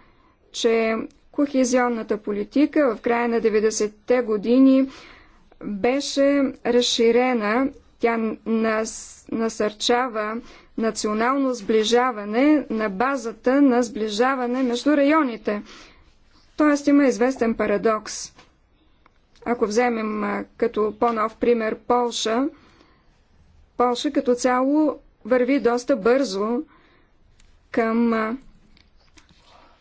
че Кохезионната политика в края на 90-те години беше разширена. Тя нас, насърчава национално сближаване на базата на сближаване между районите. Тоест има известен парадокс. Ако вземем като по-нов пример Полша, Полша като цяло върви доста бързо към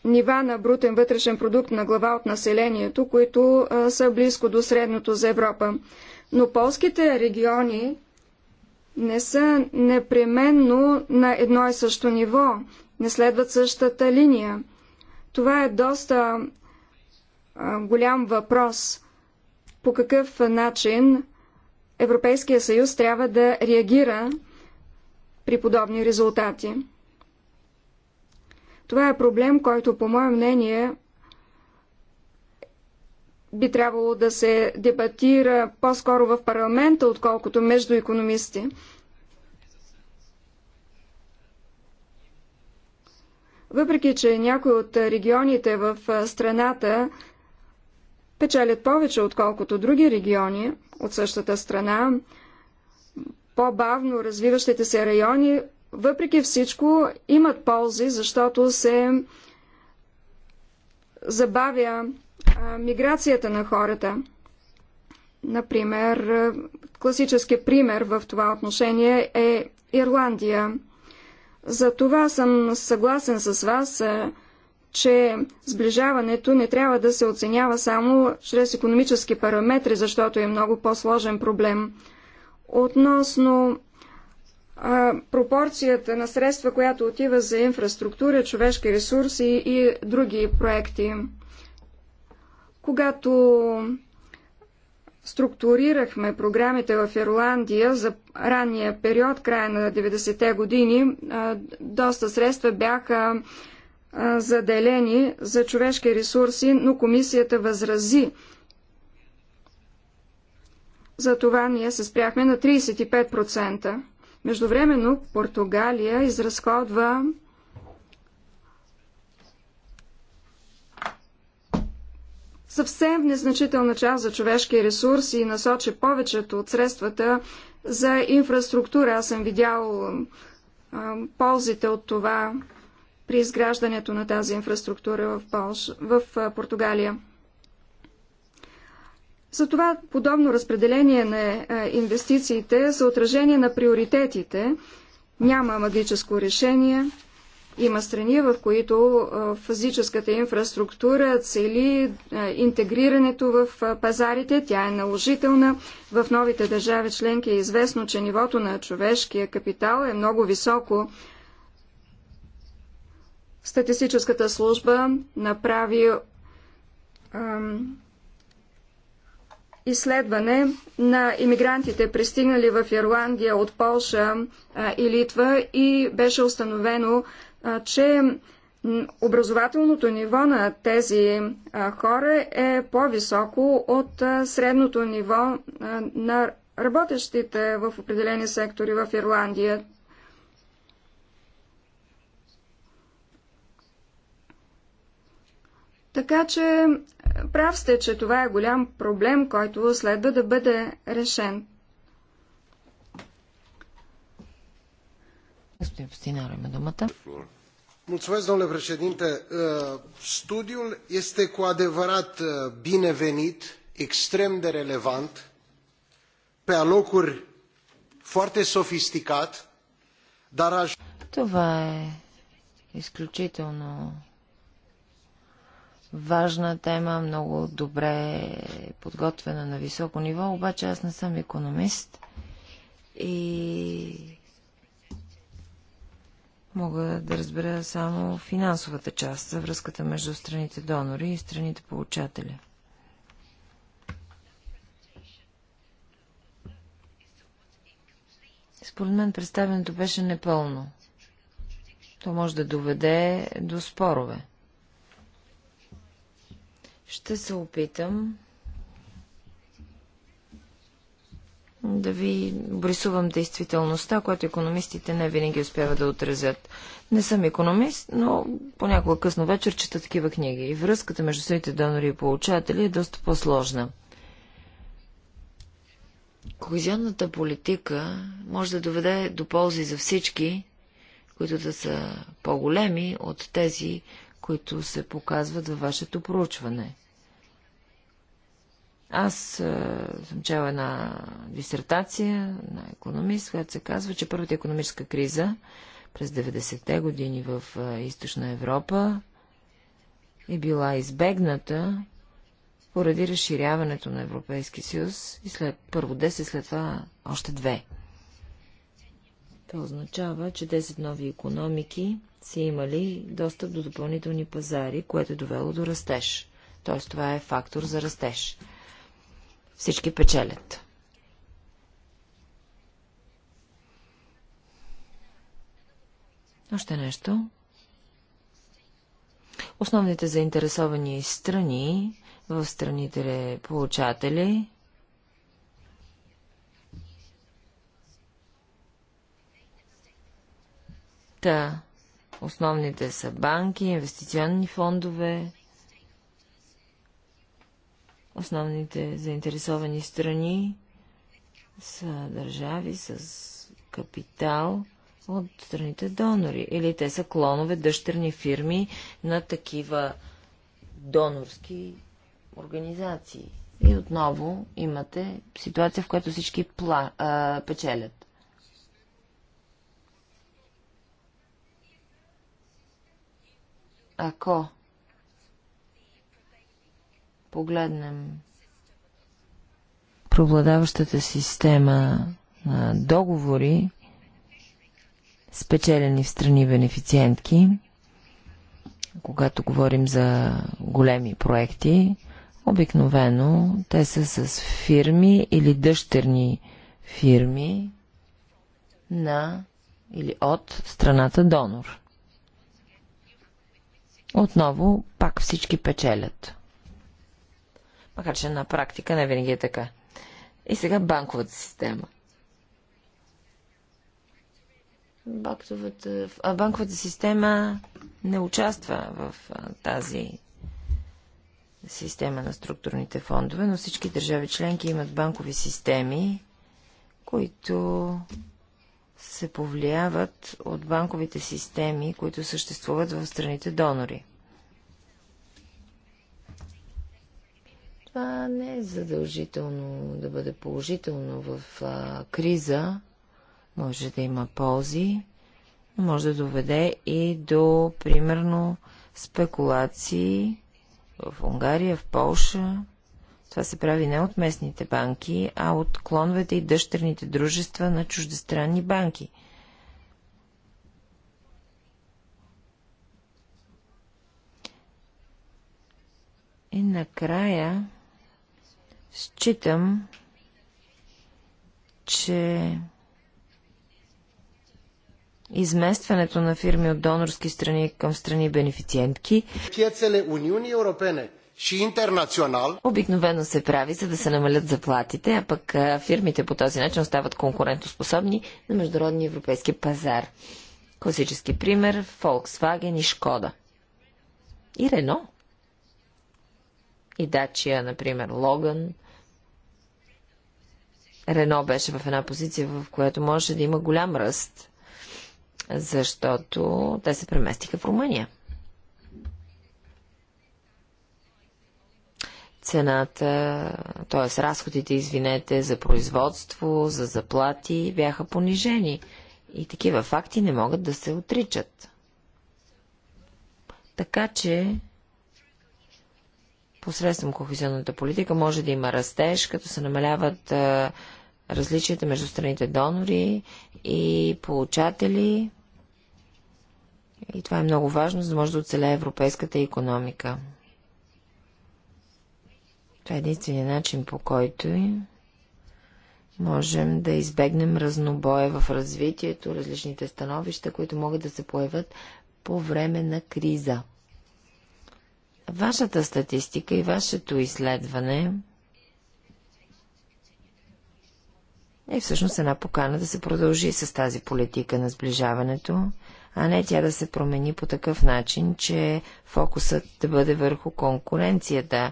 нива на брутен вътрешен продукт на глава от населението, които а, са близко до средното за Европа. Но полските региони не са непременно на едно и също ниво, не следват същата линия. Това е доста а, голям въпрос. По какъв начин Европейския съюз трябва да реагира при подобни резултати? Това е проблем, който, по мое мнение, би трябвало да се дебатира по-скоро в парламента, отколкото между економисти. Въпреки, че някои от регионите в страната печелят повече, отколкото други региони от същата страна, по-бавно развиващите се райони въпреки всичко имат ползи, защото се забавя а, миграцията на хората. Например, класически пример в това отношение е Ирландия. За това съм съгласен с вас, че сближаването не трябва да се оценява само чрез економически параметри, защото е много по-сложен проблем. Относно а, пропорцията на средства, която отива за инфраструктура, човешки ресурси и други проекти. Когато структурирахме програмите в Ирландия за ранния период, края на 90-те години, доста средства бяха заделени за човешки ресурси, но комисията възрази. Затова ние се спряхме на 35%. Междувременно Португалия изразходва съвсем незначителна част за човешки ресурси и насочи повечето от средствата за инфраструктура. Аз съм видял а, ползите от това при изграждането на тази инфраструктура в, Полш, в а, Португалия. Затова подобно разпределение на е, инвестициите са отражение на приоритетите. Няма магическо решение. Има страни, в които е, физическата инфраструктура цели е, интегрирането в пазарите. Тя е наложителна. В новите държави членки е известно, че нивото на човешкия капитал е много високо. Статистическата служба направи изследване на иммигрантите, пристигнали в Ирландия от Полша и Литва и беше установено, че образователното ниво на тези хора е по-високо от средното ниво на работещите в определени сектори в Ирландия. Така че прав сте, че това е голям проблем, който следва да бъде решен. Господин Пустинаро има думата. Mulțumesc, domnule președinte. Studiul este cu adevărat binevenit, extrem de relevant, pe alocuri foarte sofisticat, dar aș... Това е изключително важна тема, много добре подготвена на високо ниво, обаче аз не съм економист и мога да разбера само финансовата част за връзката между страните донори и страните получатели. Според мен представенето беше непълно. То може да доведе до спорове. Ще се опитам да ви обрисувам действителността, която економистите не винаги успяват да отразят. Не съм економист, но понякога късно вечер чета такива книги и връзката между своите донори и получатели е доста по-сложна. Кохезионната политика може да доведе до ползи за всички, които да са по-големи от тези, които се показват във вашето проучване. Аз а, е, съм чела една дисертация на економист, която се казва, че първата економическа криза през 90-те години в а, е, Източна Европа е била избегната поради разширяването на Европейски съюз и след първо 10, след това още две. Това означава, че 10 нови економики са имали достъп до допълнителни пазари, което е довело до растеж. Т.е. това е фактор за растеж. Всички печелят. Още нещо. Основните заинтересовани страни в страните получатели Та, Основните са банки, инвестиционни фондове, основните заинтересовани страни са държави с капитал от страните донори. Или те са клонове, дъщерни фирми на такива донорски организации. И отново имате ситуация, в която всички пла, а, печелят. Ако погледнем провладаващата система на договори, спечелени в страни бенефициентки, когато говорим за големи проекти, обикновено те са с фирми или дъщерни фирми на или от страната донор отново пак всички печелят. Макар, че на практика не винаги е така. И сега банковата система. Банковата, банковата система не участва в тази система на структурните фондове, но всички държави членки имат банкови системи, които се повлияват от банковите системи, които съществуват в страните донори. Това не е задължително да бъде положително в а, криза. Може да има ползи, но може да доведе и до, примерно, спекулации в Унгария, в Полша, това се прави не от местните банки, а от клоновете и дъщерните дружества на чуждестранни банки. И накрая считам, че изместването на фирми от донорски страни към страни бенефициентки Пiețele Uniunii Europene и интернационал. Обикновено се прави, за да се намалят заплатите, а пък фирмите по този начин остават конкурентоспособни на международния европейски пазар. Класически пример – Volkswagen и Шкода. И Рено. И Дачия, например, Логан. Рено беше в една позиция, в която можеше да има голям ръст, защото те се преместиха в Румъния. цената, т.е. разходите, извинете, за производство, за заплати бяха понижени. И такива факти не могат да се отричат. Така че посредством кохезионната политика може да има растеж, като се намаляват а, различията между страните донори и получатели. И това е много важно, за да може да оцеля европейската економика. Това е единствения начин, по който можем да избегнем разнобоя в развитието, различните становища, които могат да се появят по време на криза. Вашата статистика и вашето изследване е всъщност една покана да се продължи с тази политика на сближаването, а не тя да се промени по такъв начин, че фокусът да бъде върху конкуренцията,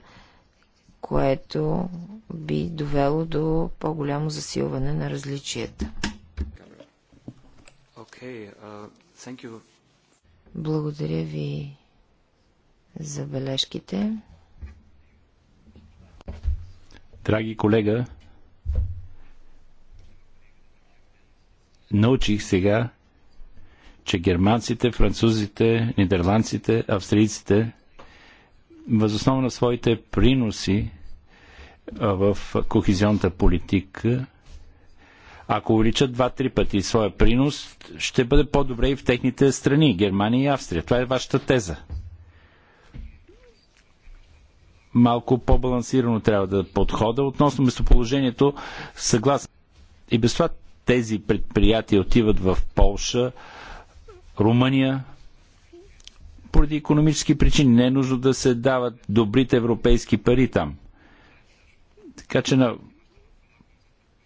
което би довело до по-голямо засилване на различията. Okay, uh, Благодаря ви за бележките. Драги колега, научих сега, че германците, французите, нидерландците, австрийците, възоснова на своите приноси в кохезионната политика, ако увеличат два-три пъти своя принос, ще бъде по-добре и в техните страни, Германия и Австрия. Това е вашата теза. Малко по-балансирано трябва да подхода. Относно местоположението, съгласен. И без това тези предприятия отиват в Полша, Румъния, поради економически причини. Не е нужно да се дават добрите европейски пари там – така че на,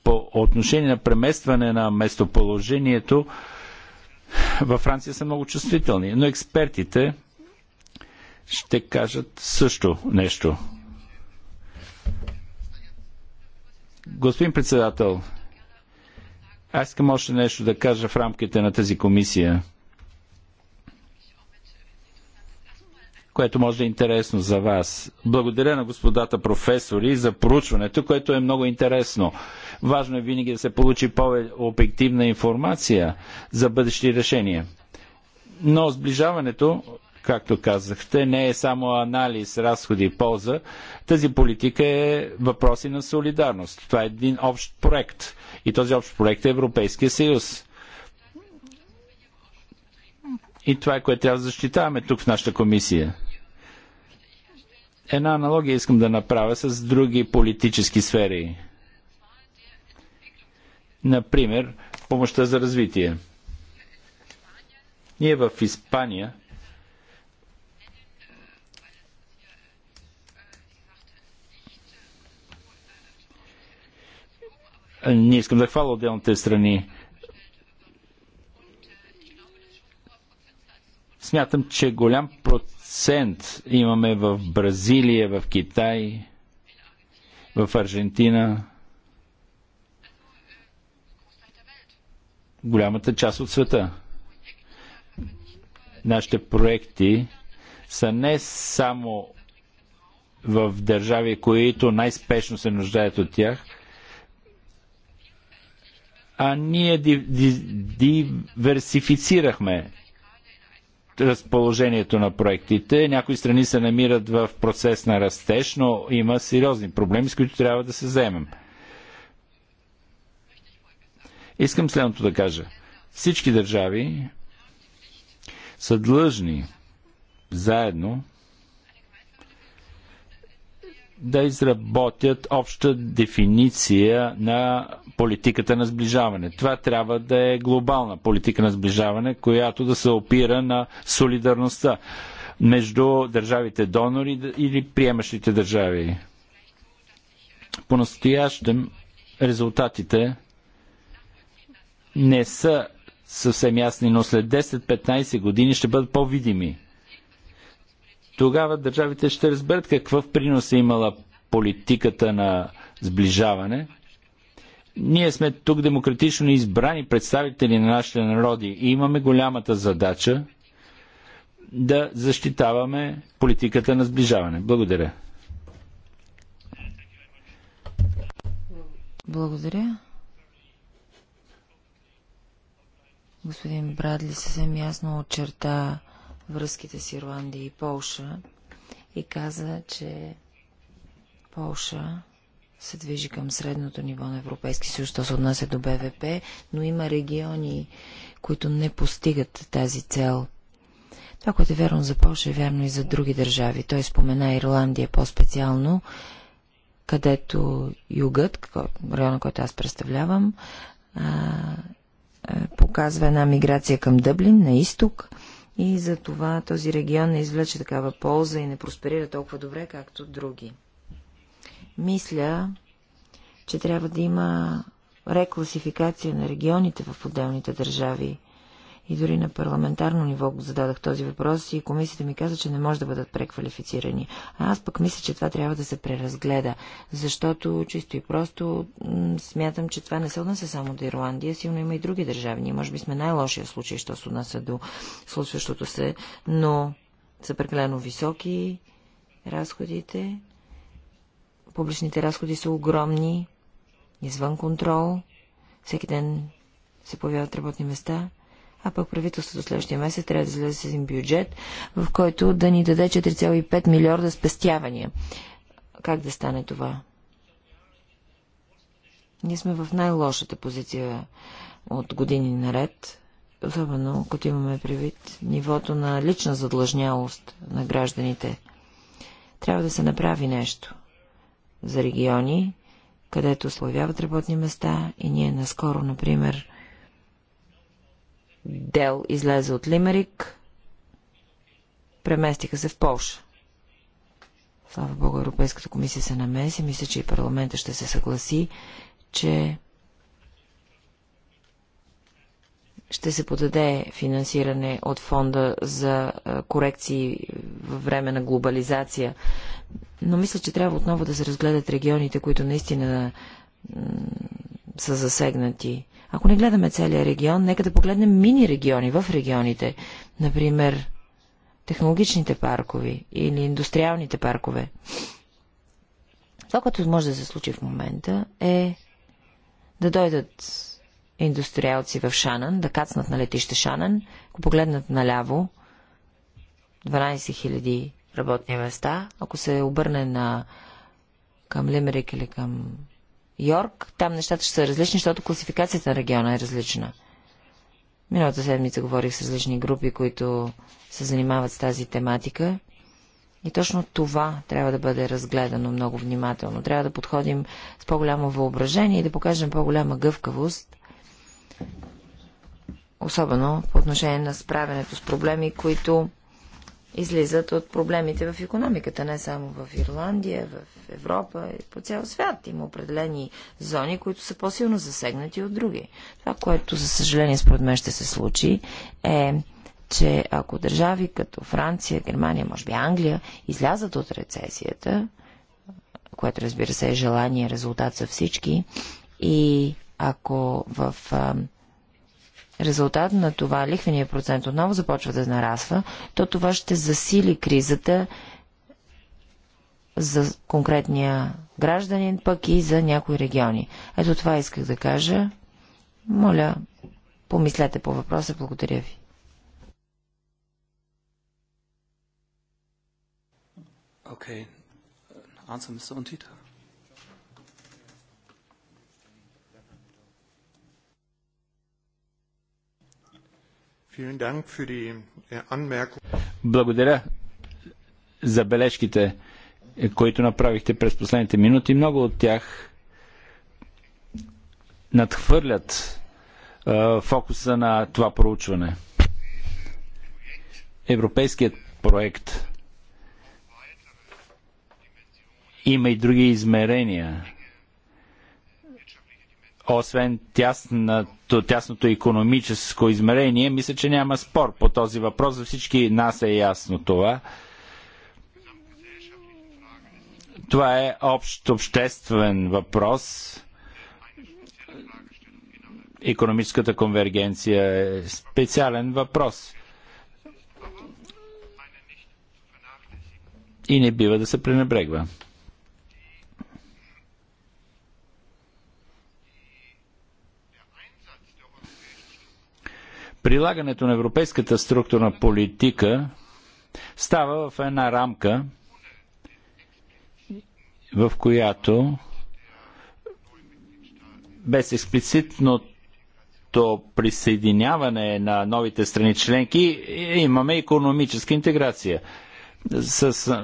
по отношение на преместване на местоположението във Франция са много чувствителни. Но експертите ще кажат също нещо. Господин председател, аз искам още нещо да кажа в рамките на тази комисия. което може да е интересно за вас. Благодаря на господата професори за проучването, което е много интересно. Важно е винаги да се получи повече обективна информация за бъдещи решения. Но сближаването, както казахте, не е само анализ, разходи и полза. Тази политика е въпроси на солидарност. Това е един общ проект. И този общ проект е Европейския съюз и това е което трябва да защитаваме тук в нашата комисия. Една аналогия искам да направя с други политически сфери. Например, помощта за развитие. Ние в Испания не искам да хваля отделните страни, Смятам, че голям процент имаме в Бразилия, в Китай, в Аржентина. Голямата част от света. Нашите проекти са не само в държави, които най-спешно се нуждаят от тях, а ние диверсифицирахме разположението на проектите. Някои страни се намират в процес на растеж, но има сериозни проблеми, с които трябва да се заемем. Искам следното да кажа. Всички държави са длъжни заедно да изработят обща дефиниция на политиката на сближаване. Това трябва да е глобална политика на сближаване, която да се опира на солидарността между държавите донори или приемащите държави. По-настоящем резултатите не са съвсем ясни, но след 10-15 години ще бъдат по-видими тогава държавите ще разберат какъв принос е имала политиката на сближаване. Ние сме тук демократично избрани представители на нашите народи и имаме голямата задача да защитаваме политиката на сближаване. Благодаря. Благодаря. Господин Брадли съвсем ясно очерта връзките с Ирландия и Полша и каза, че Полша се движи към средното ниво на Европейски съюз, що се отнася до БВП, но има региони, които не постигат тази цел. Това, което е вярно за Польша, е вярно и за други държави. Той спомена Ирландия по-специално, където югът, района, който аз представлявам, е, показва една миграция към Дъблин, на изток – и за това този регион не извлече такава полза и не просперира толкова добре, както други. Мисля, че трябва да има рекласификация на регионите в отделните държави и дори на парламентарно ниво зададах този въпрос и комисията ми каза, че не може да бъдат преквалифицирани. А аз пък мисля, че това трябва да се преразгледа, защото чисто и просто смятам, че това не се отнася само до Ирландия, силно има и други държавни. Може би сме най-лошия случай, що се отнася до случващото се, но са прекалено високи разходите. Публичните разходи са огромни, извън контрол. Всеки ден се появяват работни места. А пък правителството следващия месец трябва да излезе с един бюджет, в който да ни даде 4,5 милиарда спестявания. Как да стане това? Ние сме в най-лошата позиция от години наред, особено като имаме предвид нивото на лична задлъжнялост на гражданите. Трябва да се направи нещо за региони, където славяват работни места и ние наскоро, например, дел излезе от Лимерик, преместиха се в Полша. Слава Богу, Европейската комисия се намеси. Мисля, че и парламента ще се съгласи, че ще се подаде финансиране от фонда за корекции във време на глобализация. Но мисля, че трябва отново да се разгледат регионите, които наистина са засегнати. Ако не гледаме целия регион, нека да погледнем мини-региони в регионите. Например, технологичните паркови или индустриалните паркове. Това, което може да се случи в момента е да дойдат индустриалци в Шанан, да кацнат на летище Шанан, ако погледнат наляво, 12 000 работни места, ако се обърне на към Лимерик или към Йорк, там нещата ще са различни, защото класификацията на региона е различна. Миналата седмица говорих с различни групи, които се занимават с тази тематика. И точно това трябва да бъде разгледано много внимателно. Трябва да подходим с по-голямо въображение и да покажем по-голяма гъвкавост, особено по отношение на справянето с проблеми, които излизат от проблемите в економиката, не само в Ирландия, в Европа и по цял свят. Има определени зони, които са по-силно засегнати от други. Това, което за съжаление според мен ще се случи е че ако държави като Франция, Германия, може би Англия излязат от рецесията, което разбира се е желание, резултат за всички, и ако в резултат на това лихвения процент отново започва да нарасва, то това ще засили кризата за конкретния гражданин, пък и за някои региони. Ето това исках да кажа. Моля, помислете по въпроса. Благодаря ви. Okay. Answer Mr. Untita. Äh, Благодаря за бележките, е, които направихте през последните минути. Много от тях надхвърлят фокуса на това проучване. Европейският проект има и други измерения освен тясното, тясното економическо измерение, мисля, че няма спор по този въпрос. За всички нас е ясно това. Това е общ обществен въпрос. Економическата конвергенция е специален въпрос. И не бива да се пренебрегва. прилагането на европейската структурна политика става в една рамка, в която без експлицитното присъединяване на новите страни членки имаме економическа интеграция. С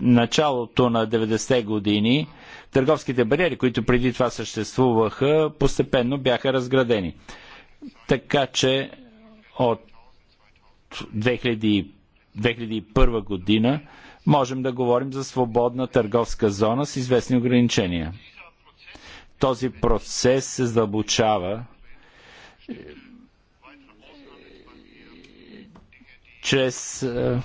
началото на 90-те години търговските бариери, които преди това съществуваха, постепенно бяха разградени. Така че от 2000, 2001 година можем да говорим за свободна търговска зона с известни ограничения. Този процес се задълбочава е, чрез е,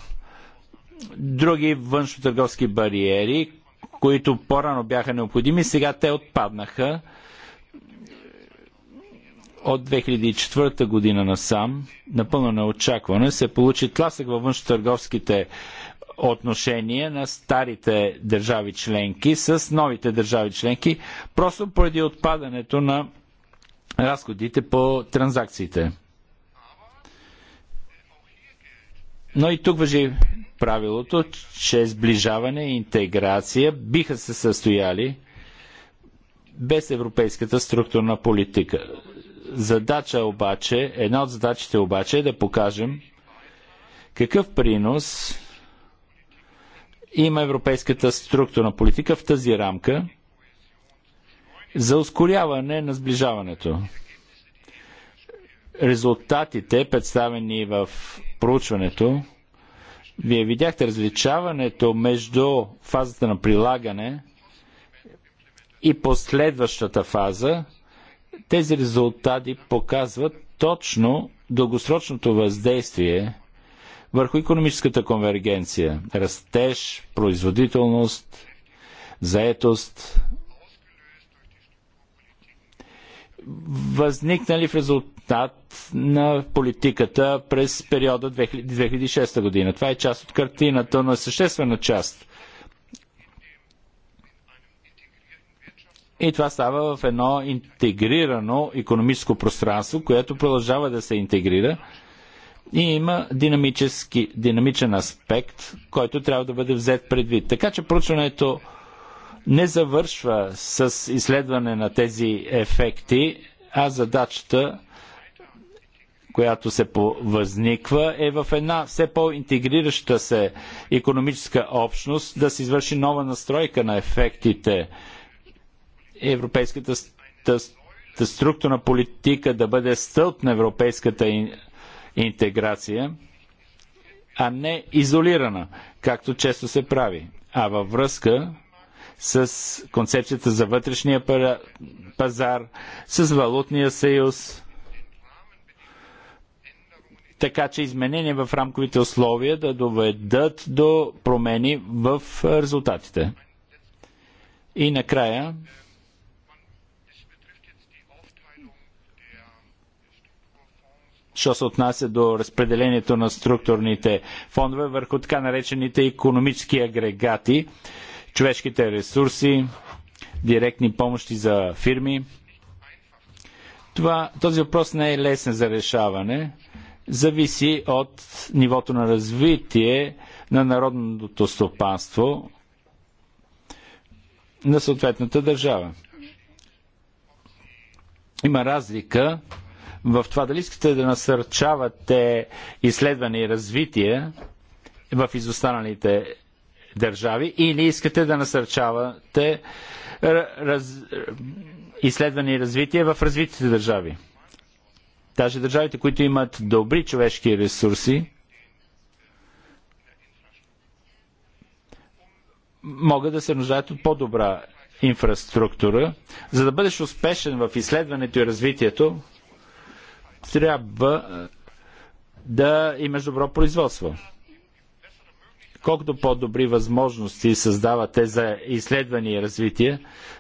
други външно-търговски бариери, които по-рано бяха необходими, сега те отпаднаха от 2004 година насам, напълно неочаквано, се получи тласък във външно-търговските отношения на старите държави членки с новите държави членки, просто поради отпадането на разходите по транзакциите. Но и тук въжи правилото, че сближаване и интеграция биха се състояли без европейската структурна политика задача обаче, една от задачите обаче е да покажем какъв принос има европейската структурна политика в тази рамка за ускоряване на сближаването. Резултатите, представени в проучването, вие видяхте различаването между фазата на прилагане и последващата фаза, тези резултати показват точно дългосрочното въздействие върху економическата конвергенция, растеж, производителност, заетост, възникнали в резултат на политиката през периода 2006 година. Това е част от картината, но е съществена част И това става в едно интегрирано економическо пространство, което продължава да се интегрира и има динамически, динамичен аспект, който трябва да бъде взет предвид. Така че проучването не завършва с изследване на тези ефекти, а задачата, която се възниква, е в една все по-интегрираща се економическа общност да се извърши нова настройка на ефектите – европейската структурна политика да бъде стълб на европейската интеграция, а не изолирана, както често се прави, а във връзка с концепцията за вътрешния пазар, с валутния съюз, така че изменения в рамковите условия да доведат до промени в резултатите. И накрая що се отнася до разпределението на структурните фондове върху така наречените економически агрегати, човешките ресурси, директни помощи за фирми. Това, този въпрос не е лесен за решаване. Зависи от нивото на развитие на народното стопанство на съответната държава. Има разлика в това дали искате да насърчавате изследване и развитие в изостаналите държави или искате да насърчавате раз... изследване и развитие в развитите държави. Даже държавите, които имат добри човешки ресурси, могат да се нуждаят от по-добра инфраструктура. За да бъдеш успешен в изследването и развитието, трябва да имаш добро производство. Колкото по-добри възможности създавате за изследване и развитие,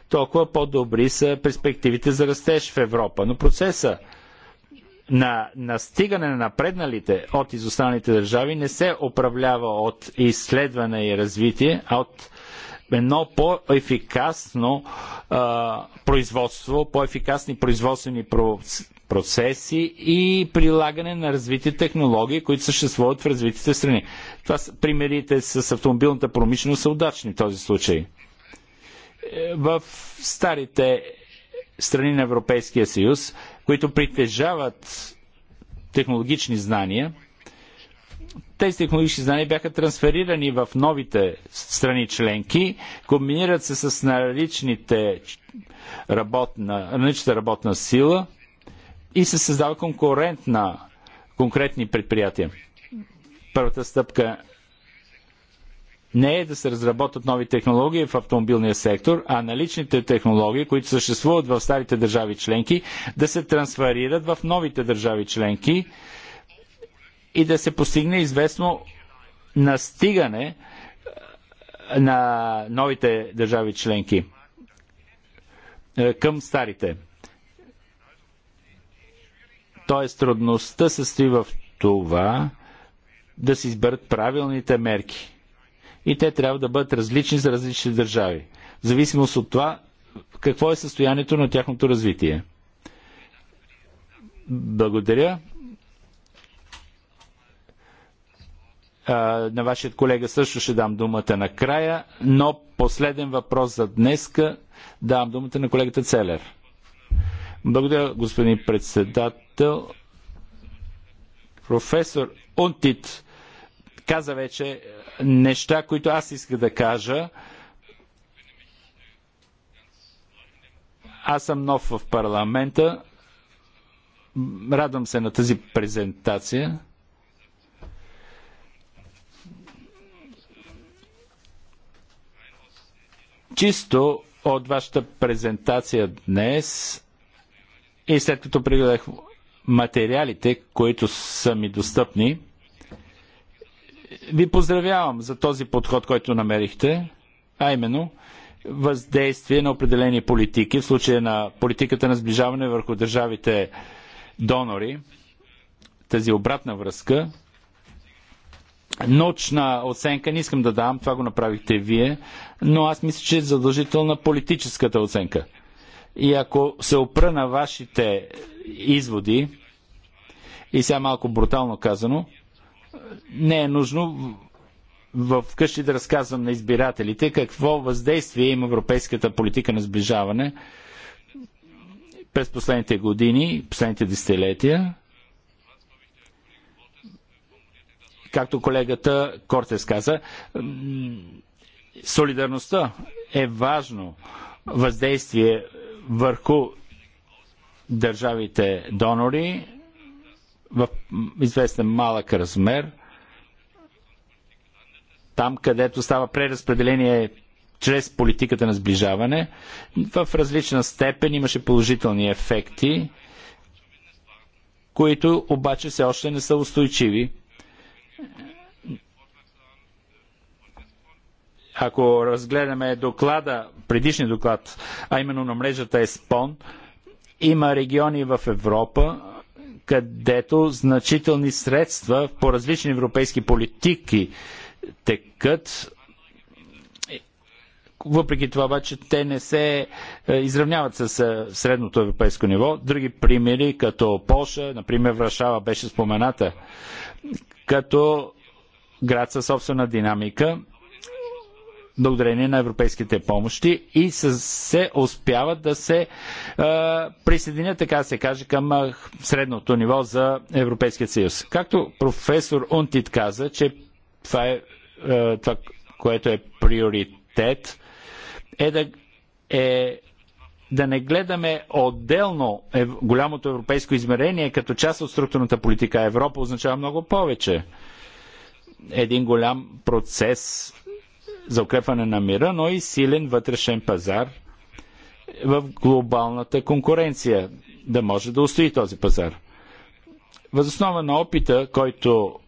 толкова по-добри са перспективите за растеж в Европа. Но процеса на настигане на напредналите от изостаналите държави не се управлява от изследване и развитие, а от едно по-ефикасно производство, по-ефикасни производствени процеси и прилагане на развити технологии, които съществуват в развитите страни. Това са, примерите с автомобилната промишленост са удачни в този случай. Е, в старите страни на Европейския съюз, които притежават технологични знания, тези технологични знания бяха трансферирани в новите страни членки, комбинират се с наличните работна, наличната работна сила и се създава конкурент на конкретни предприятия. Първата стъпка не е да се разработят нови технологии в автомобилния сектор, а наличните технологии, които съществуват в старите държави членки, да се трансферират в новите държави членки и да се постигне известно настигане на новите държави членки към старите. Тоест трудността състои в това да се изберат правилните мерки. И те трябва да бъдат различни за различни държави. В зависимост от това, какво е състоянието на тяхното развитие. Благодаря. на вашия колега също ще дам думата накрая, но последен въпрос за днеска давам думата на колегата Целер. Благодаря, господин председател. Професор Унтит каза вече неща, които аз иска да кажа. Аз съм нов в парламента. Радвам се на тази презентация. Чисто от вашата презентация днес и след като прегледах материалите, които са ми достъпни, ви поздравявам за този подход, който намерихте, а именно въздействие на определени политики, в случая на политиката на сближаване върху държавите донори, тази обратна връзка. Научна оценка не искам да дам, това го направихте вие, но аз мисля, че е задължителна политическата оценка. И ако се опра на вашите изводи, и сега малко брутално казано, не е нужно в къщи да разказвам на избирателите какво въздействие има европейската политика на сближаване през последните години, последните десетилетия. Както колегата Кортес каза, солидарността е важно въздействие върху държавите донори в известен малък размер. Там, където става преразпределение чрез политиката на сближаване, в различна степен имаше положителни ефекти, които обаче все още не са устойчиви ако разгледаме доклада, предишния доклад, а именно на мрежата ЕСПОН, има региони в Европа, където значителни средства по различни европейски политики текат. Въпреки това обаче те не се е, изравняват с е, средното европейско ниво. Други примери, като Польша, например Варшава беше спомената, като град със собствена динамика – благодарение на европейските помощи и се, се успяват да се а, присъединят, така се каже, към средното ниво за Европейския съюз. Както професор Унтит каза, че това, е, а, това което е приоритет, е да, е да не гледаме отделно ев, голямото европейско измерение като част от структурната политика. Европа означава много повече. Един голям процес за укрепване на мира, но и силен вътрешен пазар в глобалната конкуренция, да може да устои този пазар. Възоснова на опита, който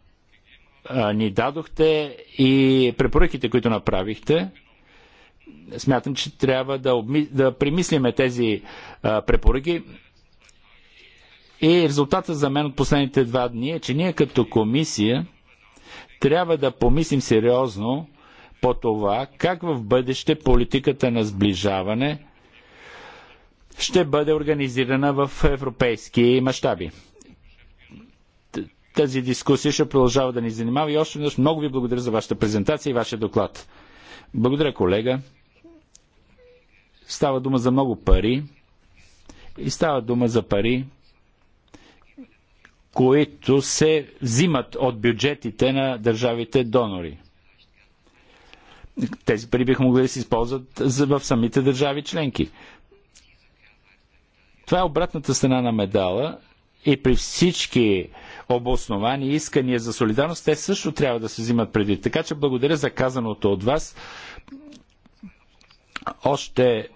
а, ни дадохте и препоръките, които направихте, смятам, че трябва да, обми... да примислиме тези а, препоръки. И резултата за мен от последните два дни е, че ние като комисия трябва да помислим сериозно по това как в бъдеще политиката на сближаване ще бъде организирана в европейски мащаби. Тази дискусия ще продължава да ни занимава и още веднъж много ви благодаря за вашата презентация и вашия доклад. Благодаря, колега. Става дума за много пари и става дума за пари, които се взимат от бюджетите на държавите донори тези пари биха могли да се използват в самите държави членки. Това е обратната страна на медала и при всички обосновани искания за солидарност, те също трябва да се взимат преди. Така че благодаря за казаното от вас. Още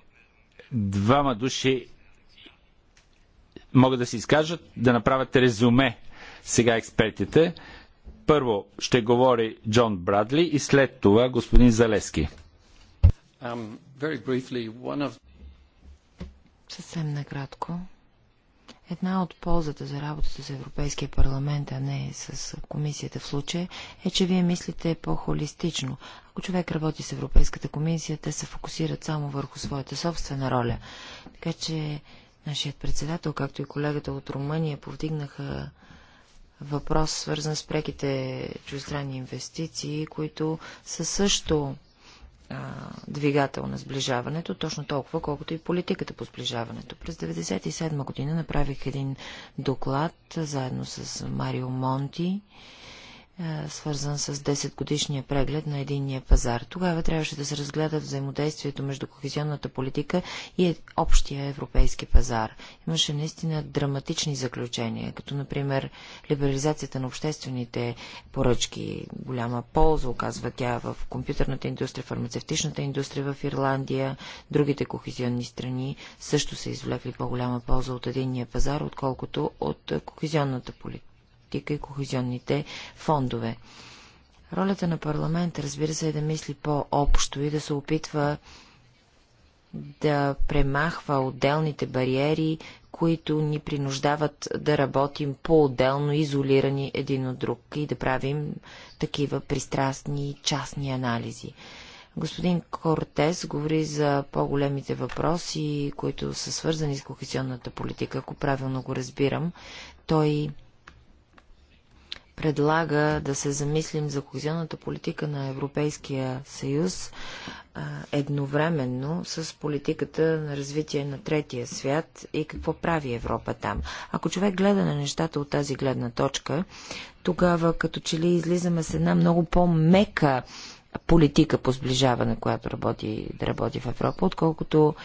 двама души могат да се изкажат, да направят резюме сега експертите. Първо ще говори Джон Брадли и след това господин Залески. Um, briefly, of... Съвсем накратко. Една от ползата за работата с Европейския парламент, а не с комисията в случая, е, че вие мислите по-холистично. Ако човек работи с Европейската комисия, те се фокусират само върху своята собствена роля. Така че нашият председател, както и колегата от Румъния, повдигнаха въпрос, свързан с преките чуждестранни инвестиции, които са също а, двигател на сближаването, точно толкова, колкото и политиката по сближаването. През 1997 година направих един доклад заедно с Марио Монти, е, свързан с 10-годишния преглед на единния пазар. Тогава трябваше да се разгледа взаимодействието между кохезионната политика и е, общия европейски пазар. Имаше наистина драматични заключения, като например либерализацията на обществените поръчки. Голяма полза оказва тя в компютърната индустрия, фармацевтичната индустрия в Ирландия. Другите кохезионни страни също са извлекли по-голяма полза от единния пазар, отколкото от е, кохезионната политика политика и кохезионните фондове. Ролята на парламент, разбира се, е да мисли по-общо и да се опитва да премахва отделните бариери, които ни принуждават да работим по-отделно, изолирани един от друг и да правим такива пристрастни частни анализи. Господин Кортес говори за по-големите въпроси, които са свързани с кохезионната политика, ако правилно го разбирам. Той предлага да се замислим за кохезионната политика на Европейския съюз едновременно с политиката на развитие на третия свят и какво прави Европа там. Ако човек гледа на нещата от тази гледна точка, тогава като че ли излизаме с една много по-мека политика по сближаване, която работи, да работи в Европа, отколкото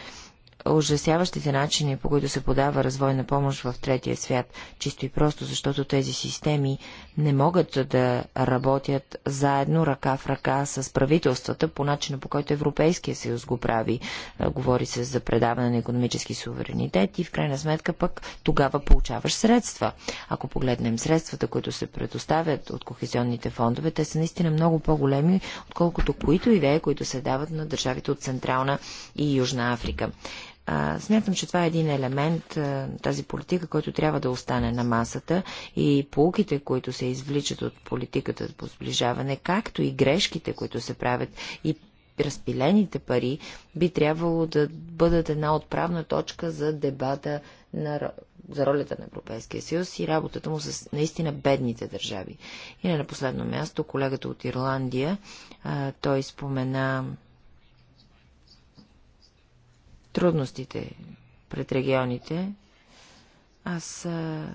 ужасяващите начини, по които се подава развойна помощ в третия свят, чисто и просто, защото тези системи не могат да работят заедно ръка в ръка с правителствата по начина по който Европейския съюз го прави. Говори се за предаване на економически суверенитет и в крайна сметка пък тогава получаваш средства. Ако погледнем средствата, които се предоставят от кохезионните фондове, те са наистина много по-големи, отколкото които идеи, е, които се дават на държавите от Централна и Южна Африка. А, смятам, че това е един елемент, а, тази политика, който трябва да остане на масата и полуките, които се извличат от политиката по сближаване, както и грешките, които се правят и разпилените пари, би трябвало да бъдат една отправна точка за дебата на, за ролята на Европейския съюз и работата му с наистина бедните държави. И не на последно място, колегата от Ирландия, а, той спомена трудностите пред регионите. Аз а,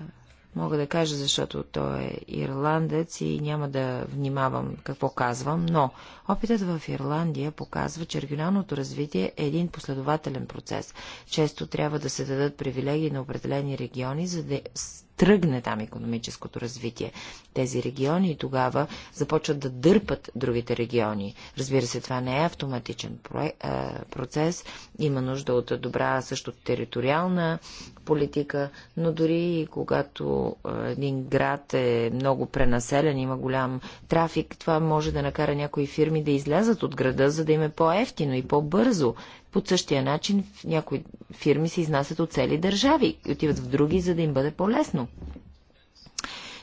мога да кажа, защото той е ирландец и няма да внимавам какво казвам, но опитът в Ирландия показва, че регионалното развитие е един последователен процес. Често трябва да се дадат привилегии на определени региони, за да тръгне там економическото развитие. Тези региони тогава започват да дърпат другите региони. Разбира се, това не е автоматичен процес. Има нужда от добра също териториална политика, но дори и когато един град е много пренаселен, има голям трафик, това може да накара някои фирми да излязат от града, за да им е по-ефтино и по-бързо по същия начин някои фирми се изнасят от цели държави и отиват в други, за да им бъде по-лесно.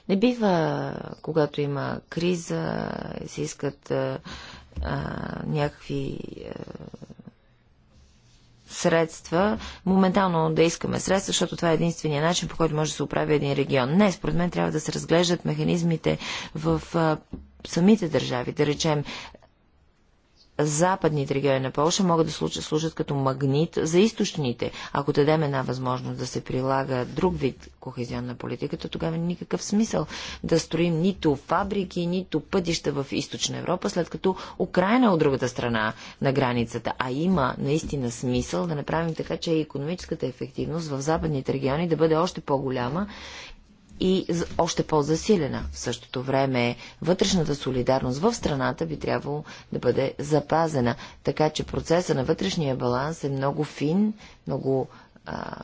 Не бива, когато има криза, се искат а, а, някакви а, средства, моментално да искаме средства, защото това е единствения начин, по който може да се оправи един регион. Не, според мен трябва да се разглеждат механизмите в а, самите държави, да речем западните региони на Польша могат да служат, служат като магнит за източните. Ако дадем една възможност да се прилага друг вид кохезионна политика, то тогава никакъв смисъл да строим нито фабрики, нито пътища в източна Европа, след като Украина е от другата страна на границата. А има наистина смисъл да направим така, че и економическата ефективност в западните региони да бъде още по-голяма и още по-засилена. В същото време вътрешната солидарност в страната би трябвало да бъде запазена. Така че процеса на вътрешния баланс е много фин, много а,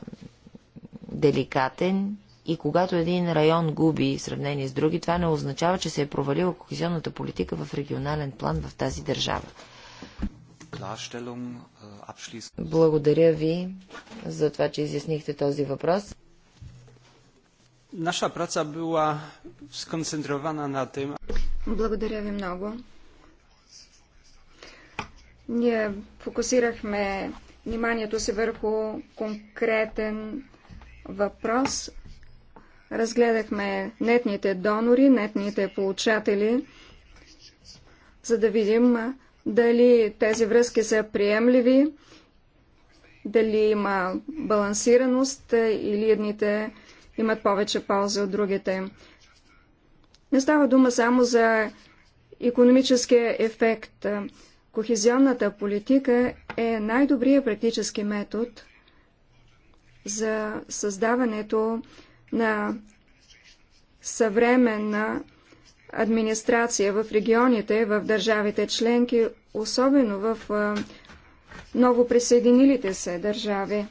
деликатен и когато един район губи в сравнение с други, това не означава, че се е провалила кохезионната политика в регионален план в тази държава. Äh, Благодаря ви за това, че изяснихте този въпрос. Наша праца била сконцентрована на тема. Благодаря ви много. Ние фокусирахме вниманието си върху конкретен въпрос. Разгледахме нетните донори, нетните получатели, за да видим дали тези връзки са приемливи, дали има балансираност или едните имат повече полза от другите. Не става дума само за економическия ефект. Кохезионната политика е най-добрият практически метод за създаването на съвременна администрация в регионите, в държавите членки, особено в новоприсъединилите се държави.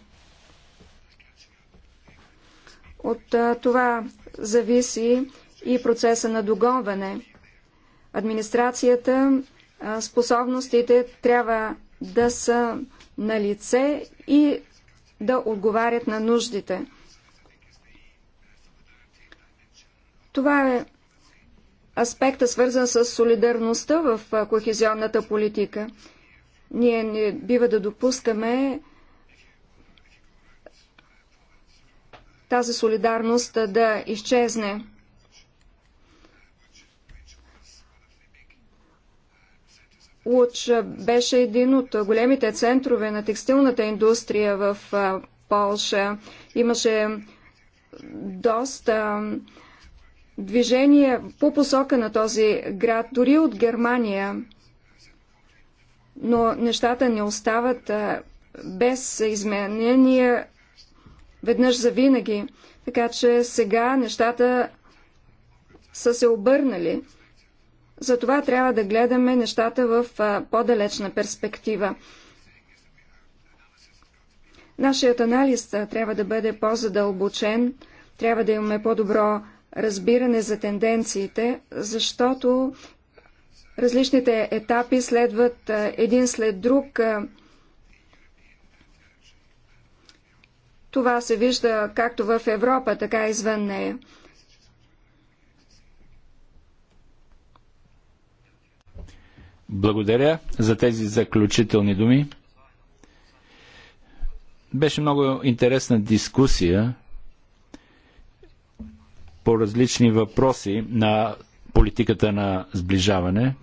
От това зависи и процеса на догонване. Администрацията, способностите трябва да са на лице и да отговарят на нуждите. Това е аспекта свързан с солидарността в кохезионната политика. Ние не бива да допускаме тази солидарност да изчезне. Луч беше един от големите центрове на текстилната индустрия в Полша. Имаше доста движение по посока на този град, дори от Германия. Но нещата не остават без изменения веднъж за винаги. Така че сега нещата са се обърнали. Затова трябва да гледаме нещата в по-далечна перспектива. Нашият анализ трябва да бъде по-задълбочен, трябва да имаме по-добро разбиране за тенденциите, защото различните етапи следват един след друг Това се вижда както в Европа, така и извън нея. Благодаря за тези заключителни думи. Беше много интересна дискусия по различни въпроси на политиката на сближаване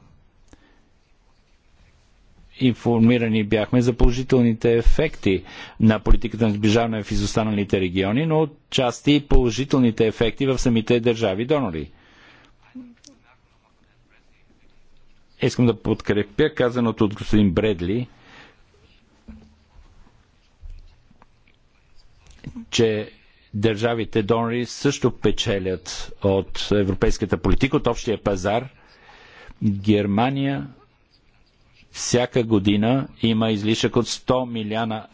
информирани бяхме за положителните ефекти на политиката на сближаване в изостаналите региони, но отчасти и положителните ефекти в самите държави донори. Искам да подкрепя казаното от господин Бредли, че държавите донори също печелят от европейската политика, от общия пазар. Германия всяка година има излишък от 100 милиона,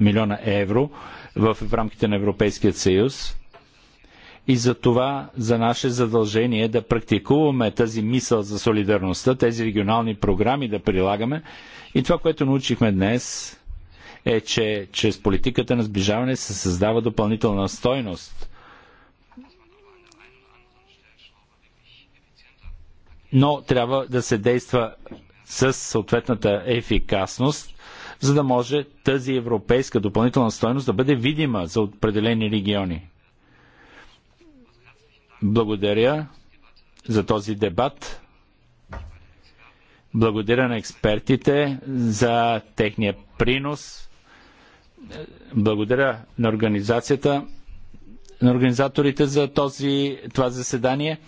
милиона евро в, в рамките на Европейския съюз. И за това за наше задължение да практикуваме тази мисъл за солидарността, тези регионални програми да прилагаме. И това, което научихме днес, е, че чрез политиката на сближаване се създава допълнителна стойност. Но трябва да се действа с съответната ефикасност, за да може тази европейска допълнителна стоеност да бъде видима за определени региони. Благодаря за този дебат. Благодаря на експертите за техния принос. Благодаря на организацията, на организаторите за този, това заседание.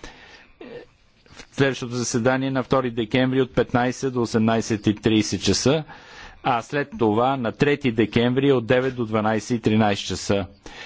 Следващото заседание на 2 декември от 15 до 18.30 часа, а след това на 3 декември от 9 до 12.13 часа.